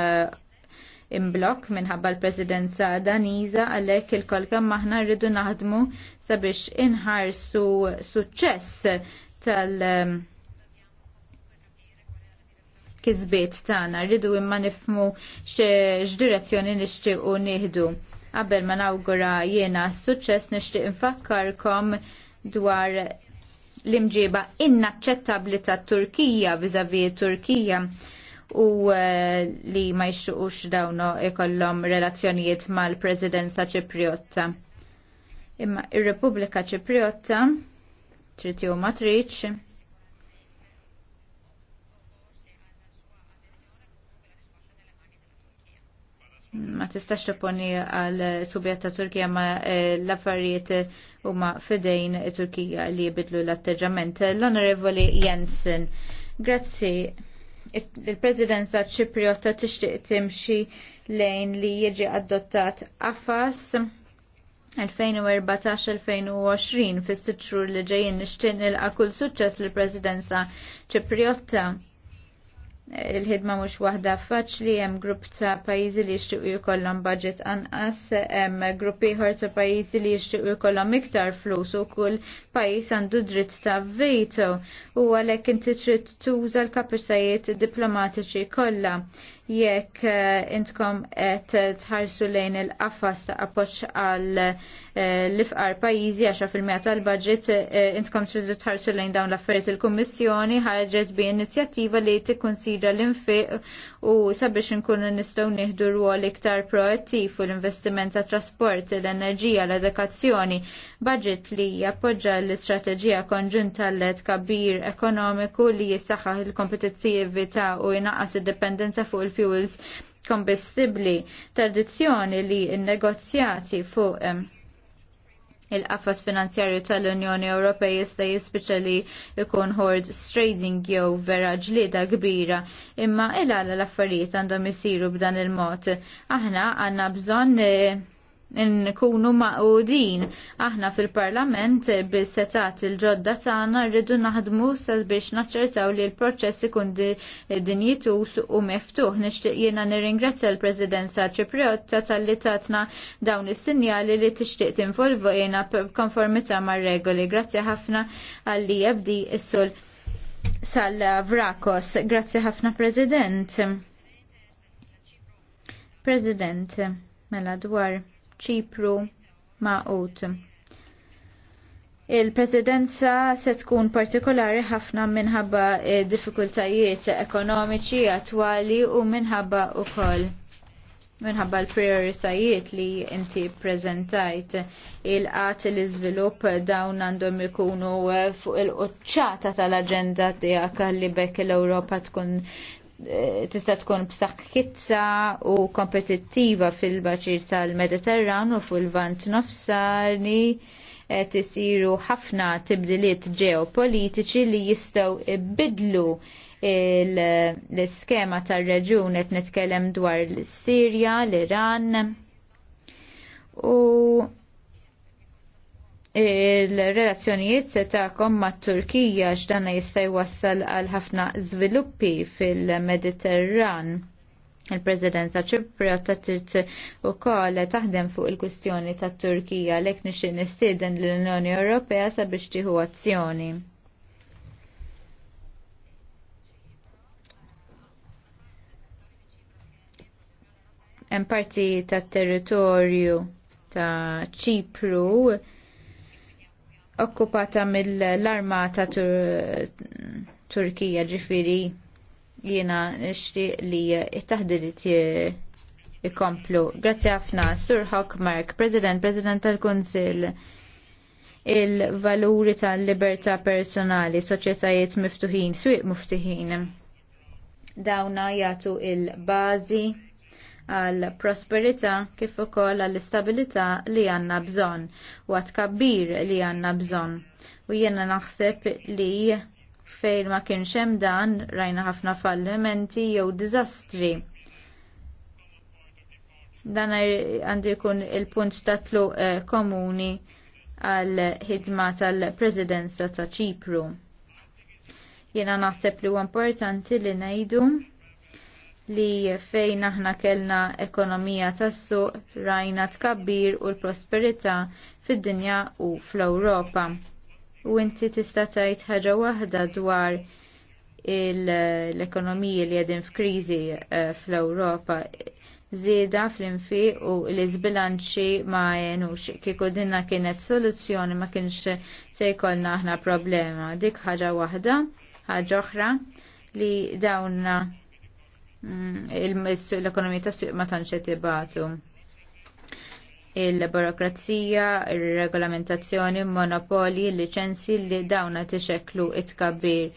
imblok minħabba l-presidenza Daniża għalhekk il-kol aħna rridu naħdmu sabiex inħarsu suċċess tal- kizbiet tagħna rridu imma nifmu x'direzzjoni nixtiequ nieħdu. Qabel ma nawgura jiena s-suċċess nixtieq infakkarkom dwar l-imġiba inaċċettabbli tat Turkija viżavi Turkija u eh, li ma jxuqux dawno ikollhom relazzjonijiet mal-Presidenza Ċipriotta. Imma ir-Repubblika Ċipriotta trid jew ma tridx ma tistax tipponi għal subjet ta' Turkija ma eh, l-affarijiet huma fidejn Turkija li jibidlu l-atteġġament. L-Onorevoli Jensen, grazzi. Il-Presidenza Ċipriota tixtieq timxi lejn li jiġi adottat AFAS 2014-2020 fis-sitt xhur li ġejjin nixtieq nilqa' kull suċċess lill presidenza Ċipriotta il-ħidma mhux waħda faċli hemm grupp ta' pajjiżi li jixtiequ jkollhom budget anqas, hemm grupp ieħor ta' pajjiżi li jixtiequ jkollhom iktar flus u kull pajjiż għandu dritt ta' veto u għalhekk inti trid tuża l-kapaċitajiet diplomatiċi kollha jekk eh, intkom qed tħarsu lejn il-qafas ta' appoġġ għal eh, l-ifqar pajjiżi għaxa fil-mija tal-budget eh, intkom tridu tħarsu lejn dawn l-affarijiet il-Kummissjoni ħarġet bi inizjattiva li tikkunsidra l-infiq u sabiex inkunu nistgħu nieħdu rwol iktar proattiv u l-investiment ta' trasport, l-enerġija, l-edukazzjoni, budget li jappoġġa l-istrateġija konġunta l kabir ekonomiku li jissaħħaħ il-kompetittività u jnaqqas id dependenza fuq il biofuels kombestibli tradizzjoni li n-negozjati fuq um, il-qafas finanzjarju tal-Unjoni Ewropej jista' jispiċċa li jkun hord trading jew vera ġlieda kbira, imma il l-affarijiet għandhom isiru b'dan il-mod. Aħna għandna bżonn eh, nkunu maqudin. Aħna fil-parlament bil-setat il-ġodda tagħna rridu naħdmu sas biex naċċertaw li l-proċess ikun dinjitus u miftuħ. Nixtieq jiena nirringrazzja l-Presidenza Ċipriotta tal-li tatna dawn is-sinjali li tixtieq tinvolvu jiena konformità mar-regoli. Grazzi ħafna għalli jebdi issul sal-Vrakos. Grazzi ħafna President. President, mela dwar ċipru maqut. Il-presidenza se tkun partikolari ħafna minħabba diffikultajiet ekonomiċi attwali u minħabba ukoll minħabba l-prioritajiet li inti prezentajt il-qat l iżvilupp dawn għandhom ikunu fuq il-qoċċata tal-agenda tijak li bekk l-Europa tkun tista' tkun b'saħħitsa u kompetittiva fil-baċir tal-Mediterran u fil-Vant nofsani qed isiru ħafna tibdiliet ġeopolitiċi li jistgħu ibidlu l-iskema tar-reġjun qed nitkellem dwar l-Sirja, l-Iran u il-relazzjonijiet se ta'kom ma' Turkija x'danna jista' jwassal għal ħafna żviluppi fil-Mediterran. Il-Presidenza ċipriota tirt u koll taħdem fuq il-kwistjoni ta' Turkija lek nixin nistieden l-Unjoni Ewropea sabiex tieħu azzjoni. hemm parti tat-territorju ta' Ċipru okkupata mill-armata Turkija ġifiri jiena nixtieq li it-taħdidiet ikomplu. Grazzi ħafna, Sur Mark, President, President tal-Kunsill il-valuri tal-libertà personali, soċjetajiet miftuħin, swiq miftuħin. Dawna jagħtu il-bażi għal prosperità kif ukoll għall istabilita li għandna bżonn u għat kabbir li għandna bżonn. U jiena naħseb li fejn ma kienx hemm dan rajna ħafna fallimenti jew diżastri. Dan għandu jkun il-punt ta' tluq eh, komuni għal ħidma tal-Presidenza ta' Ċipru. Jiena naħseb li huwa importanti li ngħidu li fejn aħna kellna ekonomija tas-suq rajna tkabbir u l-prosperità fid-dinja u fl-Ewropa. U inti tista' tgħid ħaġa waħda dwar l-ekonomiji li għedin f'kriżi eh, fl-Ewropa żieda fl-infi u l-izbilanċi ma jenux kieku dinna kienet soluzzjoni ma kienx se jkollna aħna problema. Dik ħaġa waħda, ħaġa oħra li dawna Mm, l-ekonomija tas suq ma tantx qed ibatu. Il-burokrazija, ir-regolamentazzjoni, il monopoli, il-liċenzi li dawna tixeklu it-kabbir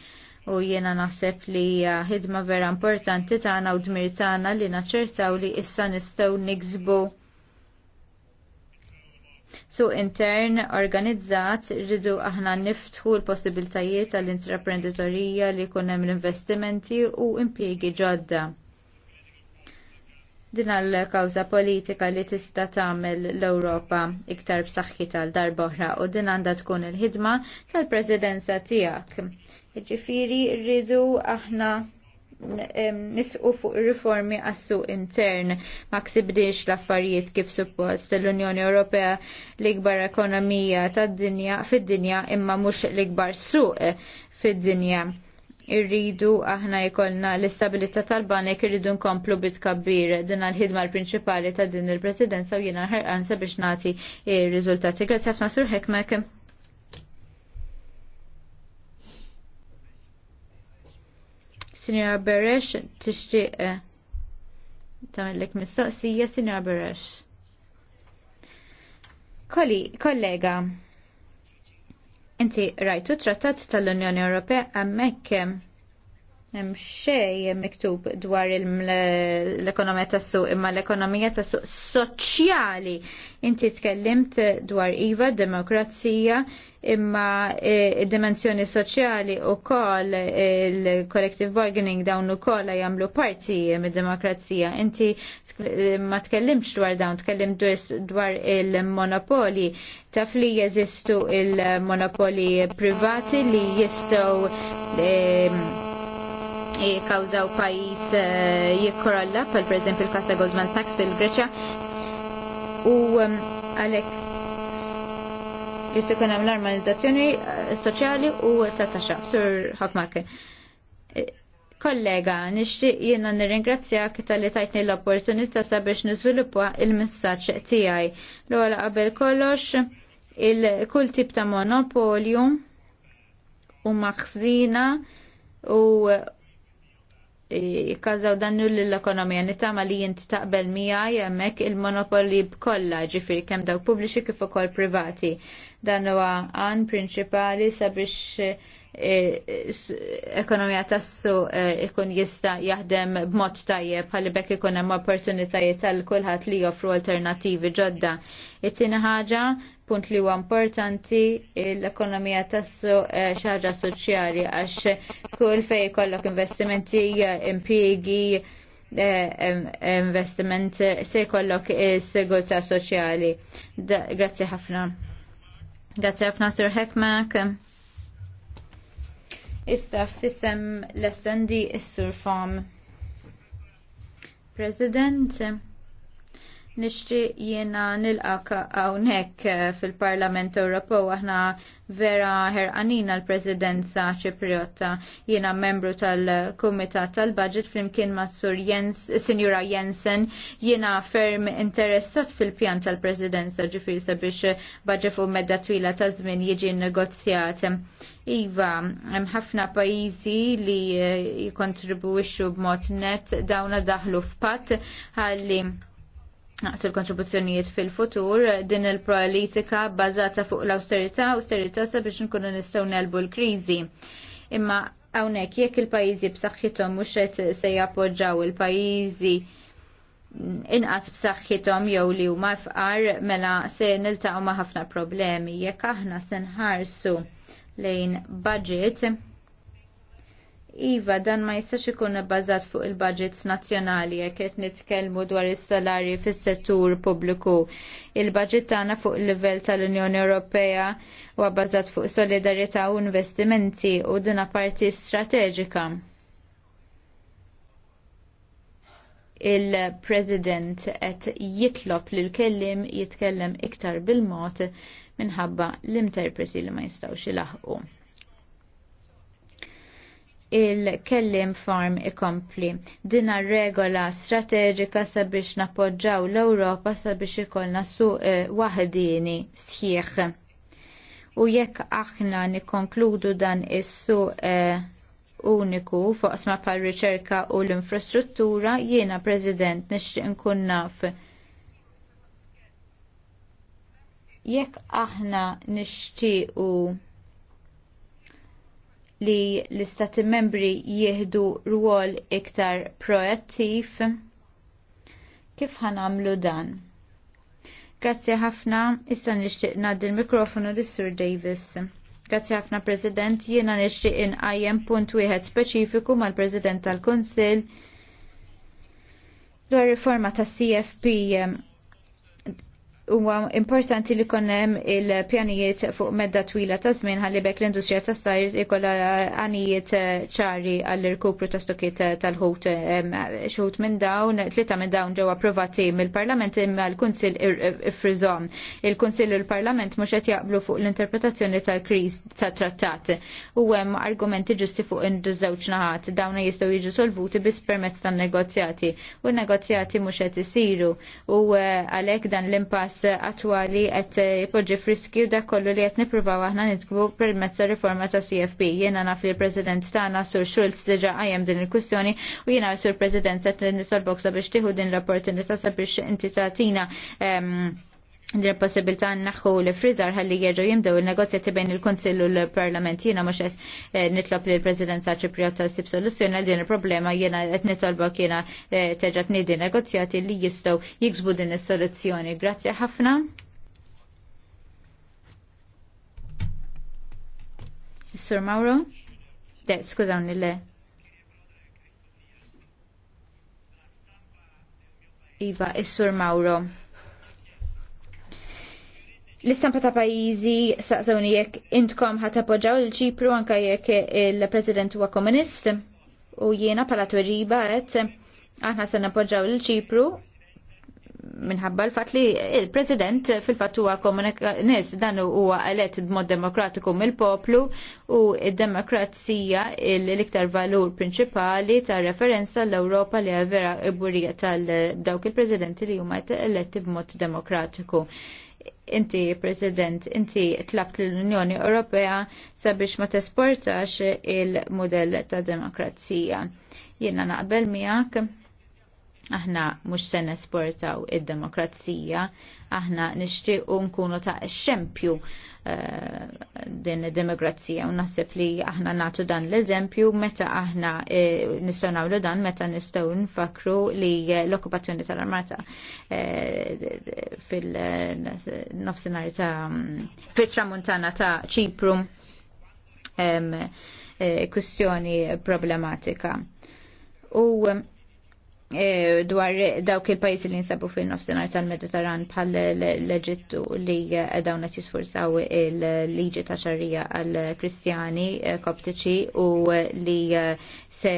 u jiena naħseb li hija ħidma vera importanti tagħna u dmir tagħna li naċċertaw li issa nistgħu niksbu Su intern organizzat rridu aħna niftħu l-possibiltajiet għall-intraprenditorija li kunem l-investimenti u impjegi ġodda. Din għal kawza politika li tista' tagħmel l-Ewropa iktar b'saħħi tal-darbohra u din għandha tkun il-ħidma tal-Presidenza tiegħek. Ġifieri rridu aħna nisqu fuq riformi għassu intern ma ksibdix l-affarijiet kif suppost l-Unjoni Ewropea l-ikbar ekonomija tad-dinja fid-dinja imma mhux l-ikbar suq fid-dinja. Irridu aħna jkollna l-istabilità tal-banek irridu nkomplu bitkabbir din l-ħidma l-prinċipali ta' din il-presidenza u jiena ħarqan sabiex nagħti r riżultati. Grazie ħafna sur Hekmek. Sinjora Beresh tixtieq eh, tagħmellek mistoqsija Sinjora Beresh. Koli, kollega, inti rajtu trattat tal-Unjoni Ewropea hemmhekk eh, hemm xejn miktub dwar l-ekonomija tas-suq imma l-ekonomija tas-suq soċjali. Inti tkellimt dwar iva demokrazija imma id-dimensjoni e, soċjali u koll il-collective e, bargaining dawn u koll jamlu parti mid-demokrazija. Inti e, ma tkellimx dwar dawn, tkellim dwar il-monopoli. Taf li jeżistu il-monopoli privati li jistow jikkawżaw e pajis e, jikkorolla, pal per esempio il-kassa Goldman Sachs fil-Greċja. U għalek jrid ikun hemm l-armonizzazzjoni e, soċjali u ta' taxxa. Sur Hakmarke. Kollega, nixtieq jiena nirringrazzjak tal-li tajtni l-opportunità sabiex niżviluppa il-messaġġ tiegħi. L-ogħla qabel kollox il-kull tip ta' monopolju u maħżina u jikkażaw dannu l-ekonomija. Nitama li jinti taqbel mija jemmek il-monopoli b'kolla ġifiri kem daw publiċi kif ukoll privati. Dan huwa għan prinċipali sabiex eh, ekonomija tassu eh, ikun jista jaħdem b'mod tajjeb bħalli bekk ikun hemm opportunitajiet għal kulħadd li joffru alternattivi ġodda. It-tieni ħaġa punt li huwa importanti l-ekonomija tassu eh, xaġa soċjali għax kull fej kollok investimenti impjiegi eh, investiment se jkollok is-sigurtà soċjali. Grazzi ħafna. Grazzi ħafna Sir Hekmak. Issa fissem l-essendi is-surfam. President nixtri jiena nilqak hawnhekk eh, fil-Parlament Ewropew aħna vera ħerqanina l-Presidenza Ċipriotta jiena membru tal-Kumitat tal-Budget flimkien ma' Sur Sinjura Jensen jiena ferm interessat fil-pjan tal-Presidenza ġifiri sabiex budget fuq medda twila ta' żmien jiġi negozjat. Iva, hemm ħafna pajjiżi li eh, jikontribwixxu b'mod net dawna daħlu f'patt ħalli naqsu l-kontribuzzjonijiet fil-futur din il-politika bbażata fuq l-austerità, austerità sabiex nkunu nistgħu nelbu l-kriżi. Imma hawnhekk jekk il-pajjiżi b'saħħithom mhux qed se jappoġġaw il-pajjiżi inqas b'saħħithom jew li huma fqar mela se niltaqgħu ma' ħafna problemi jekk aħna se nħarsu lejn budget Iva, dan ma jistax ikun bbażat fuq il-budgets nazzjonali jekk qed nitkellmu dwar is salarji fis-settur pubbliku. Il-budget tagħna fuq il-livell tal-Unjoni Ewropea huwa bbażat fuq solidarjetà u investimenti u din parti strateġika. Il-President qed jitlob lil kellim jitkellem iktar bil-mod minħabba l-interpreti li ma jistgħux ilaħqu il-kellim farm ikompli. Dina regola strateġika sabiex napoġġaw l-Ewropa sabiex ikollna suq e, waħdini sħiħ. U jekk aħna nikkonkludu dan is-suq e, uniku fuq sma par riċerka u l-infrastruttura jiena President nixtieq nkun naf jekk aħna nixtiequ li l-istati membri jieħdu rwol iktar proattiv. Kif ħanamlu dan? Grazzi ħafna, issa nixtieq ngħaddi l-mikrofonu lis sur Davis. Grazzi ħafna President, jiena nixtieq inqajjem punt wieħed speċifiku mal-President tal-Kunsill dwar riforma tas CFP huwa importanti li hemm il-pjanijiet fuq medda twila ta' żmien ħalli bekk l-industrija ta' sajr ikolla għanijiet eh, ċari għall irkupru ta' stokiet eh, tal-ħut xħut minn dawn, tlieta minn dawn ġew approvati mill-Parlament imma l-Kunsill ifriżhom. Eh, Il-Kunsill u l-Parlament mhux qed jaqblu fuq l-interpretazzjoni tal-kriż tat-trattat. U hemm argumenti ġusti fuq iż-żewġ naħat dawn jistgħu jiġu solvuti biss permezz tan-negozjati. U n-negozjati mhux qed isiru u għalhekk dan l-impass qafas attwali qed jpoġġi friskju dak kollu li qed nippruvaw aħna nitkbu permezz ta' riforma ta' CFP. Jiena naf li l-President tagħna Sur Schulz diġà qajjem din il-kwistjoni u jiena Sur President qed nitolbok sabiex tieħu din l-opportunità sabiex inti tagħtina ehm, l-possibilità naħħu l-frizar ħalli jieġu jimdew il-negozjati bejn il-Konsill u l-Parlament jiena mhux qed eh, nitlob li l-Presidenza Ċipriota ssib soluzzjoni għal din il-problema jiena qed nitolba jiena eh, terġa' tniedi negozjati li jistgħu jiksbu din is-soluzzjoni. Grazzi ħafna. Sur Mauro? De, skużawni le. Iva, is-Sur Mauro. L-istampa ta' pajizi saqsawni jekk intkom ħat appoġġaw il-ċipru anka jekk il-President huwa komunist u jiena pala tweġiba qed aħna se nappoġġaw il-ċipru minħabba l-fat li il-President fil-fat huwa komunist dan huwa elett b'mod demokratiku mill-poplu u id-demokrazija l-iktar valur prinċipali ta' referenza l-Ewropa li vera iburija tal-dawk il-Presidenti li huma eletti b'mod demokratiku inti President, inti tlabt l-Unjoni Ewropea sabiex ma tesportax il-modell ta' demokrazija. Jiena naqbel miegħek aħna mhux se nesportaw id-demokrazija, aħna nixtiequ nkunu ta' xempju Eh, din demokrazija u nasib li aħna natu dan l-eżempju meta aħna eh, nistgħu nagħmlu dan meta nistgħu nfakru li l-okkupazzjoni tal-armata eh, fil-nofsinhar ta' fit-tramuntana ta' Ċipru kwistjoni problematika. U Eh, dwar dawk il-pajjiżi li nsabu fin-nofsinhar tal-Mediterran bħal l-Eġittu li eh, dawn qed jisforzaw il-liġi ta' xarrija għal Kristjani eh, Koptiċi u li se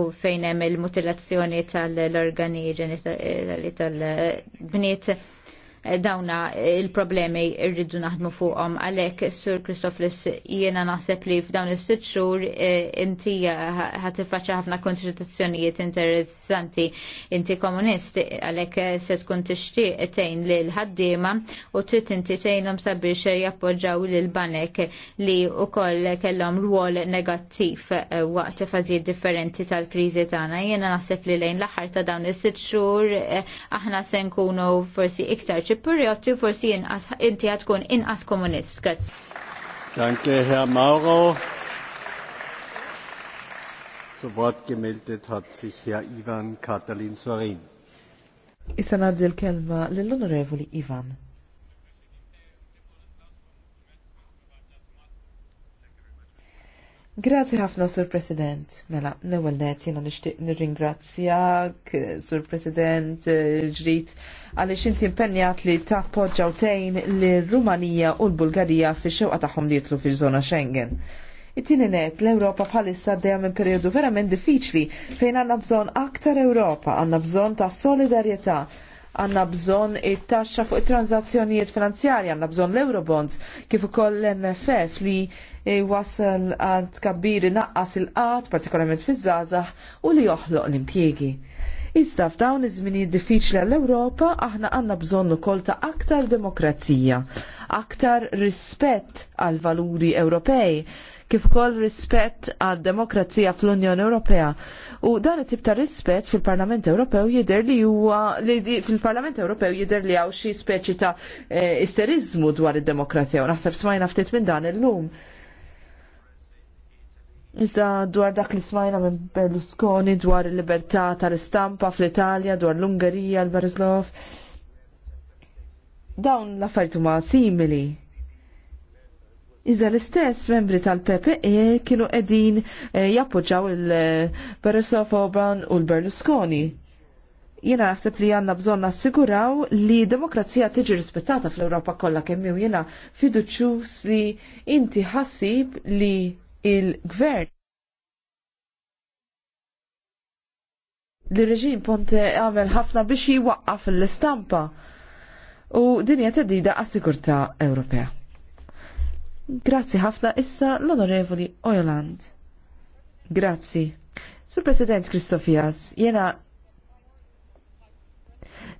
u fejn hemm il-mutilazzjoni tal-organi ġenitali tal-bniet dawna il-problemi rridu naħdmu fuqhom għalhekk Sur Kristoflis jiena naħseb li f'dawn is-sitt xhur eh, inti ħatiffaċċa ħafna kontradizzjonijiet interessanti inti komunist għalhekk eh, se tkun tixtieq tgħin lil ħaddiema u trid inti tgħinhom sabiex jappoġġaw lil banek li wkoll kellhom rwol negattiv eh, waqt fażijiet differenti tal-kriżi tagħna. Jiena naħseb li lejn l-aħħar ta' dawn is-sitt xhur aħna se nkunu forsi iktar Ċiprioti forsi inqas inti tkun inqas komunist. Grazzi. Danke, Herr Mauro. Zu Wort gemeldet hat sich Herr Ivan Katalin Sorin. Issa nadżil kelma l-Onorevoli Ivan. Grazzi ħafna, Sur President. Mela, l-ewwel net jiena nixtieq nirringrazzjak, Sur President, ġrid għaliex inti impenjat li tappoġġaw tejn lir rumanija u l-Bulgarija fix-xewqa tagħhom li jitlu fiż-żona Schengen it-tini net l-Europa bħalissa dejjem minn periodu verament diffiċli fejn għanna bżon aktar Europa, għanna bżon ta' solidarjetà għanna bżon il taxxa fuq it-transazzjonijiet finanzjarji, għanna bżon l-Eurobonds, kif ukoll l-MFF li e, wasal għal tkabbiri naqqas il-qat, partikolarment fiż-żgħażagħ u li joħloq l-impjiegi. Iżda f'dawn iż-żmini diffiċli għall-Ewropa aħna għandna bżonn ukoll ta' aktar demokrazija, aktar rispett għal valuri Ewropej kif ukoll rispett għad-demokrazija fl-Unjoni Ewropea. U dan it-tip ta' rispett fil-Parlament Ewropew jidher li huwa li fil-Parlament Ewropew jidher li hawn xi speċi ta' eh, isterizmu dwar id-demokrazija u naħseb smajna ftit minn dan illum. Iżda dwar dak li smajna minn Berlusconi dwar il-libertà tal-istampa fl-Italja, dwar l-Ungerija, l-Barislov. Dawn l-affarijiet huma simili. Iżda l-istess membri tal-PPE kienu edin eh, jappoġġaw il-Beresofoban u l-Berlusconi. Jena naħseb li għanna bżon nassiguraw li demokrazija tiġi rispettata fl-Europa kollha kemm jew jena fiduċus li inti ħassib li il-gvern li reġim Ponte għamel ħafna biex jwaqqaf l-istampa u dinja tedida għas-sigurta Ewropea. Grazzi ħafna issa l-Onorevoli Ojoland. Grazzi. Sur President Kristofias, jena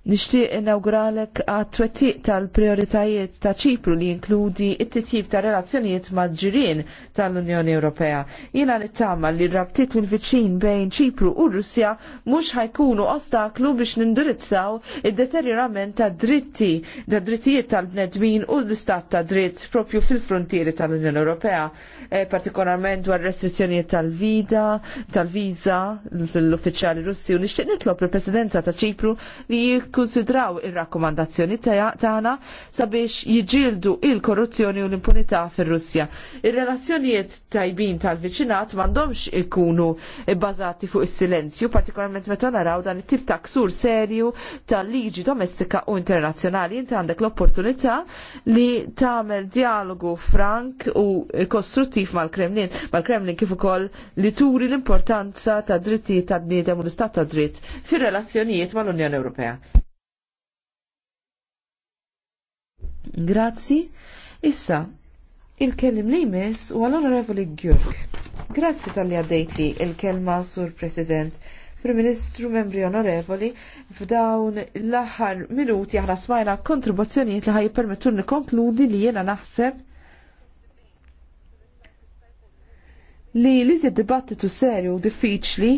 Nixtieq inawguralek għat-twettiq tal-prioritajiet ta' ċipru li inkludi it-titjib ta' relazzjonijiet ma' ġirien tal-Unjoni Ewropea. Jiena nittama li rabtiet mill-viċin bejn ċipru u Russja mhux ħajkunu ostaklu biex nindirizzaw id-deterjorament ta' dritti, da' drittijiet tal-bnedmin u l-istat ta' dritt propju fil-frontieri tal-Unjoni Ewropea, e, partikolarment dwar restrizzjonijiet tal-vida, tal-viza l-uffiċjali Russi u nixtieq nitlob il-Presidenza ta' ċipru li jikkonsidraw ir-rakkomandazzjoni tagħna sabiex jiġildu il-korruzzjoni u l-impunità fir-Russja. Ir-relazzjonijiet tajbin tal-viċinat m'għandhomx ikunu bbażati fuq is-silenzju, partikolarment meta naraw dan it-tip ta' ksur serju tal-liġi domestika u internazzjonali. Inti għandek l-opportunità li tagħmel dialogu frank u kostruttiv mal-Kremlin, mal-Kremlin kif ukoll li turi l-importanza ta' drittijiet tad-bniedem u l-istat ta' dritt fir-relazzjonijiet mal-Unjoni Ewropea. Grazzi. Issa, il-kellim li jmiss u għal-onorevoli Gjurk. Grazzi tal-li għaddejt li il-kelma sur President. Prim Ministru membri onorevoli, f'dawn l-aħħar minuti aħna smajna kontribuzzjonijiet li ħaj permettur nikonkludi li jena naħseb li li se dibattitu serju u diffiċli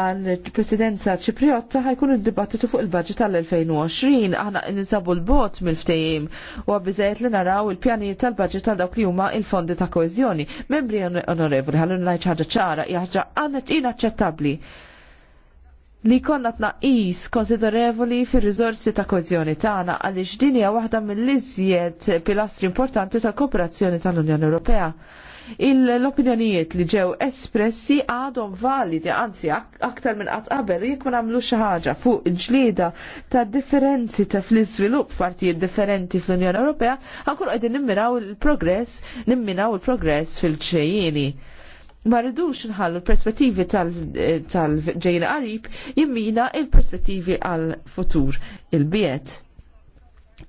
għal presidenza ċipriotta ħajkun id-dibattitu fuq il-budget tal-2020. Aħna ninsabu l-bot mill-ftejim u għabbiżajet li naraw il-pjanijiet tal-budget tal dawk li huma il-fondi ta' koezjoni. Membri onorevoli, ħallu najċ ħaġa ċara, jħagġa għannet inaċċettabli li konna tnaqis konsiderevoli fir rizorsi ta' kozjoni tagħna għaliex din hija waħda mill-iżjed pilastri importanti tal kooperazzjoni tal-Unjoni Ewropea l-opinjonijiet li ġew espressi għadhom validi, anzi aktar minn qatt qabel jekk ma nagħmlu xi ħaġa fuq ġlieda ta' differenzi ta' fl-iżvilupp partijiet differenti fl-Unjoni Ewropea, ħankun qegħdin nimmiraw il-progress, nimminaw il-progress fil ċejjini ma rridux nħallu l-perspettivi tal-ġejna tal, qarib jimmina il-perspettivi għal-futur il-biet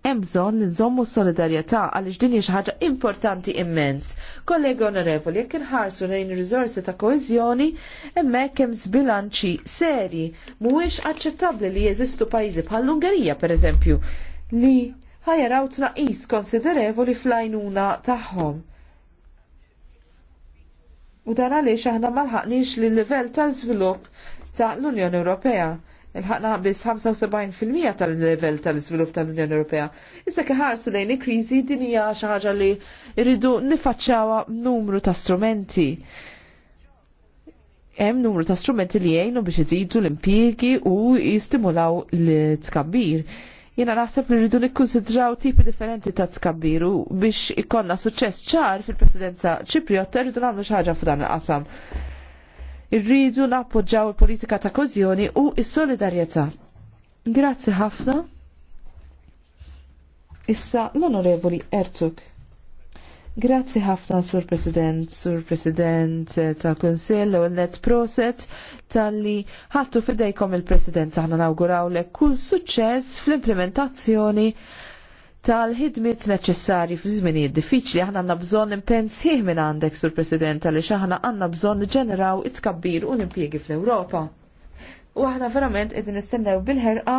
hemm bżonn li nżommu s-solidarjetà għaliex din hija xi ħaġa importanti immens. Kollegi onorevoli, jekk inħarsu lejn ir-riżorsi ta' koeżjoni, hemmhekk hemm sbilanċi seri mhuwiex aċċettabbli li jeżistu pajjiżi bħall-Ungerija pereżempju li ħajaraw tnaqis konsiderevoli fl-għajnuna tagħhom. U dan għaliex aħna malħaqniex li l-livell tal-żvilupp ta' l-Unjoni Ewropea il-ħakna bis 75% tal-level tal svilup tal-Unjoni Ewropea. Issa kħarsu lejn il-krizi din hija xi ħaġa li rridu nifaċċawha numru ta' strumenti. Hemm numru ta' strumenti li jgħinu biex iżidu l-impjiegi u jistimulaw l-tkabbir. Jena naħseb li rridu nikkonsidraw tipi differenti ta' tkabbiru biex ikollna suċċess ċar fil-presidenza ċipriotta rridu nagħmlu xi ħaġa f'dan il-qasam. Irridu nappoġġaw il-politika ta' kożjoni u s-solidarjetà. Grazzi ħafna. Issa l-Onorevoli Ertuk. Grazzi ħafna, Sur President, Sur President ta' Kunsell u l-Net Proset, tal-li ħattu fidejkom il-President saħna nawgurawlek kull suċċess fl-implementazzjoni tal ħidmit neċessarji fi żminijiet diffiċli aħna għandna bżonn impensih minn għandek sur President għaliex aħna għandna bżonn ġeneraw it-tkabbir u l-impjiegi fl-Ewropa. U aħna verament qegħdin nistennew bil-ħerqa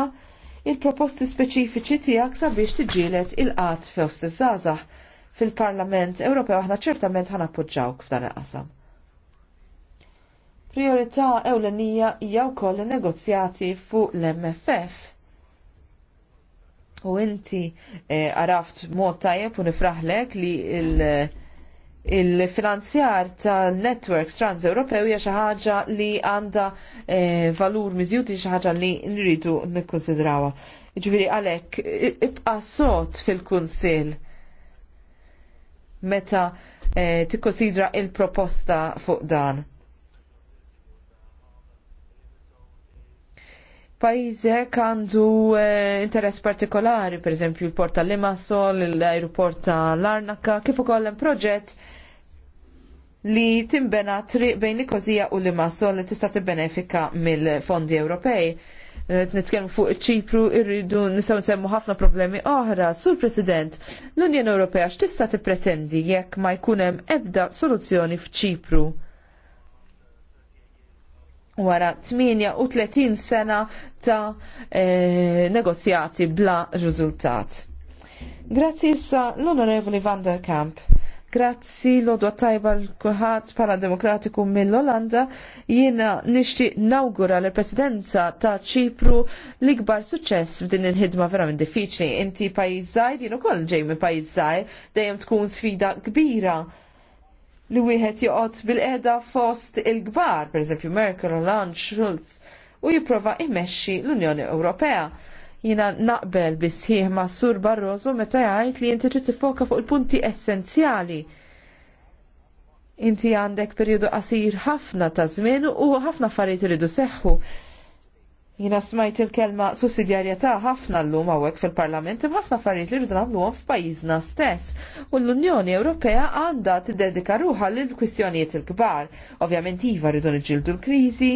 il-proposti speċifiċi tiegħek sabiex tiġġieled il-qatt fost iż-żgħażagħ fil-Parlament Ewropew aħna ċertament ħana appoġġawk f'dan il-qasam. Priorità ewlenija hija wkoll in-negozjati fuq l-MFF u inti eh, għaraft mod tajjeb u nifraħlek li il-finanzjar tal-networks trans-Ewropew hija xi ħaġa li għandha eh, valur miżjut xi ħaġa li nridu nikkonsidrawha. Ġifieri għalhekk ibqa' sod fil-kunsill meta eh, tikkonsidra il-proposta fuq dan. pajizek għandu eh, interess partikolari, per esempio il-port tal limassol l-aeroport tal-Arnaka, kif ukoll hemm proġett li timbena triq bejn Nikozija u Limassol li tista' tibbenefika mill-fondi Ewropej. Eh, Nitkellmu fuq ċipru irridu nistgħu nsemmu ħafna problemi oħra. Sur President, l-Unjoni Ewropea x'tista' tippretendi jekk ma jkun hemm ebda soluzzjoni f'ċipru? wara 38 sena ta' e, negozjati bla riżultat. Grazzi issa l-Onorevoli Van der Kamp. Grazzi l-odwa tajba l-kuħat pala demokratiku mill-Olanda jina nishti nawgura l-presidenza ta' ċipru l-ikbar suċess f'din il-ħidma verament diffiċli. Inti pajizzaj, jien ukoll ġej minn pajizzajr, dejjem tkun sfida kbira li wieħed joqgħod bil qiegħda fost il-kbar, pereżempju Merkel, Hollande, Schulz, u jipprova jmexxi l-Unjoni Ewropea. Jina naqbel bisħieħ ma' Sur Barroso meta jgħid li inti trid tifoka fuq il-punti essenzjali. Inti għandek perjodu qasir ħafna ta' żmien u ħafna affarijiet iridu seħħu Jina smajt il-kelma sussidjarjetà ħafna l-lum għawek fil-parlament ħafna affarijiet li rridu nagħmluhom f'pajjiżna stess. U l-Unjoni Ewropea għandha tiddedika ruħa l kwistjonijiet il-kbar. Ovvjament iva rridu nġildu l-kriżi.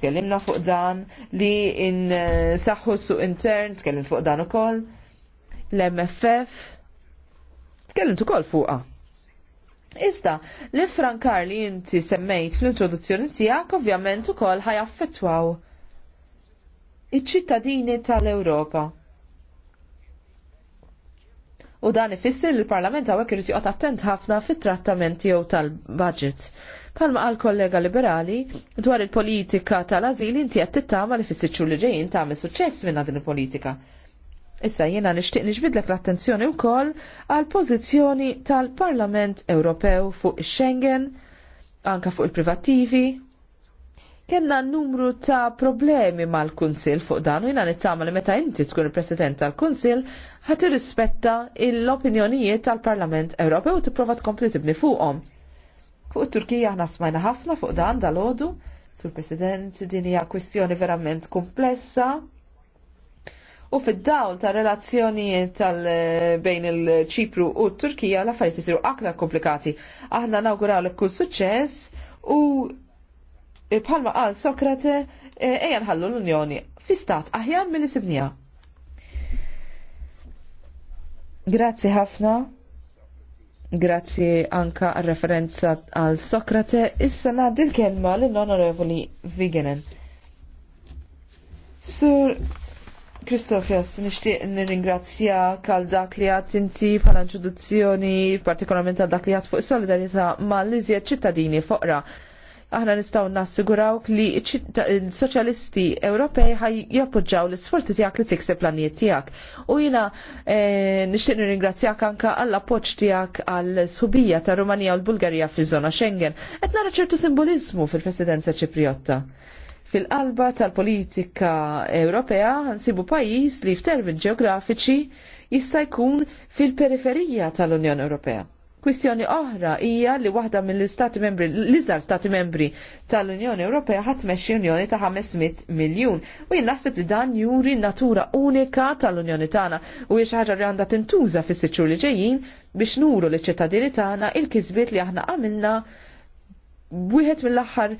Tkellimna fuq dan li in saħħu suq intern, tkellim fuq dan ukoll. L-MFF. Tkellimt ukoll fuqa. Iżda, l frankar li inti semmejt fl-introduzzjoni tiegħek ovvjament ukoll ħajaffettwaw iċ-ċittadini tal-Ewropa. U dan ifisser li l-Parlament hawnhekk irid joqgħod attent ħafna fit-trattament jew tal-budget. Palma għal kollega liberali, dwar il-politika tal-azil inti qed tittama li fis li ġejjin tagħmel suċċess minn din il-politika. Issa jiena nixtieq nixbidlek l-attenzjoni wkoll għal pożizzjoni tal-Parlament Ewropew fuq ix Schengen, anka fuq il-privattivi, kena numru ta' problemi mal-Kunsil fuq dan u jina nittama li meta inti tkun il-President tal-Kunsil ħat rispetta l-opinjonijiet tal-Parlament Ewropew u tipprova tkompli tibni fuqhom. Fuq turkija aħna smajna ħafna fuq dan dal ħodu sur President din hija kwistjoni verament komplessa, U fid-dawl ta' relazzjonijiet tal eh, bejn il-ċipru u t-Turkija l-affarijiet isiru aktar komplikati. Aħna nawguraw l kull suċċess u bħalma eh, qal Sokrate eh, ejjan ħallu l-Unjoni fi stat aħjar mill sibnija. Grazzi ħafna. Grazzi anka għal referenza għal Sokrate. Issa ngħaddi l-kelma l-Onorevoli Vigenen. Sur Kristofjas, nixtieq nirringrazzja għal dak li għat inti bħala introduzzjoni partikolarment għal dak li għat fuq ma mal-iżjed ċittadini foqra aħna nistgħu nassigurawk li s-soċjalisti Ewropej ħaj jappoġġaw l-isforzi tiegħek li tikseb planijiet tiegħek. U jiena eh, nixtieq nirringrazzjak anke għall appoġġ tiegħek għall subija ta' Rumanija u l-Bulgarija fi zona Schengen. Qed nara ċertu simbolizmu fil-Presidenza Ċipriotta. Fil-qalba tal-politika Ewropea nsibu pajjiż li f'termin ġeografiċi jista' jkun fil-periferija tal-Unjoni Ewropea Kwistjoni oħra hija li waħda mill-Stati Membri, l-iżgħar Stati Membri tal-Unjoni Ewropea ħadd mexxi Unjoni ta' 500 miljun. U jien naħseb li dan juri natura unika tal-Unjoni tagħna u hija xi ħaġa li għandha tintuża fis-siċċur li ġejjin biex nuru liċ ċittadini tagħna il-kisbiet li aħna għamilna wieħed mill-aħħar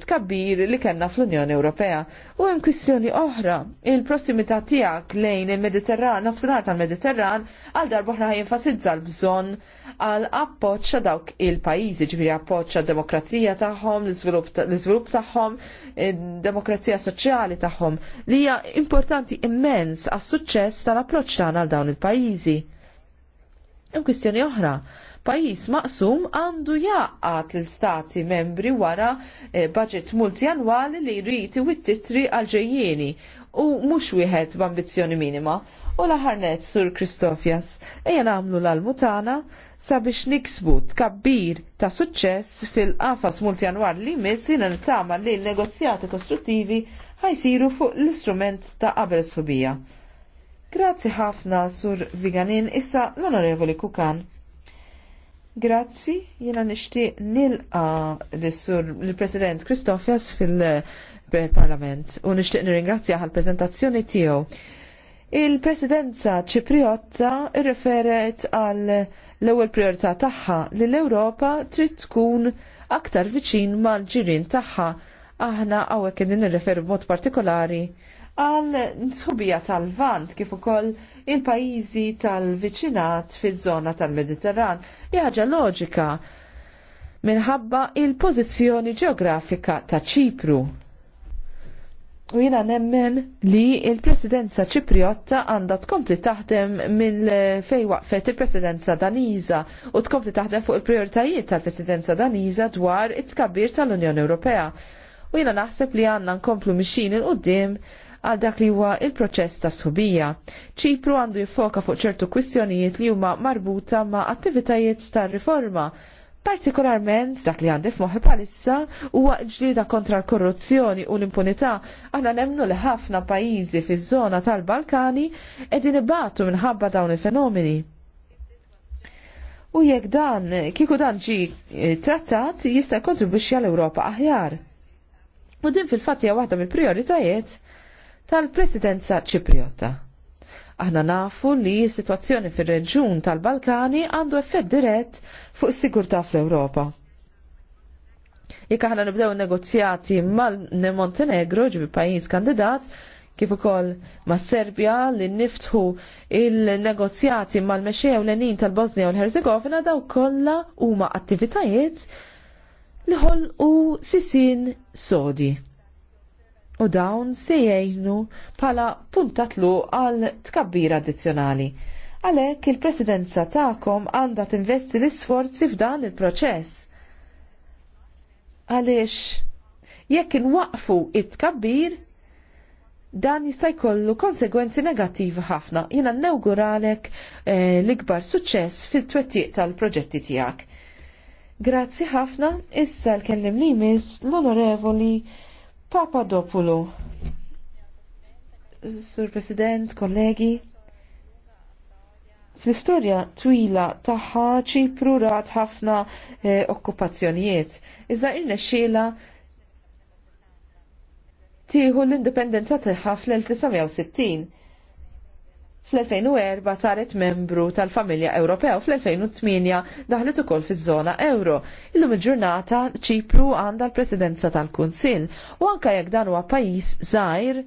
tkabbir li kellna fl-Unjoni Ewropea. U hemm kwistjoni oħra, il-prossimità tiegħek lejn il-Mediterran, nofsinhar tal-Mediterran, għal darba oħra jinfasizza l-bżonn għal appoġġ ta' dawk il-pajjiżi, ġifieri appoġġ demokrazija tagħhom, l-iżvilupp tagħhom, demokrazija soċjali tagħhom li hija importanti immens għas-suċċess tal-approċċ tagħna għal dawn il-pajjiżi. Hemm kwistjoni oħra pajjiż maqsum għandu jaqqat l-stati membri wara eh, budget multjanwali li u t għal ġejjieni u mhux wieħed b'ambizzjoni minima. U laħarnet sur Kristofjas, ejja nagħmlu l-almutana sabiex niksbu tkabbir ta' suċċess fil-qafas multjanwar li jmiss jina nittama li l-negozjati kostruttivi ħajsiru fuq l-istrument ta' qabel subija. Grazzi ħafna sur Viganin issa l-Onorevoli Kukan. Grazzi, jena nishtiq nilqa l-President Kristofjas fil-Parlament u nishtiq nirringrazzja għal prezentazzjoni tiegħu. Il-Presidenza Ċipriotta irreferet għal l-ewwel priorità tagħha li l-Ewropa trid tkun aktar viċin mal-ġirien tagħha. Aħna hawnhekk qegħdin nirreferu b'mod partikolari għal nsubija tal-vant kif ukoll il-pajjiżi tal-viċinat fiż-żona tal-Mediterran. ħaġa loġika minħabba il-pożizzjoni ġeografika ta' Ċipru. U jiena nemmen li il-presidenza ċipriotta għandha tkompli taħdem minn fej waqfet il-presidenza daniża u tkompli taħdem fuq il-prioritajiet tal-presidenza daniża dwar it tkabbir tal-Unjoni Ewropea. U jiena naħseb li għandna nkomplu mixin il-qoddim għal dak li huwa il-proċess ta' sħubija. ċipru għandu jiffoka fuq ċertu kwistjonijiet li huma marbuta ma' attivitajiet ta' riforma Partikolarment dak li għandif moħi palissa huwa ġlida kontra l-korruzzjoni u l-impunità. Aħna nemnu li ħafna pajjiżi fiż-żona tal-Balkani qegħdin ibatu minħabba dawn il-fenomeni. U jekk dan, kieku dan ġi eh, trattat, jista' jkontribwixxi għall-Ewropa aħjar. U din fil-fatt hija waħda mill-prijoritajiet tal-Presidenza Ċipriota. Aħna nafu li s-situazzjoni fir-reġjun tal-Balkani għandu effett dirett fuq is-sigurtà fl-Ewropa. Jekk aħna nibdew negozjati mal-Montenegro ġibi pajjiż kandidat, kif ukoll ma' Serbja li niftħu il-negozjati mal-mexxejja l-enin tal-Bosnia u l-Herzegovina daw kollha huma attivitajiet li ħolqu sisin sodi u dawn se jgħinu bħala puntat lu għal tkabbir addizzjonali. Għalhekk il-presidenza tagħkom għandha tinvesti l-isforzi f'dan il-proċess. Għaliex jekk inwaqfu it-tkabbir dan jista' jkollu konsegwenzi negattivi ħafna. Jiena nnewguralek eh, l-ikbar suċċess fit-twettiq tal-proġetti tiegħek. Grazzi ħafna, issa l-kellim li miss l-onorevoli Papadopoulou. Sur President, kollegi, fl-istorja twila tagħha ċipru rat ħafna eh, okkupazzjonijiet. Iżda irna xiela tieħu l-indipendenza tagħha fl-1960 fl-2004 saret membru tal-familja Ewropew fl-2008 daħlet ukoll fiż-żona euro. Illum il-ġurnata ċipru għandha l-presidenza tal-Kunsill u anke jekk dan huwa pajjiż żgħir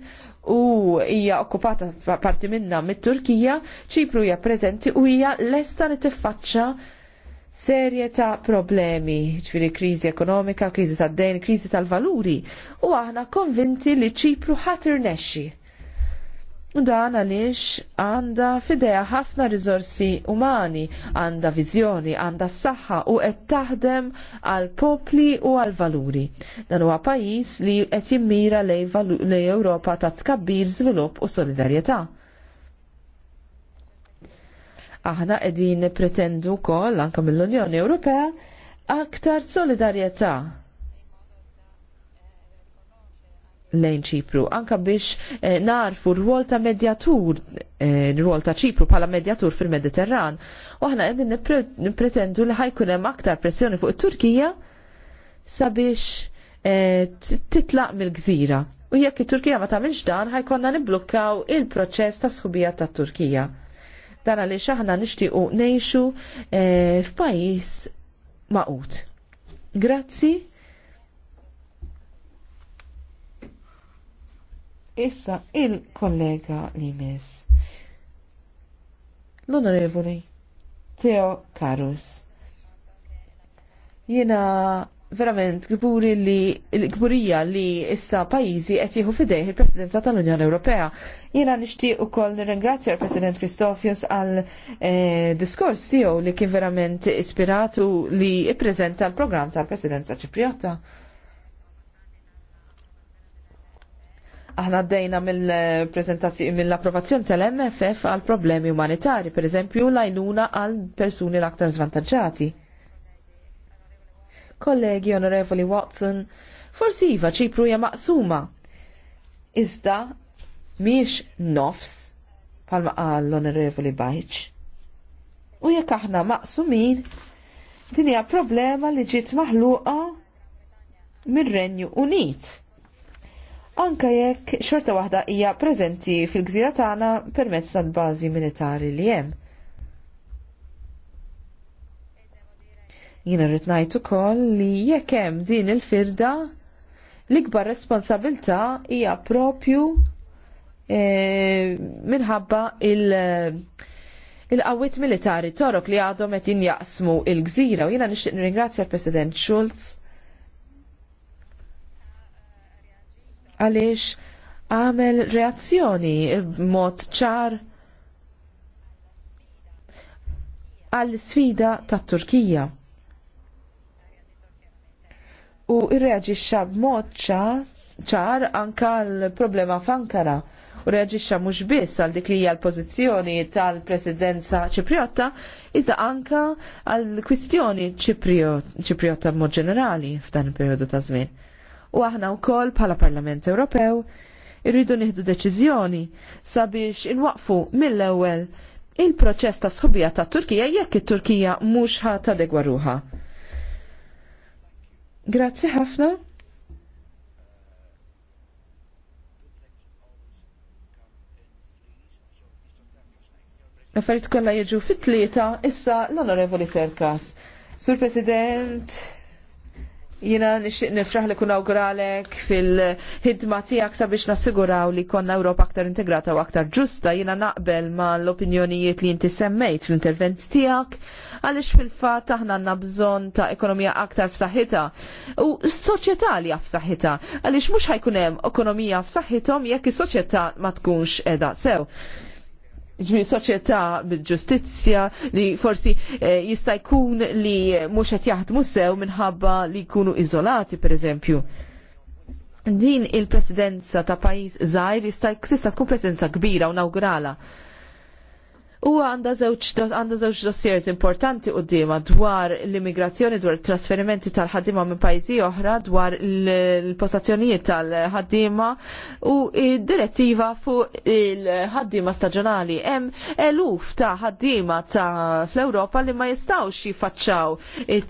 u hija okkupata parti minna mit-Turkija, ċipru hija preżenti u hija lesta li tiffaċċa serje ta' problemi, ċviri krizi ekonomika, krizi ta' dejn, krizi tal-valuri, u aħna konvinti li ċipru ħatir nexxi U dan għaliex għanda fideja ħafna rizorsi umani, għanda viżjoni, għanda s-saħħa u qed taħdem għal popli u għal valuri. Dan huwa pajjiż li qed jimmira lej Ewropa ta' tkabbir, żvilupp u solidarjetà. Aħna qegħdin pretendu wkoll anke mill-Unjoni Ewropea aktar solidarjetà lejn ċipru, anka biex eh, narfu r-rwol ta' medjatur, eh, r-rwol ta' ċipru pala medjatur fil-Mediterran. U ħna għedin nipretendu li ħajkun hemm aktar pressjoni fuq it-Turkija sabiex eh, titlaq mill-gżira. U jekk it-Turkija ma tagħmilx dan ħajkonna niblukkaw il-proċess ta' sħubija ta' Turkija. Dan għaliex aħna nixtiequ ngħixu eh, f'pajjiż maqut. Grazzi. Issa il-kollega li mis. L-onorevoli Teo Karus. Jena verament gburi li gburija li issa pajizi qed jieħu f'idej il-Presidenza tal-Unjoni Ewropea. Jiena nixtieq ukoll nirringrazzja l-President Kristofjus għal eh, diskors tiegħu li kien verament ispiratu li i-prezenta l-programm tal-Presidenza Ċipriotta. aħna għaddejna mill-approvazzjoni mill tal-MFF għal problemi umanitari, per eżempju lajnuna għal persuni l-aktar zvantagġati. Kollegi onorevoli Watson, forsi iva ċipru hija maqsuma. Iżda miex nofs palma qal l-onorevoli Bajċ. U jekk aħna maqsumin, din hija problema li ġiet maħluqa mir-Renju Unit anka jekk xorta waħda hija preżenti fil-gżira tagħna permezz tal-bażi militari li hemm. Jiena rrid ngħid ukoll li jekk hemm din il-firda l-ikbar responsabilità hija propju e, minħabba il- il-qawwiet militari torok li għadhom qed jinjaqsmu il-gżira u jiena nixtieq nirringrazzja l-President Schulz għaliex għamel reazzjoni b'mod ċar għall-sfida tat Turkija. U irreaġixxa b'mod ċar anka l-problema f'Ankara u reaġixxa mhux biss għal dik li hija l-pożizzjoni tal-Presidenza Ċipriotta, iżda anka għal kwistjoni Ċipriotta b'mod ġenerali f'dan il-perjodu ta' żmien u aħna wkoll bħala Parlament Ewropew irridu nieħdu deċiżjoni sabiex inwaqfu mill-ewwel il-proċess ta' sħubija ta' Turkija jekk it-Turkija mhux ħadd adegwa ruha. Grazzi ħafna. Affarijiet kollha jiġu fit-tlieta issa l-Onorevoli Serkas. Sur President, Jina nixtieq nifraħ li kun awguralek fil-ħidma tiegħek sabiex nassiguraw li konna Ewropa aktar integrata u aktar ġusta. Jina naqbel ma l-opinjonijiet li inti semmejt fl-intervent tiegħek għaliex fil-fatt aħna għandna bżonn ta' ekonomija aktar f'saħħitha u s-soċjetà li f'saħħitha għaliex mhux ħajkun hemm ekonomija f'saħħithom jekk is-soċjetà ma tkunx qiegħda sew. So, ġmi soċieta bil-ġustizzja li forsi eh, jista' jkun li mhux qed jaħdmu sew minħabba li jkunu iżolati pereżempju. Din il-presidenza ta' pajjiż zaħir jista' tista' tkun presidenza kbira u nawgrala. U għanda żewġ dossiers importanti qudiema dwar l-immigrazzjoni, dwar trasferimenti tal-ħaddima minn pajjiżi oħra, dwar l-postazzjonijiet tal-ħaddima u direttiva fuq il-ħaddima staġjonali. Hemm eluf ta' ħaddima ta' fl-Ewropa li ma jistgħux jifaċċaw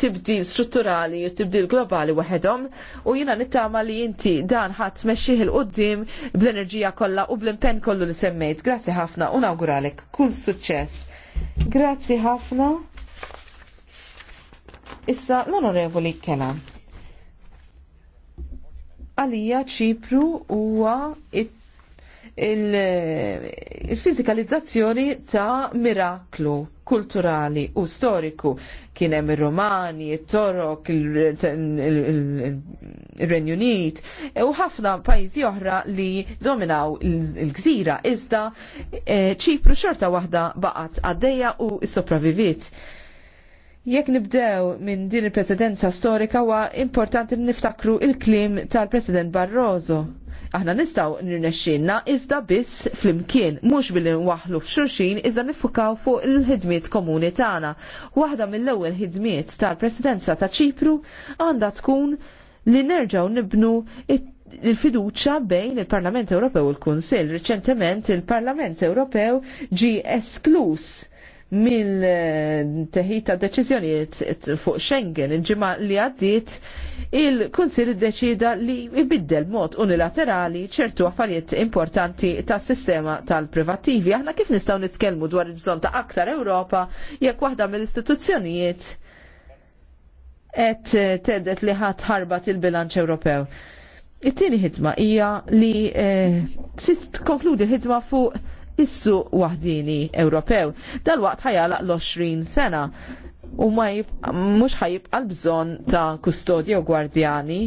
tibdil strutturali u tibdil globali waħedhom u jiena nittama li inti dan ħadd mexxih il-qudiem bl-enerġija kollha u bl-impenn kollu li semmejt. Grazzi ħafna u nawguralek kull suċċess. Grazzi ħafna. Issa l-onorevoli Kelam. Alija ċipru huwa it il-fizikalizzazzjoni il ta' miraklu kulturali u storiku. Kien hemm ir-Romani, it-Torok, il-Renju Unit e u ħafna pajjiżi oħra li dominaw il-gżira iżda e, ċipru xorta waħda baqgħet għaddejja u sopravivit. Jekk nibdew minn din il-presidenza storika huwa importanti niftakru il-klim tal-President Barroso Aħna nistgħu nirnexxinna iżda biss flimkien, mhux billi nwaħlu f'xulxin iżda nifukaw fuq il-ħidmiet komuni tagħna. Waħda mill-ewwel ħidmiet tal-Presidenza ta' Ċipru għandha tkun li nerġgħu nibnu il-fiduċa bejn il-Parlament Ewropew u l-Kunsill. Riċentement il-Parlament Ewropew ġi esklus mill-teħita deċiżjonijiet fuq Schengen il-ġimgħa li għaddiet il kunsill deċida li jbiddel mod unilaterali ċertu affarijiet importanti tas sistema tal-privattivi. Aħna kif nistgħu nitkellmu dwar il-bżonn ta' aktar Ewropa jekk waħda mill-istituzzjonijiet qed tedet li ħadd ħarbat il-bilanċ Ewropew. It-tieni ħidma hija li eh, konkludi l-ħidma fuq is-suq waħdini Ewropew. Dal-waqt ħajalaq l-20 sena u ma mhux ħajib għal bżonn ta' kustodja u gwardjani.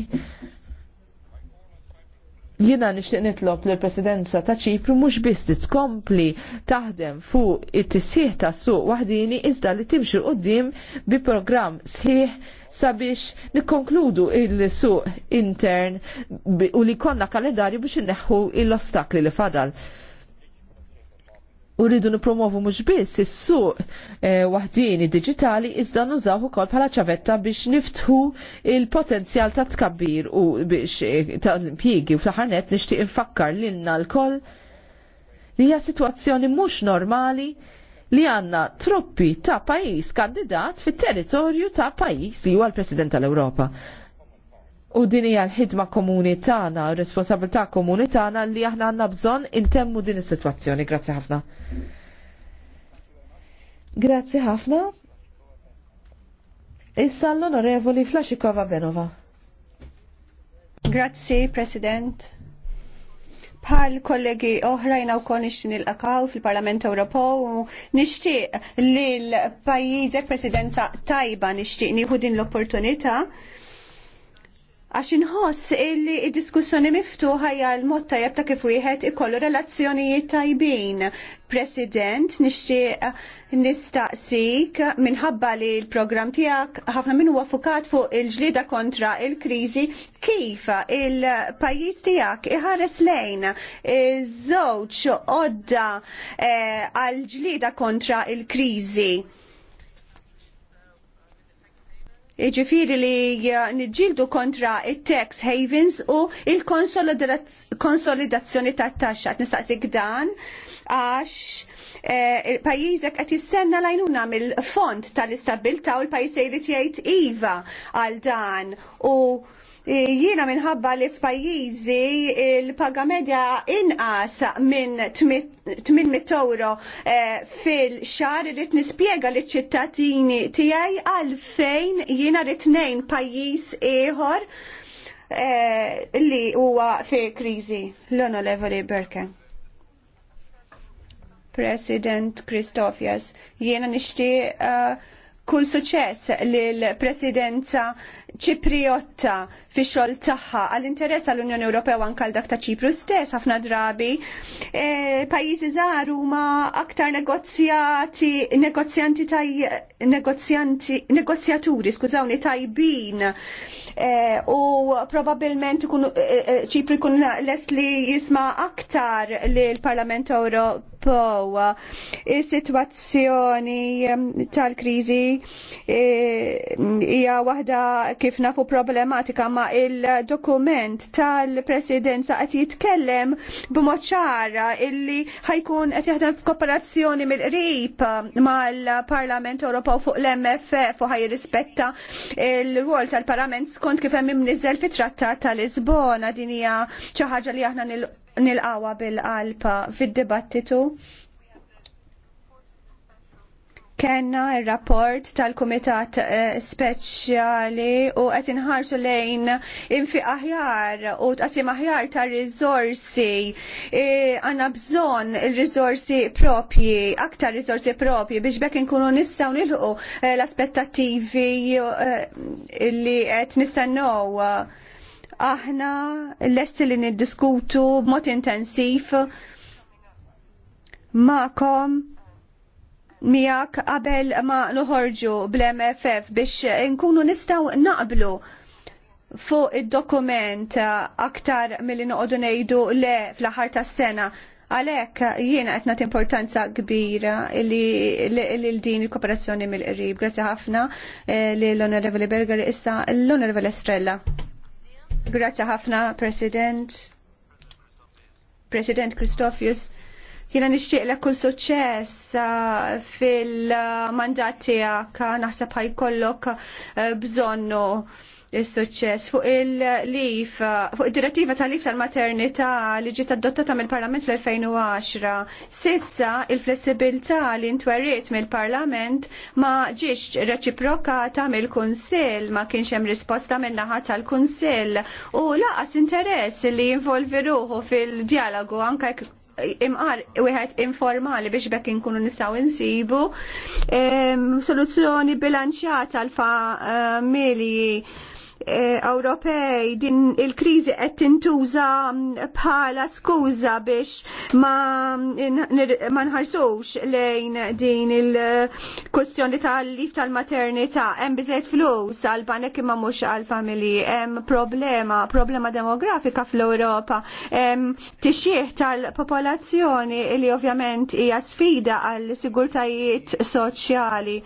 Jiena nixtieq nitlob lill presidenza ta' Ċipru mhux biss titkompli taħdem fuq it-tisħiħ tas suq waħdini iżda li timxi qudiem bi programm sħiħ sabiex nikkonkludu il-suq intern u li konna kalendarju biex inneħħu l-ostakli li fadal u rridu nipromovu mhux biss is-suq waħdin eh, waħdini diġitali iżda nużaw ukoll bħala ċavetta biex niftħu il-potenzjal ta' tkabbir u biex eh, ta' impjiegi u fl nett nixtieq infakkar lilna l-koll li hija sitwazzjoni mhux normali li għanna truppi ta' pajis kandidat fit territorju ta' pajis li huwa l-President tal-Ewropa. U din hija l-ħidma komuni tagħna, responsabilità komuni tagħna li aħna għandna bżonn intemmu din is-sitwazzjoni. Grazzi ħafna. Grazzi ħafna. Issa l-onorevoli Flaxikova Benova. Grazzi, President. Bħal kollegi oħrajn u kon akaw fil-Parlament Ewropew u nixtieq li l-pajjiżek presidenza tajba nixtieq nieħu din l-opportunità għax inħoss illi id-diskussjoni miftuħa hija l-mod tajjeb ta' kif wieħed ikollu relazzjonijiet tajbin. President, nixtieq nistaqsik minħabba li l-programm tiegħek ħafna minn huwa fukat fuq il-ġlieda kontra il-kriżi kif il-pajjiż tiegħek iħares lejn iż-żewġ odda eh, għal-ġlieda kontra il-kriżi ġifiri li nġildu kontra il-tax havens u il-konsolidazzjoni ta' taxxa. Nistaqsik dan għax eh, il pajizek qed jistenna lajnuna mill-fond tal-istabilta u l-pajis jrid jgħid iva għal dan u Jiena minħabba li f'pajjiżi il-paga medja inqas minn 800 euro eh, fil-xar rrit nispjega li ċittadini tiegħi għalfejn jiena rrit nejn pajjiż ieħor eh, li huwa fi kriżi. L-Onorevoli Berken. President Kristofjas. Jiena nixtieq eh, kull suċess lill presidenza ċipriotta fi xol tagħha għall-interess tal-Unjoni Ewropea għan kaldak dak ta' Ċipru stess ħafna drabi e, pajjiżi żgħar huma aktar negozjati negozjanti taj negozjanti negozjaturi skużawni tajbin e, u probabbilment ikunu e, e, ċipru kun les li jisma' aktar li l-Parlament Ewropew Powa. E, Is-sitwazzjoni tal-kriżi hija waħda kif nafu problematika ma il-dokument tal-presidenza qed jitkellem b'mod ċara illi ħajkun qed jaħdem f'kooperazzjoni mill-qrib mal-Parlament Ewropew fuq l-MFF u ħajrispetta il-rwol tal-Parlament skont kif hemm imniżel fit-Trattat tal-Lisbona din hija xi ħaġa li aħna nilqawa bil-qalb fid-dibattitu kena il-rapport tal-Komitat eh, Speċjali u qed inħarsu lejn infi aħjar u tqasim aħjar ta' rizorsi. Eh, għanna bżon il-rizorsi propji, aktar rizorsi propji biex bekk inkunu nistgħu nilħu eh, l-aspettattivi li qed nistennew aħna lesti li niddiskutu b'mod intensiv ma'kom miegħek qabel ma noħorġu bl-MFF biex nkunu nistgħu naqblu fuq id-dokument uh, aktar milli noqogħdu ngħidu le fl-aħħar tas-sena għalek jiena qed importanza kbira li l-din il-kooperazzjoni mill-qrib. Grazzi ħafna eh, li l-Onorevoli Berger issa l-Onorevoli Estrella. Grazzi ħafna, President. President Kristofius, jina nixtieq l kull suċċess eh, fil-mandat tiegħek naħseb ħajkollok eh, bżonnu il suċċess fuq il-lif, eh, fuq id-direttiva tal-lif tal-maternità li ġiet adottata mill-Parlament fl-2010. Sissa il-flessibilità li ntwerriet mill-Parlament ma ġiex reċiprokata mill-Kunsill, ma kienx hemm risposta min-naħa tal-Kunsill u laqas interess li jinvolvi ruħu fil-dialogu anke imqar wieħed informali biex bekk inkunu nistgħu insibu soluzzjoni bilanċjata għal familji eh, Eh, Ewropej din il-kriżi qed tintuża mm, bħala skuża biex ma, ma nħarsux lejn din il-kwestjoni tal-lif tal-maternità hemm biżejt flus għal banek imma mhux għal familji hemm problema, problema demografika fl-Ewropa, hemm tixjih tal-popolazzjoni li ovvjament hija sfida għall sigurtajiet soċjali.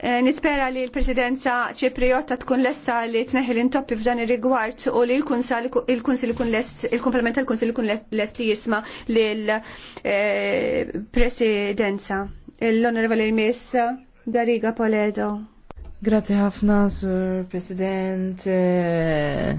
Eh, nispera li l-presidenza ċipriotta tkun lesta li tneħi l-intoppi f'dan ir-rigward u li l-kunsil kun lest, il-komplement tal-kunsil kun lest li jisma l-presidenza. L-onorevoli miss Dariga Poledo. Grazie ħafna, Sur President. Eh,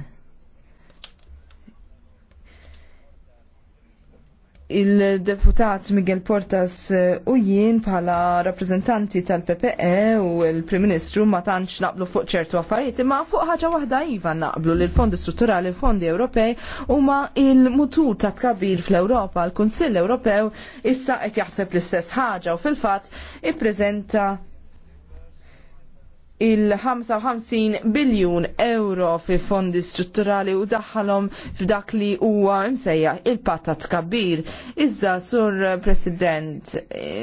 il-deputat Miguel Portas eh, u jien bħala rappresentanti tal-PPE u l-Prim Ministru ma tantx naqblu fuq ċertu affarijiet imma fuq ħaġa waħda iva naqblu li l-Fondi Strutturali l-Fondi Ewropej huma il-mutur ta' tkabir fl-Ewropa l-Kunsill Ewropew issa qed jaħseb l-istess ħaġa u fil-fatt ippreżenta il-55 biljun euro fi fondi strutturali u daħħalhom f'dak li huwa msejja il-patat kabir. Iżda sur President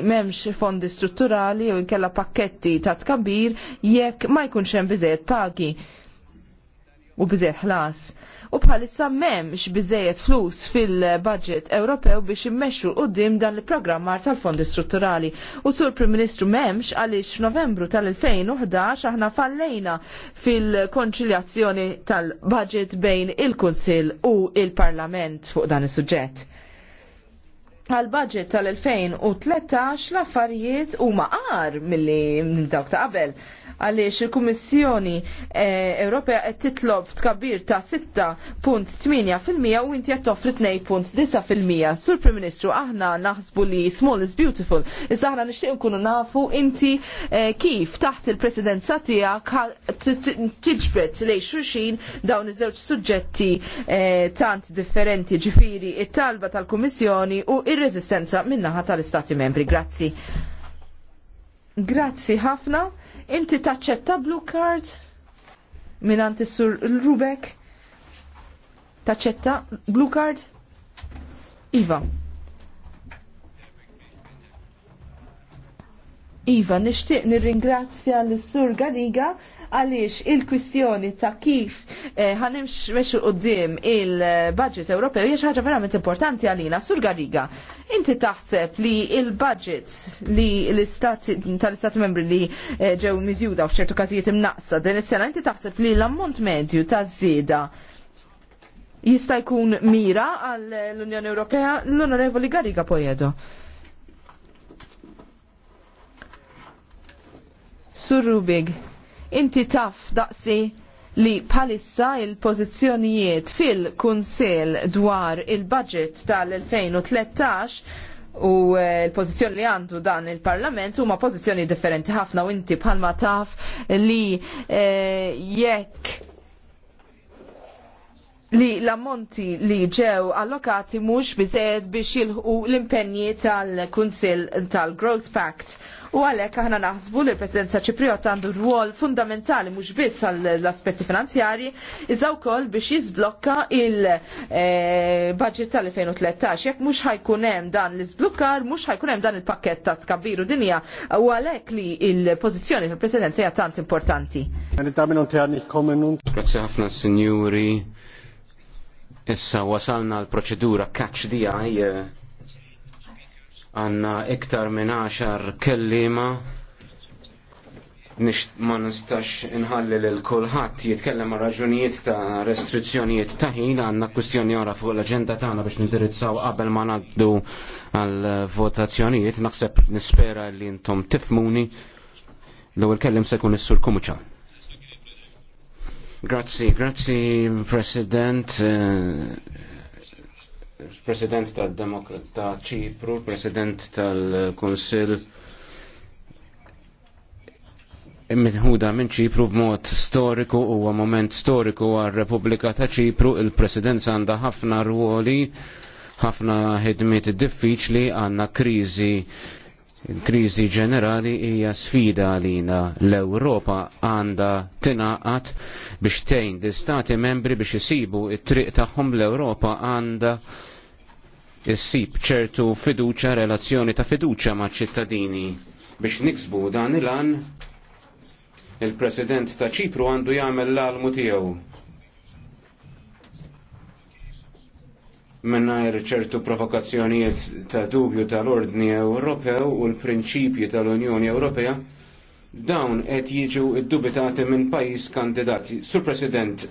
m'hemmx fondi strutturali u nkella pakketti ta' tkabbir jekk ma jkunx hemm biżejjed pagi u biżejjed ħlas u bħalissa m'hemmx biżejjed flus fil-budget Ewropew biex immexxu qudiem dan il-programmar tal-fondi strutturali. U sur Prim Ministru m'hemmx għaliex f'Novembru tal-2011 aħna fallejna fil-konċiljazzjoni tal-budget bejn il-Kunsill u il-Parlament fuq dan is-suġġett għal budget tal-2013 l-affarijiet huma mill milli dawk ta' qabel għaliex il-Kummissjoni eh, Ewropea qed titlob tkabbir ta' 6.8% u inti qed toffri 2.9%. Sur Prim Ministru aħna naħsbu li small is beautiful. Iżda aħna nixtieq nkunu nafu inti eh, kif taħt il-presidenza tiegħek tiġbed lejn xulxin dawn iż-żewġ suġġetti eh, tant differenti ġifiri it-talba tal-Kummissjoni u il ir-reżistenza min-naħa tal-Istati membri. Grazzi. Grazzi ħafna. Inti taċċetta blue card minn anti sur Rubek. Taċċetta blue card? Iva. Iva, nishtiq nirringrazzja l-Sur Gariga għaliex il-kwistjoni ta' kif eh, ħanimx eh, u qoddim il-budget Ewropew hija ħaġa verament importanti għalina. Sur Gariga, inti taħseb li il-budgets li l-istati tal-istati membri li eh, ġew miżjuda f'ċertu każijiet imnaqsa din is-sena, inti taħseb li l-ammont medju ta' żieda jista' jkun mira għall unjoni Ewropea l-Onorevoli Gariga pojedo. Sur Rubig inti taf daqsi li palissa il-pozizjonijiet fil-Kunsel dwar il-budget tal-2013 u eh, l-pozizjoni li għandu dan il-parlament huma pozizjoni differenti ħafna u inti bħalma taf li eh, jekk li l-ammonti li ġew allokati mhux biżgħet biex jilħu l-impenji tal-Kunsill tal-Growth Pact U għalhekk aħna naħsbu li l-Presidenza Ċipriot għandu rwol fundamentali mhux biss għall-aspetti finanzjarji, iżda wkoll biex jiżblokka il-budget eh, tal-2013. Jekk mhux ħajkun hemm dan l-iżblukkar, mhux ħajkun hemm dan il-pakkett ta' tkabbiru dinja u għalhekk li il-pożizzjoni fil presidenza hija tant importanti. Grazie ħafna sinjuri. Issa wasalna l-proċedura catch the għanna iktar minn 10 kellima ma nistax inħalli lil kulħadd jitkellem ma' raġunijiet ta' restrizzjonijiet ta' ħin għandna kwistjoni ora fuq l-aġenda tagħna biex nindirizzaw qabel ma ngħaddu għal votazzjonijiet naħseb nispera li intom tifmuni l-ewwel kellim se jkun is-sur Kumuċa. Grazzi, grazzi President. President tal ta' Ċipru, President tal-Konsil Minħuda minn ċipru b'mod storiku huwa moment storiku għal Repubblika ta' ċipru il president għandha ħafna ruoli, ħafna ħidmiet diffiċli għandna kriżi Il-kriżi ġenerali hija sfida għalina l-Ewropa għandha tingħaqad biex tejn l-istati membri biex jisibu t triq tagħhom l-Ewropa għandha jisib ċertu fiduċa relazzjoni ta' fiduċa maċ ċittadini biex niksbu dan il-an il-President ta' ċipru għandu jagħmel l-almu tiegħu minnajr ċertu provokazzjonijiet ta' dubju tal-ordni Ewropew u l-prinċipji tal-Unjoni Ewropea, dawn qed jiġu ddubitati minn pajjiż kandidati. Sur President,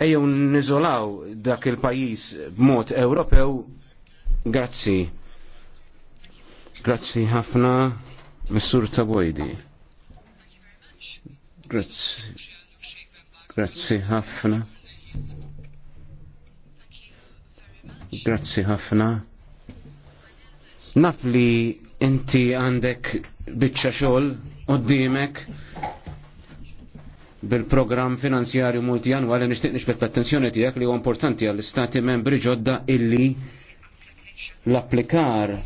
ejjew niżolaw dak il-pajjiż b'mod Ewropew. Grazzi. Grazzi ħafna, Missur Tabojdi. Grazzi. Grazzi ħafna. Grazzi ħafna. Naf li inti għandek biċċa xogħol qoddimek bil-programm finanzjarju multijan li nishtiq nixbet l-attenzjoni tiegħek li huwa importanti għall-istati membri ġodda illi l-applikar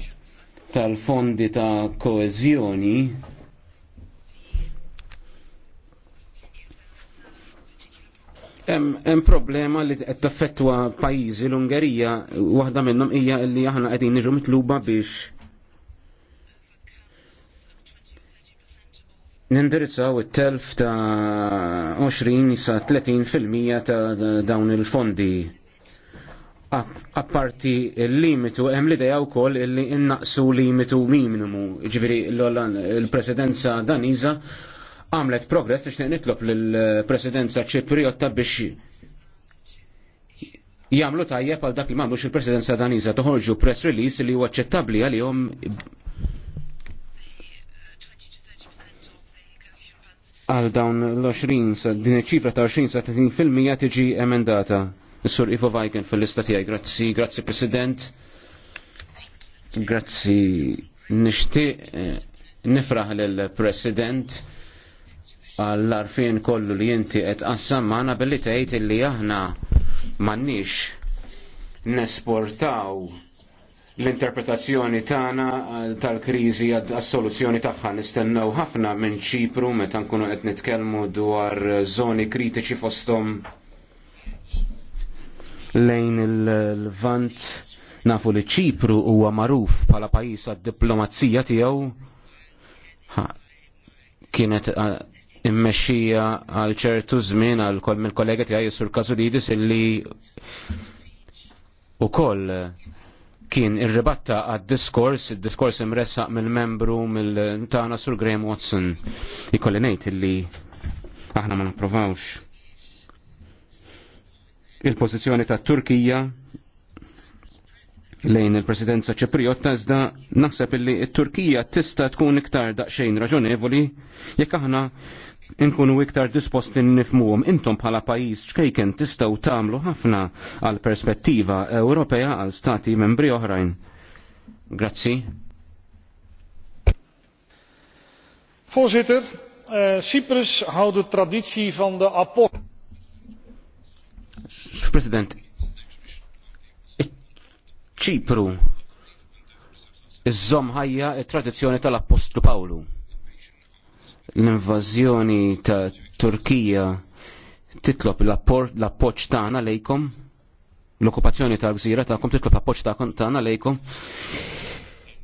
tal-fondi ta' koezjoni. Hemm problema li qed taffettwa pajjiżi l-Ungerija waħda minnhom hija li aħna qegħdin niġu mitluba biex nindirizzaw it-telf ta' 20 sa 30 fil-mija ta' dawn il-fondi. Apparti il-limitu hemm l-idea wkoll illi innaqsu limitu minimu, ġifieri l-presidenza Daniża għamlet progress biex nitlob lill-Presidenza Ċipriotta biex jagħmlu tajjeb għal dak li m'għamlux il-Presidenza daniza toħorġu press release li huwa aċċettabbli għalihom għal dawn l-20 sa din iċ-ċifra ta' 20 sa 30% tiġi emendata. Is-Sur Ivo Vajken fil-lista għaj, Grazzi, grazzi President. Grazzi nishti, eh, nifraħ lill-President għall-arfien kollu li inti qed qassam magħna billi tgħid illi aħna m'għandniex nesportaw l-interpretazzjoni tagħna eh, tal-kriżi għas-soluzzjoni tagħha nistennew ħafna minn Ċipru meta nkunu qed nitkellmu dwar żoni kritiċi fosthom lejn il-vant nafu li ċipru huwa magħruf bħala pajjiż għad-diplomazija tiegħu kienet eh, immexxija għal ċertu żmien għal kol mill kollega tiegħi sur Kazulidis illi ukoll kien irribatta għad diskors, id-diskors imressaq mill-membru mill tagħna sur Graham Watson. Ikolli ngħid illi aħna ma napprovawx. Il-pożizzjoni tat Turkija lejn il-presidenza ċipriotta iżda naħseb illi t-Turkija tista tkun iktar daqsxejn raġonevoli jekk aħna inkunu iktar disposti nifmuhom intom bħala pajjiż xkejken tistgħu tagħmlu ħafna għal perspettiva Ewropea għal stati membri oħrajn. Grazzi. Voorzitter, eh, Cyprus houdt de traditie van de apostel. President, Cyprus is żom de traditie van de apostel Paulus l-invażjoni ta' Turkija titlob l-appoġġ tagħna lejkom, l-okkupazzjoni ta' gżira tagħkom titlob l appoċ tagħna lejkom.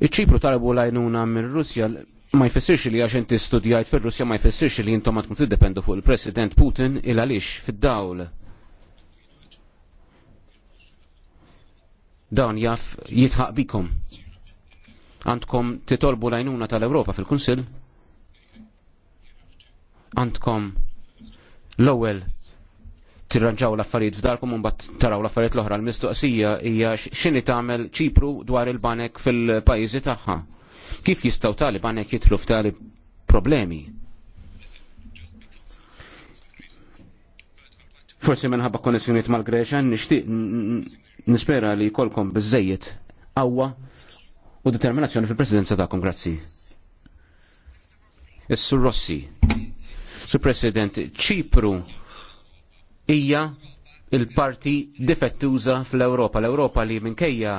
Iċ-Ċipru talbu lajnuna minn Russja ma jfessirx li għax inti studjajt fir-Russja ma jfessirx li intom għandkom tiddependu fuq il-President Putin il għaliex fid-dawl. Dawn jaf jitħaq bikom. Għandkom titolbu lajnuna tal-Ewropa fil-Kunsill? għandkom l-ewwel tirranġaw l-affarijiet f'darkom u mbagħad taraw l-affarijiet l-oħra. L-mistoqsija hija x'inhi tagħmel ċipru dwar il-banek fil-pajjiżi tagħha. Kif jistgħu tali banek jitlu f'tali problemi? Forsi minħabba konnessjoniet mal-Greċa nixtieq nispera li kolkom biżejjed qawwa u determinazzjoni fil-presidenza tagħkom. Grazzi. Is-Sur Rossi. Su President, Ċipru hija il-parti difettuża fl-Ewropa. L-Ewropa li minkejja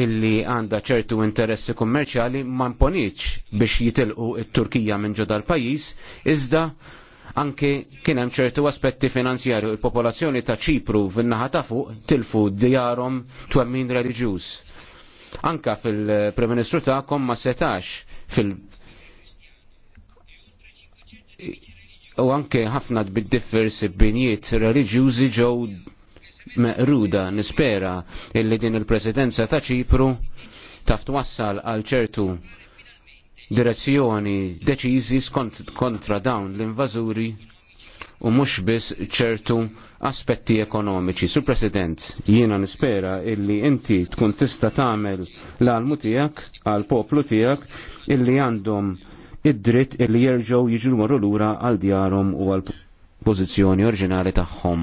illi għanda ċertu interessi kummerċjali ma mponiċ biex jitilqu it-Turkija minn ġodda l-pajis, iżda anke kien hemm ċertu aspetti finanzjarju il-popolazzjoni ta' Ċipru fin-naħa ta' fuq tilfu djarhom twemmin reliġjuż. Anka fil-Prim Ministru ta' ma setax fil- u anke ħafna bid-differsi binijiet reliġjużi ġew meqruda nispera illi din il-presidenza ta' ċipru taf twassal għal ċertu direzzjoni deċiżi skont kontra dawn l-invażuri u mhux biss ċertu aspetti ekonomiċi. Sur President, jiena nispera illi inti tkun tista tagħmel l-almu tiegħek għall poplu tiegħek illi għandhom id-dritt illi jerġgħu jiġu marru lura għal djarhom u għal pożizzjoni oriġinali tagħhom.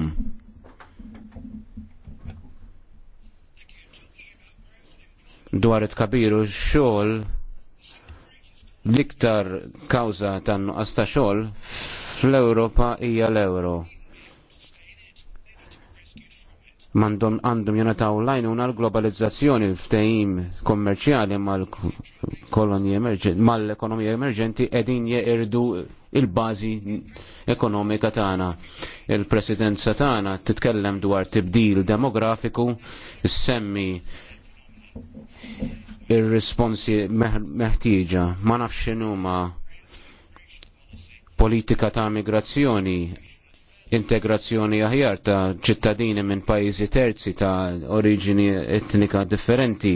Dwar it-kabiru xogħol l-iktar kawża tan-nuqqas ta' xogħol fl-Ewropa hija l-Euro mandom għandhom jonataw lajn una l-globalizzazzjoni f'tejim kommerċjali mal-kolonji emerġenti, mal-ekonomija emerġenti edin jeqirdu il-bazi ekonomika tagħna. Il-presidenza tagħna titkellem dwar tibdil demografiku, semmi ir-responsi meħtieġa, ma nafx x'inhuma politika ta' migrazzjoni integrazzjoni aħjar ta' ċittadini minn pajjiżi terzi ta' oriġini etnika differenti.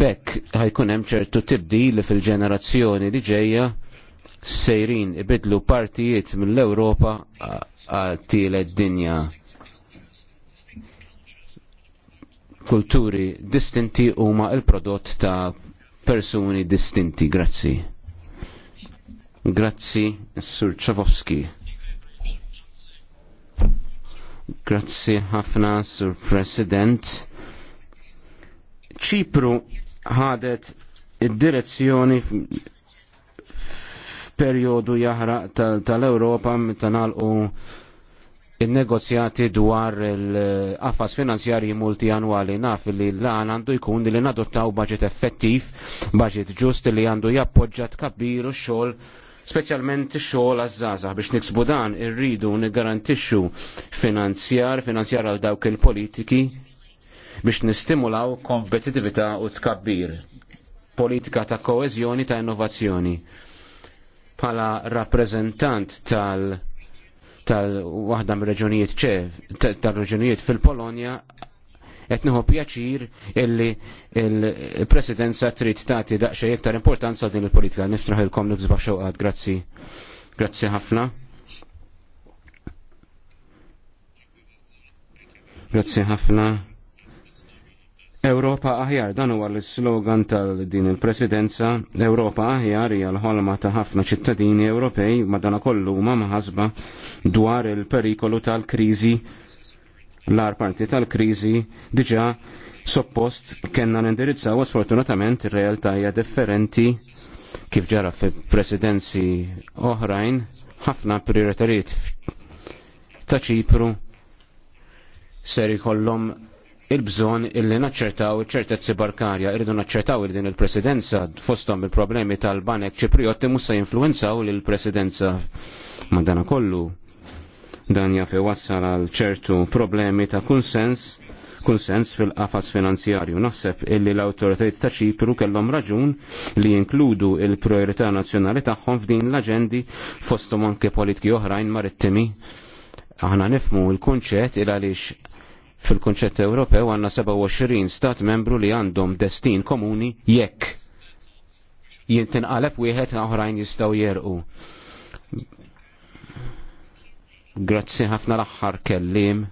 Bekk ħajkun hemm ċertu tibdil fil-ġenerazzjoni li ġejja sejrin ibidlu partijiet mill-Ewropa għal-tielet dinja. Kulturi distinti huma il-prodott ta' persuni distinti. Grazzi. Grazzi, Sur Czawowski. Grazzi ħafna, Sur President. Ċipru ħadet id-direzzjoni f'perjodu jaħraq tal-Ewropa tal meta nagħlqu il-negozjati dwar l-affas finanzjarji multianwali naf li l-għan għandu jkun li nadottaw budget effettiv, budget ġust li għandu jappoġġat kabbiru u xol speċjalment xogħol għaż-żgħażagħ biex niksbu dan irridu niggarantixxu finanzjar, finanzjar għal dawk il-politiki biex nistimulaw kompetitività u tkabbir. Politika ta' koeżjoni ta' innovazzjoni. Bħala rappreżentant tal- tal-waħda mir-reġunijiet ċev, tal-reġunijiet fil-Polonja, qed nieħu pjaċir illi il-presidenza trid tagħti daqsxejn iktar importanza din il-politika. Niftraħ ilkom nibżba' xewqat, grazzi. Grazzi ħafna. Grazzi ħafna. Europa aħjar, dan huwa l-slogan tal-din il-presidenza. Europa aħjar hija l-ħolma ta' ħafna ċittadini Ewropej madana kollu huma maħasba dwar il-perikolu tal-kriżi l-ar parti tal-krizi diġa suppost kena nindirizzaw sfortunatament ir-realtà hija differenti kif ġara fi presidenzi oħrajn ħafna prioritariet ta' ċipru ser jkollhom il-bżon illi naċċertaw ċertezzi barkarja, irridu naċċertaw il din il-presidenza fostom il-problemi tal-banek ċiprioti musa jinfluenzaw l-presidenza madana kollu Dan jaf e wassal għal ċertu problemi ta' kunsens kunsens fil-qafas finanzjarju. Naħseb illi l autoritajt ta' ċipru kellhom raġun li jinkludu il-priorità nazzjonali tagħhom f'din l-aġendi fostu anke politiki oħrajn marittimi. Aħna nifmu l-kunċett il għaliex fil kunċett Ewropew għanna 27 stat membru li għandhom destin komuni jekk. Jintinqaleb wieħed oħrajn jistgħu jerqu. Grazzi ħafna l-aħħar kellim.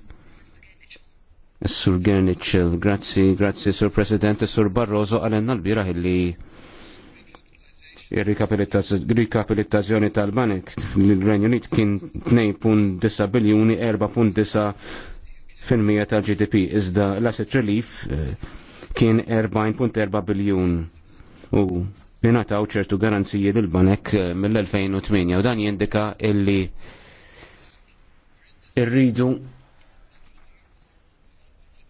Sur Gernichel, grazzi, grazzi Sur President, Sur Barroso għalenna l-bira illi il-rikapilitazzjoni tal-banek l-Renju Unit kien 2.9 biljuni 4.9 fil-mija tal-GDP iżda l-asset relief eh, kien 40.4 biljun u li ċertu garanziji l-banek eh, mill-2008 u dan jindika illi irridu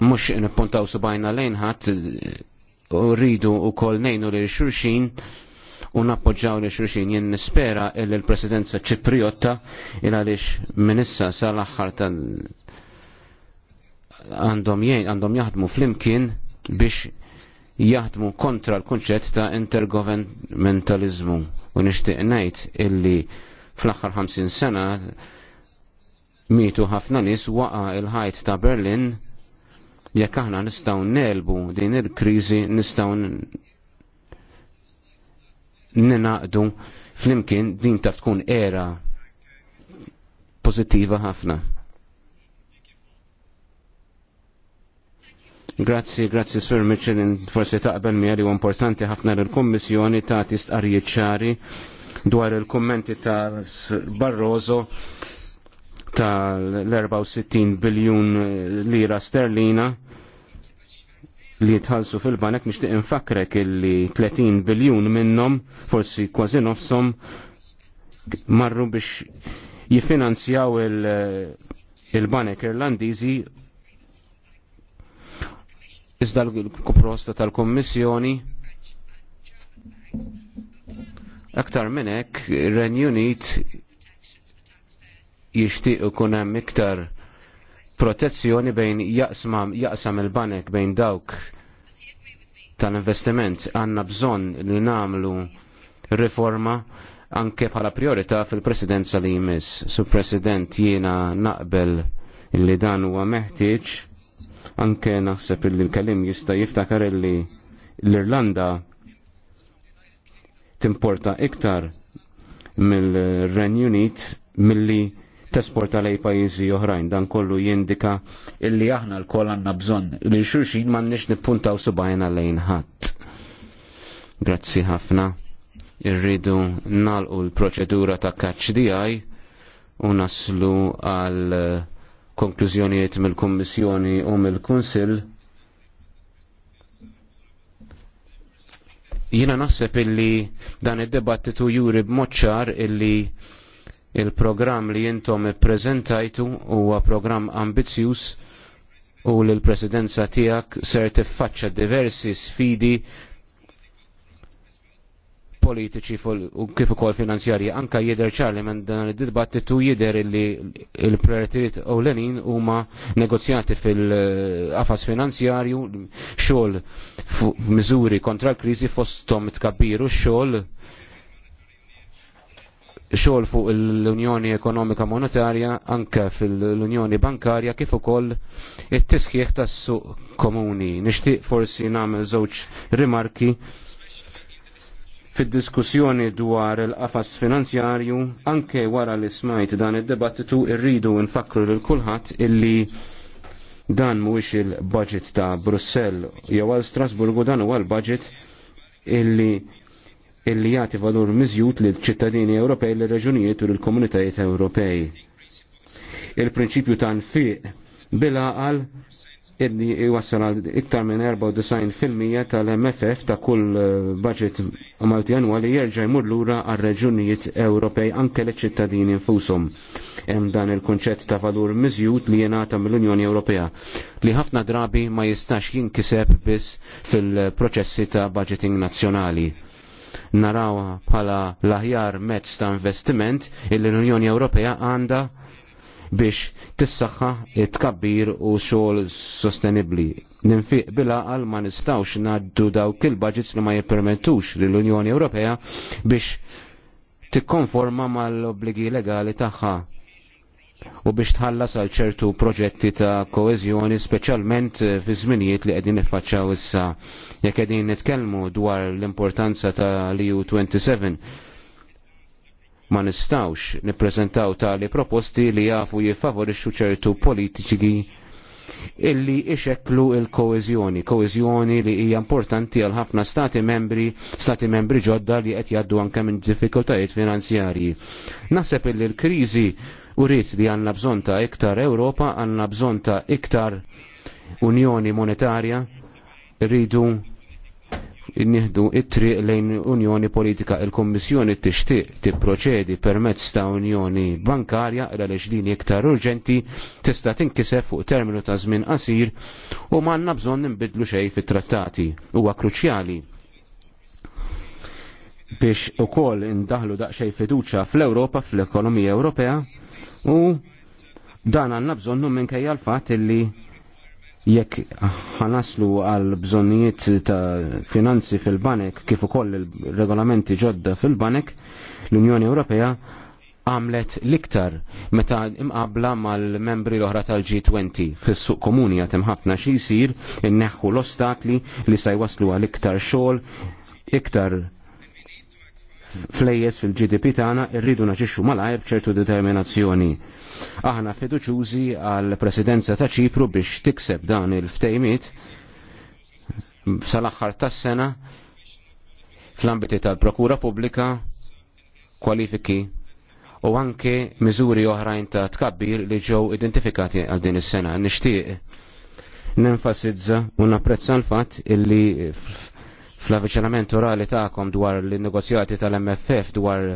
mhux nippuntaw subajna lejnħat u rridu wkoll ngħinu lil xulxin u nappoġġaw li xulxin jen nispera illi l-presidenza ċipriotta il għaliex minissa sal-aħħar tal għandhom jgħin għandhom jaħdmu flimkien biex jaħdmu kontra l-kunċett ta' intergovernmentalizmu u nixtieq ngħid illi fl-aħħar 50 sena mitu ħafna nies waqa il-ħajt ta' Berlin jekk aħna nistgħu nelbu din il-kriżi nistgħu ninaqdu flimkien din taf tkun era pozittiva ħafna. Grazzi, grazzi Sir Mitchell, forse taqbel mi għalli importanti ħafna l-Kommissjoni ta' tistqarijiet ċari dwar il-kommenti ta' Barroso tal-64 biljun lira sterlina li jitħallsu fil-banek nixtieq infakrek illi 30 biljun minnhom forsi kważi nofshom marru biex jifinanzjaw il-banek il irlandiżi iżda l-proposta tal-Kommissjoni aktar minn hekk ir-Renju Unit jixtieq ikun hemm iktar protezzjoni bejn jaqsam, jaqsam il-banek bejn dawk tal-investiment għandna bżonn li nagħmlu riforma anke bħala priorità fil-presidenza li jmiss. Su president jiena naqbel li dan huwa meħtieġ anke naħseb illi l-kelim jista' jiftakar illi l-Irlanda timporta iktar mill renju Unit milli tesporta lej pajjiżi oħrajn dan kollu jindika illi aħna l-kol għandna bżonn li xulxin m'għandniex nippuntaw subajna lejn ħadd. Grazzi ħafna. Irridu nalqu l-proċedura ta' kaċ DI u naslu għal konklużjonijiet mill-Kummissjoni u mill-Kunsill jina naħseb illi dan id-debattitu juri b'moċċar illi Il-programm li jintom prezentajtu huwa programm ambizzjuż u l presidenza tiegħek ser tiffaċċa diversi sfidi politiċi u kif ukoll finanzjarji anka jidher ċarli minn dan id-dibattitu jidher li l-prioritiet ewlenin huma negozjati fil-qafas finanzjarju xogħol miżuri kontra l-kriżi fosthom tkabbiru x-xogħol xogħol fuq l-Unjoni Ekonomika Monetarja anke fil-Unjoni Bankarja kif ukoll it-tisħiħ tas-suq komuni. Nixtieq forsi nagħmel żewġ rimarki fid-diskussjoni dwar il-qafas finanzjarju anke wara li smajt dan id-debattitu irridu nfakru lil kulħadd illi dan mhuwiex il-budget ta' Brussell jew għal Strasburgu dan huwa l-budget illi illi jagħti valur miżjud lil ċittadini Ewropej l reġunijiet u l komunitajiet Ewropej. Il-prinċipju ta' nfiq bil-aqal illi jwassal għal iktar minn 94% tal-MFF ta' kull eh, budget malti annwali jerġa' jmur lura għal reġunijiet Ewropej anke l-ċittadini nfushom. Hemm dan il-kunċett ta' valur miżjud li jingħata mill-Unjoni Ewropea li ħafna drabi ma jistax jinkiseb biss fil-proċessi ta' budgeting nazzjonali narawha bħala l-aħjar mezz ta' investiment illi l-Unjoni Ewropea għandha biex tissaħħa it-kabbir u xogħol sostenibbli. Ninfiq bila għal ma nistawx naddu dawk il-budgets li ma jippermettux lill unjoni Ewropea biex tikkonforma mal-obbligi legali tagħha u biex tħallas għal ċertu proġetti ta' koezjoni speċjalment eh, fi żminijiet li qegħdin niffaċċaw issa jekk qegħdin nitkellmu dwar l-importanza ta' l 27 ma nistawx nippreżentaw tali proposti li jafu jiffavorixxu ċertu politiċi illi ixeklu il koezjoni koezjoni li hija importanti għal ħafna stati membri, stati membri ġodda li qed jgħaddu anke minn diffikultajiet finanzjarji. Naħseb illi l-kriżi il u rrit li għanna bżon ta' iktar Ewropa, għanna bżon ta' iktar Unjoni Monetarja, rridu nieħdu it-triq lejn Unjoni Politika il-Kommissjoni tixtieq tipproċedi permezz ta' Unjoni Bankarja għaliex din iktar urġenti tista' tinkiseb fuq terminu ta' żmien qasir u m'għandna bżonn nbidlu xejn fit-trattati huwa kruċjali biex ukoll indaħlu daqsxejn fiduċja fl-Ewropa fl-ekonomija Ewropea U dan għanna bżonnu minkejja l-fat illi jekk ħanaslu għal bżonnijiet ta' finanzi fil-banek kif ukoll il-regolamenti ġodda fil-banek, l-Unjoni Ewropea għamlet liktar meta imqabla mal-membri l-oħra tal-G20 fis-suq komuni għat ħafna xi jsir inneħħu l-ostakli li se għal iktar xogħol, iktar flejjes fil-GDP tagħna irridu naġixxu malajr b'ċertu determinazzjoni. Aħna fiduċużi għal presidenza ta' Ċipru biex tikseb dan il-ftejmiet sal-aħħar tas-sena fl-ambiti tal-Prokura Pubblika kwalifiki u anke miżuri oħrajn ta' tkabbir li ġew identifikati għal din is-sena. Nixtieq nenfasizza u napprezza l-fatt illi fl avvicinament orali ta'kom dwar l-negozjati tal-MFF dwar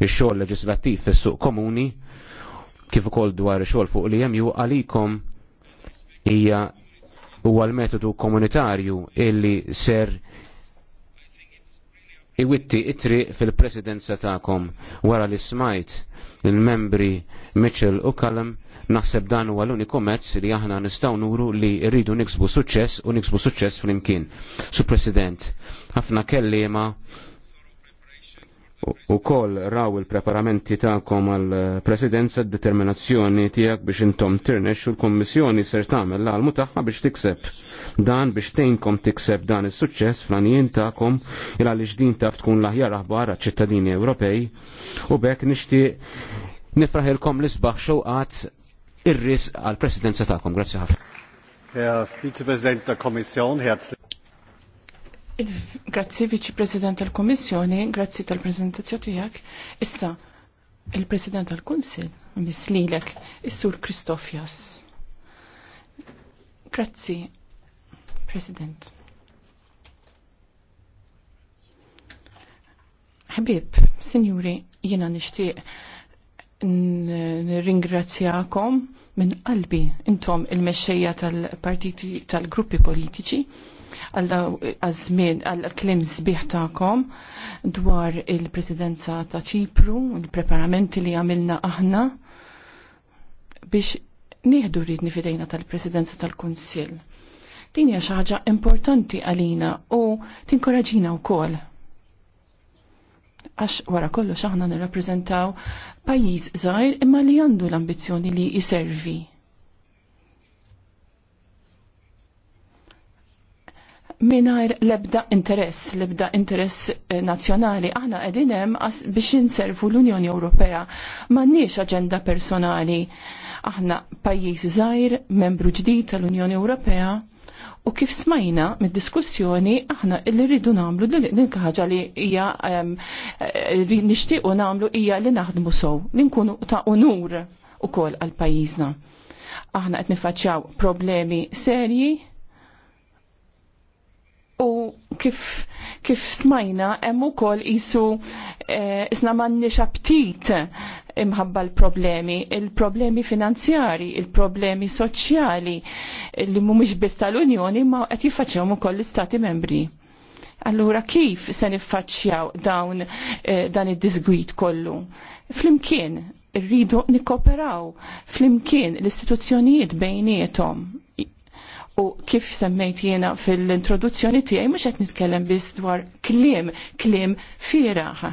il-xol leġislattiv fis-suq komuni kif ukoll dwar il-xol fuq li jemju għalikom hija huwa l-metodu komunitarju illi ser iwitti itri fil-presidenza ta'kom wara li smajt il-membri Mitchell u Callum Naħseb dan huwa l-uniku mezz li aħna nistgħu nuru li rridu niksbu suċċess u niksbu suċċess flimkien. Su President, ħafna kelliema u kol raw il-preparamenti ta'kom għal-presidenza eh, determinazzjoni tijak biex intom tirnex u l-kommissjoni ser tamel l-almu taħħa biex tikseb dan biex tejnkom tikseb dan is suċċess fl-anijin ta'kom il għalix din taf tkun laħjar aħbar ċittadini Ewropej u bekk nishti nifraħilkom l-isbaħ xoqat Irris għal-presidenza tagħkom. Grazzi ħafna. Herr Vizepräsident der Kommission, herzlich. Grazzi Viċi President tal-Kommissjoni, grazzi tal-prezentazzjoni tiegħek. Issa, il-President tal-Kunsil, mislilek, is-Sur Kristofjas. Grazzi, President. Habib, Sinjuri, jiena nixtieq nirringrazzjakom minn qalbi intom il-mexxejja tal-partiti tal-gruppi politiċi għal-żmien għal-klim sbieħ tagħkom dwar il-Presidenza ta' Ċipru, il-preparamenti li għamilna aħna biex nieħdu ridni fidejna tal-Presidenza tal-Kunsill. Din hija xi ħaġa importanti għalina u tinkoraġina wkoll għax wara kollox aħna nirrappreżentaw pajjiż żgħir imma li għandu l-ambizzjoni li jiservi. Minajr lebda interess, lebda interess eh, nazjonali, aħna qegħdin hemm biex inservu l-Unjoni Ewropea. M'għandniex aġenda personali. Aħna pajjiż żgħir, membru ġdid tal-Unjoni Ewropea, U kif smajna mid-diskussjoni aħna li rridu namlu l-inka ħaġa li hija eh, li nixtiequ namlu hija li naħdmu sow, li nkunu ta' unur ukoll għal pajjiżna. Aħna qed nifaċċjaw problemi serji u kif, kif smajna hemm ukoll isu eh, isna m'għandniex aptit imħabba l-problemi, il-problemi finanzjari, il-problemi soċjali li mhumiex biss tal-Unjoni ma qed jiffaċċjahom ukoll l-Istati membri. Allura kif se niffaċċjaw dawn eh, dan id-disgwit kollu? Flimkien rridu nikoperaw flimkien l-istituzzjonijiet bejnietom u kif semmejt jiena fil-introduzzjoni tiegħi mhux qed nitkellem biss dwar kliem, kliem fieraħ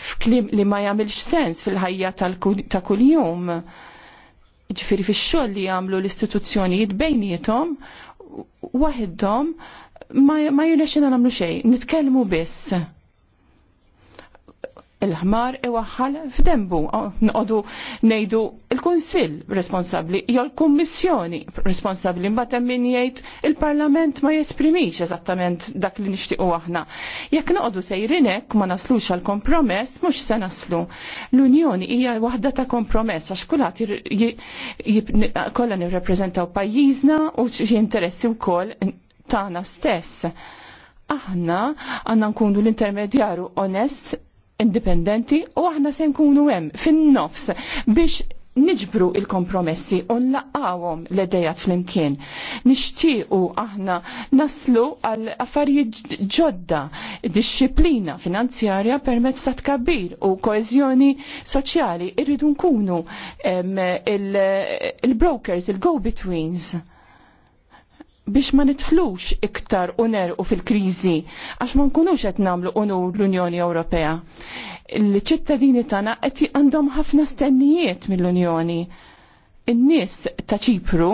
f'klim li ma jagħmilx sens fil-ħajja ta' kuljum. Ġifiri fix-xogħol li jagħmlu l-istituzzjonijiet bejniethom waħidhom ma, ma nagħmlu xejn, nitkellmu biss il-ħmar iwaħħal f'dembu. Nqodu nejdu il-Kunsill responsabli, jew il-Kummissjoni responsabli, mbagħad min jgħid il-Parlament ma jesprimix eżattament dak li nixtiequ aħna. Jekk noqogħdu sejrinek ma naslux għal kompromess mhux se naslu. L-Unjoni hija waħda ta' kompromess għax kulħadd kollha nirrepreżentaw pajjiżna u xi interessi wkoll tagħna stess. Aħna għandna nkunu l-intermedjaru onest indipendenti u aħna se nkunu hemm fin-nofs biex niġbru il-kompromessi u laqgħuhom l-edejat flimkien. Nixtiequ aħna naslu għal affarijiet ġodda, disċiplina finanzjarja permezz ta' tkabbir u koeżjoni soċjali irridu nkunu il-brokers, il-go-betweens. il brokers il go betweens biex ma nitħlux iktar uner u fil-krizi, għax ma nkunux qed nagħmlu unur l-Unjoni Ewropea. Il-ċittadini tagħna qed għandhom ħafna stennijiet mill-Unjoni in-nies ta' ċipru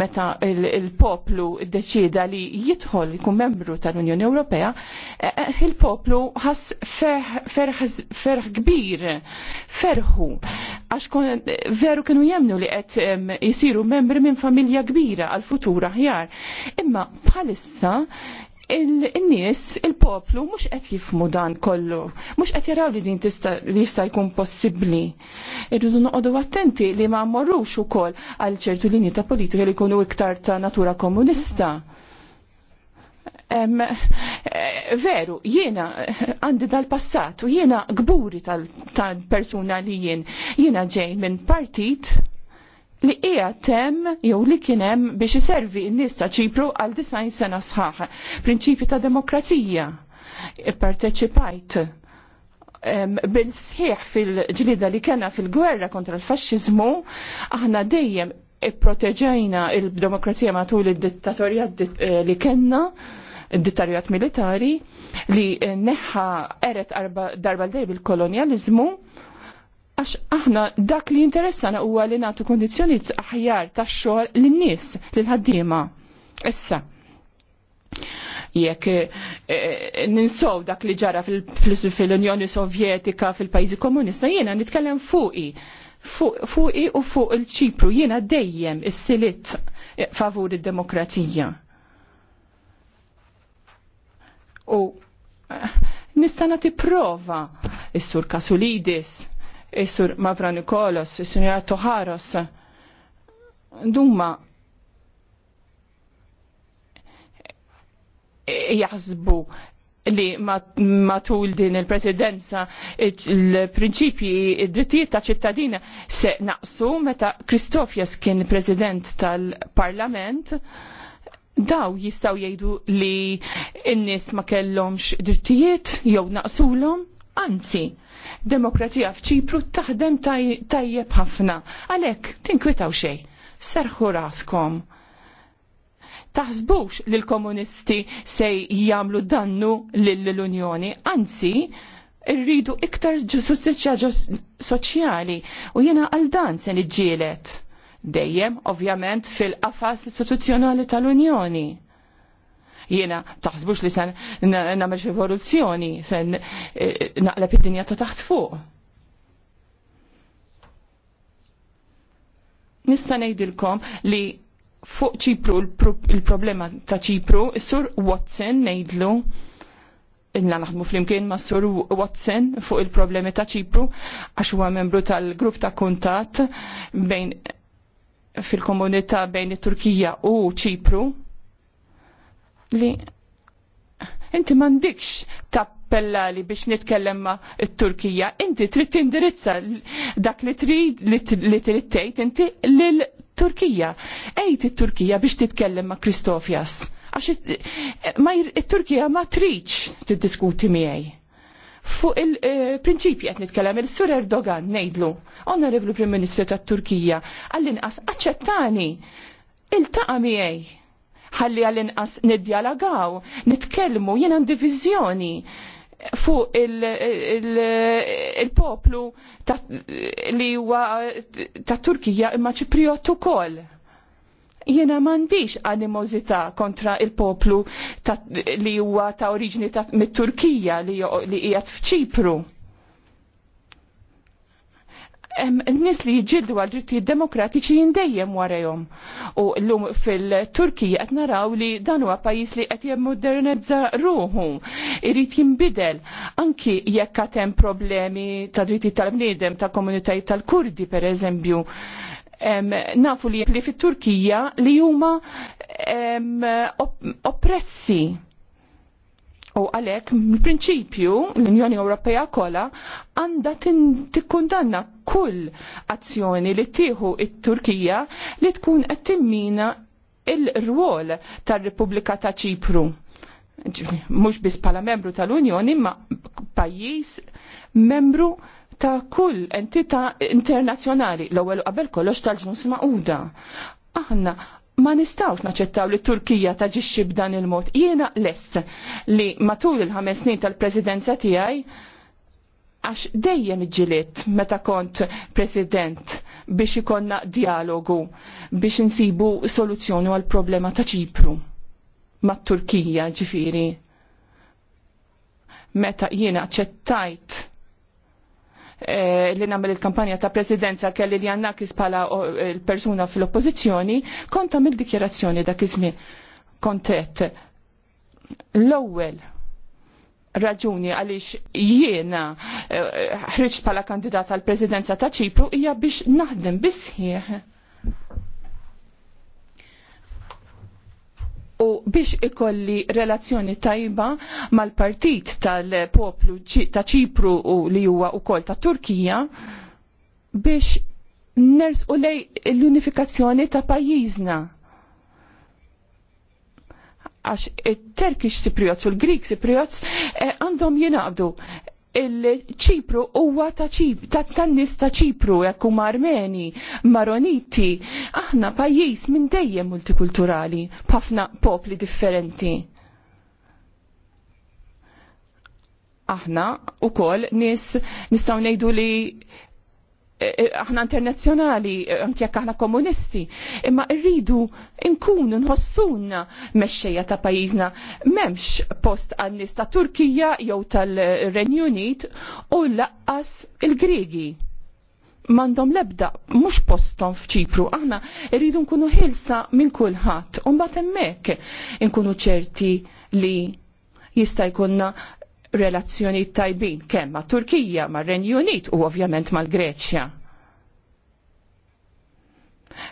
meta il-poplu il deċida li jidħol jkun membru tal-Unjoni Ewropea, eh, eh, il-poplu ħas ferħ kbir, ferħu, għax eh, veru kienu jemnu li qed jisiru membri minn familja kbira għal futur aħjar. Imma bħalissa il-nies, il-poplu, mux qed jifmu dan kollu, mux qed jaraw li din tista li jista jkun possibli. Irridu noqogħdu attenti li ma morrux ukoll għal ċertu linji ta' politika li jkunu iktar ta' natura komunista. Eh, veru, jiena eh, għandi dal-passat u jiena gburi tal-persuna li jien. Jiena ġej minn partit li hija tem jew li kien hemm biex iservi n-nies ta' Ċipru għal disajn sena sħaħ. Prinċipju ta' demokrazija. Parteċipajt bil-sħiħ fil-ġlida li kena fil-gwerra kontra l-fasċizmu, aħna dejjem proteġejna il-demokrazija matul il-dittatorjat eh, li kena, dittatorjat militari, li neħħa eret darba l-dej bil-kolonializmu, għax aħna dak li interessana huwa li nagħtu kondizzjoni aħjar tax-xogħol lin-nies lill-ħaddiema. Issa. Jekk eh, eh, ninsow dak li ġara fil-Unjoni Sovjetika fil-pajjiżi komunista jiena nitkellem fuqi fuqi u fuq il-ċipru jiena dejjem is-silit favur id-demokrazija. U eh, nista' nagħti prova is-sur Kasulidis Isur Mavranikolos, Nikolos, Isur Toharos, dumma jaħsbu li matul din il-presidenza il-prinċipji id-drittijiet ta' ċittadina se naqsu meta Kristofjas kien president tal-parlament daw jistaw jgħidu li n-nis ma kellomx drittijiet jew naqsulhom anzi demokrazija f'ċipru taħdem tajjeb ħafna. Għalhekk tinkwitaw xejn. Serħu raskom. Taħsbux li l-komunisti se jagħmlu dannu lill-Unjoni, anzi, rridu iktar ġustizja soċjali u jiena għal dan se niġġielet. Dejjem, ovvjament, fil-qafas istituzzjonali tal-Unjoni Jiena taħsbux li sen nagħmel rivoluzzjoni, sen eh, naqleb id-dinja ta' taħt fuq. Nista' ngħidilkom li fuq ċipru il-problema ta' ċipru, is-sur Watson ngħidlu illa naħdmu flimkien ma' Sur Watson fuq il-problemi ta' ċipru, għax huwa membru tal-grupp ta' kuntat bejn fil-komunità bejn it-Turkija u ċipru li inti m'għandikx tappella li biex nitkellem ma' il turkija inti trid tindirizza dak li trid li trid tgħid inti lil Turkija. Ejt it-Turkija biex titkellem ma' Kristofjas. Għax it-Turkija ma tridx tiddiskuti miegħi fuq il-prinċipji eh, qed nitkellem il-Sur Erdogan ngħidlu, Onorevlu Prim Ministru tat-Turkija, għall-inqas aċċettani il-taqa' miegħi ħalli għal-inqas nidjalagaw, nitkellmu, jena divizjoni fuq il-poplu li huwa ta' Turkija imma ċipriot ukoll. Jena mandiċ animozita kontra il-poplu li huwa ta' oriġini mit-Turkija li hija f'ċipru n-nis li jġiddu għal drittijiet demokratiċi jindejjem warajom. U l-lum fil-Turkija qed naraw li dan huwa pajjiż li qed jemmodernizza ruħu, irid jinbidel anki jekk qed hemm problemi ta' drittijiet tal-bniedem ta' komunitajiet tal-Kurdi pereżempju. Nafu li fit-Turkija li huma oppressi U għalek, prinċipju l-Unjoni Ewropea kollha għanda tikkundanna kull azzjoni li tieħu it-Turkija li tkun qed timmina il-rwol tar-Repubblika ta' Ċipru. Mhux biss bħala membru tal-Unjoni ma pajjiż membru ta' kull entità internazzjonali l-ewwel qabel kollox tal-ġnus Mauda. Aħna ma nistawx naċċettaw li Turkija taġixxi b'dan il-mod. Jiena lest li matul il-ħames snin tal-presidenza tiegħi għax dejjem iġġiliet meta kont president biex ikonna dialogu biex insibu soluzzjoni għal problema ta' ċipru mat Turkija ġifiri. Meta jiena ċettajt Eh, li nagħmel il-kampanja ta' presidenza kelli li pala bħala eh, persuna fil-oppożizzjoni, kont tagħmel dikjerazzjoni dak iż-żmien. Kontet l-ewwel raġuni għaliex jiena eh, ħriġt bħala kandidata għal presidenza ta' Ċipru hija biex naħdem bisħieħ u biex ikolli relazzjoni tajba mal-partit tal-poplu ta' ċipru u li huwa ukoll ta' Turkija biex ners u lej l-unifikazzjoni ta' pajjiżna għax il-Turkish Cypriots u l-Greek Cypriots eh, għandhom jinaqdu il-ċipru huwa ta' tan-nies ta' ċipru jekk huma Armeni, Maroniti, aħna pajjiż minn dejjem multikulturali, b'ħafna popli differenti. Aħna u koll nis nistaw nejdu li Eh, eh, aħna internazzjonali, eh, anki jekk aħna komunisti, imma rridu nkunu nħossunna mexxejja ta' pajjiżna m'hemmx post għannis ta' Turkija jew tal-Renju Unit u laqqas il-Griegi. M'għandhom l-ebda mhux posthom f'Ċipru, aħna rridu nkunu ħilsa minn kulħadd u mbagħad hemmhekk nkunu ċerti li jista' jkunna relazzjoni tajbin kemm ma' Turkija, ma' Renju Unit u ovvjament mal Greċja.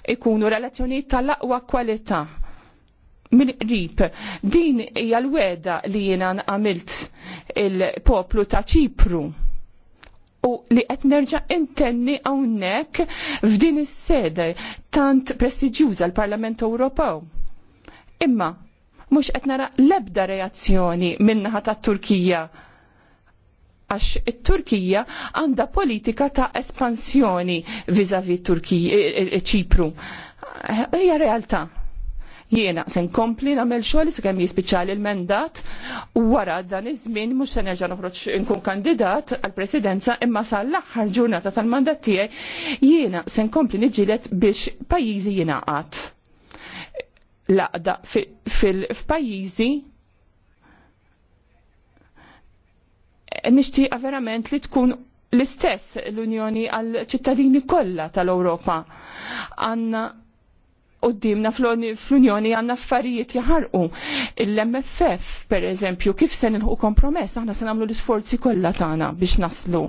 Ikunu relazzjoni tal-aqwa kwalità min qrib. Din hija l-weda li jiena għamilt il-poplu ta' Ċipru u li qed nerġa' intenni hawnhekk f'din is-sede tant prestiġjuża l-Parlament Ewropew. Imma mhux qed lebda l-ebda reazzjoni min-naħa tat-Turkija għax il turkija għandha politika ta' espansjoni vizavi Turkija e, e, e, ċipru. Hija realtà. Jiena se nkompli nagħmel xogħol sakemm jispiċċali l-mendat u wara dan iż-żmien mhux se nerġa' noħroġ inkun kandidat għall-presidenza imma sal l-aħħar ġurnata tal-mandat tiegħi jiena se nkompli niġġieled biex pajjiżi jingħaqad laqda fil-pajizi nishtiqa verament li tkun l-istess l-Unjoni għal ċittadini kollha tal-Ewropa. Għanna qoddimna fl-Unjoni għanna affarijiet jaħarqu. L-MFF, per eżempju, kif se nilħu kompromess, aħna se nagħmlu l-isforzi kollha tagħna biex naslu.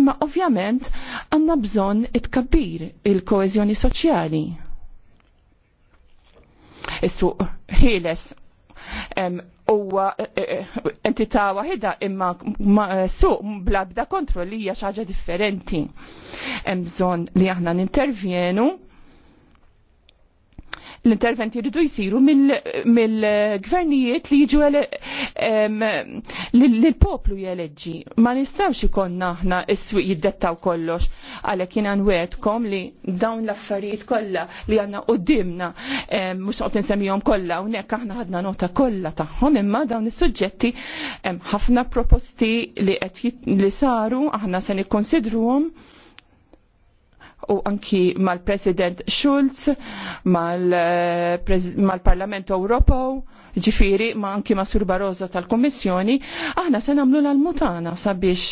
Imma ovvjament għandna bżonn it-kabbir il koezjoni soċjali is-suq uwa huwa e, e, e, entità waħda imma suq blabda bda kontrollija xi ħaġa differenti. Hemm bżonn li aħna nintervjenu l-interventi jridu jisiru mill-gvernijiet li jiġu l-poplu jeleġġi. Ma nistawx ikon aħna s-swiq jiddettaw kollox, għalek jien għanwetkom li dawn l-affarijiet kollha li għanna mux mhux qed kolla u hawnhekk aħna ħadna nota kollha tagħhom imma dawn is-suġġetti hemm ħafna proposti li qed li saru aħna se nikkonsidruhom u anki mal-President Schulz, eh, mal-Parlament mal Ewropew, ġifiri, ma anki ma' Sur Barroso tal-Kommissjoni, aħna se nagħmlu l-mutana sabiex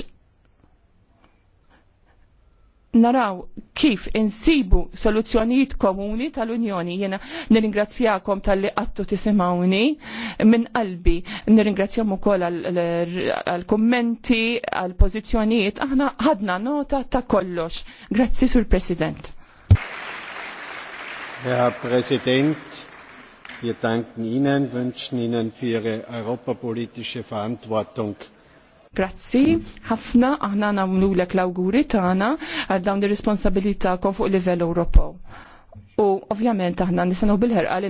naraw kif insibu soluzzjonijiet komuni tal-Unjoni. Jena nirringrazzjakom tal-li għattu tisimawni minn qalbi. Nirringrazzjam ukoll għal-kommenti, għal-pozizjonijiet. Aħna ħadna nota ta' kollox. Grazzi, Sur President. Herr Präsident, wir danken Ihnen, wünschen Ihnen für Ihre europapolitische Verantwortung. Grazzi, ħafna aħna nagħmlulek l-awguri tagħna għal dawn ir-responsabilità fuq livell Ewropew. U ovvjament aħna nisangħu bil-ħerqa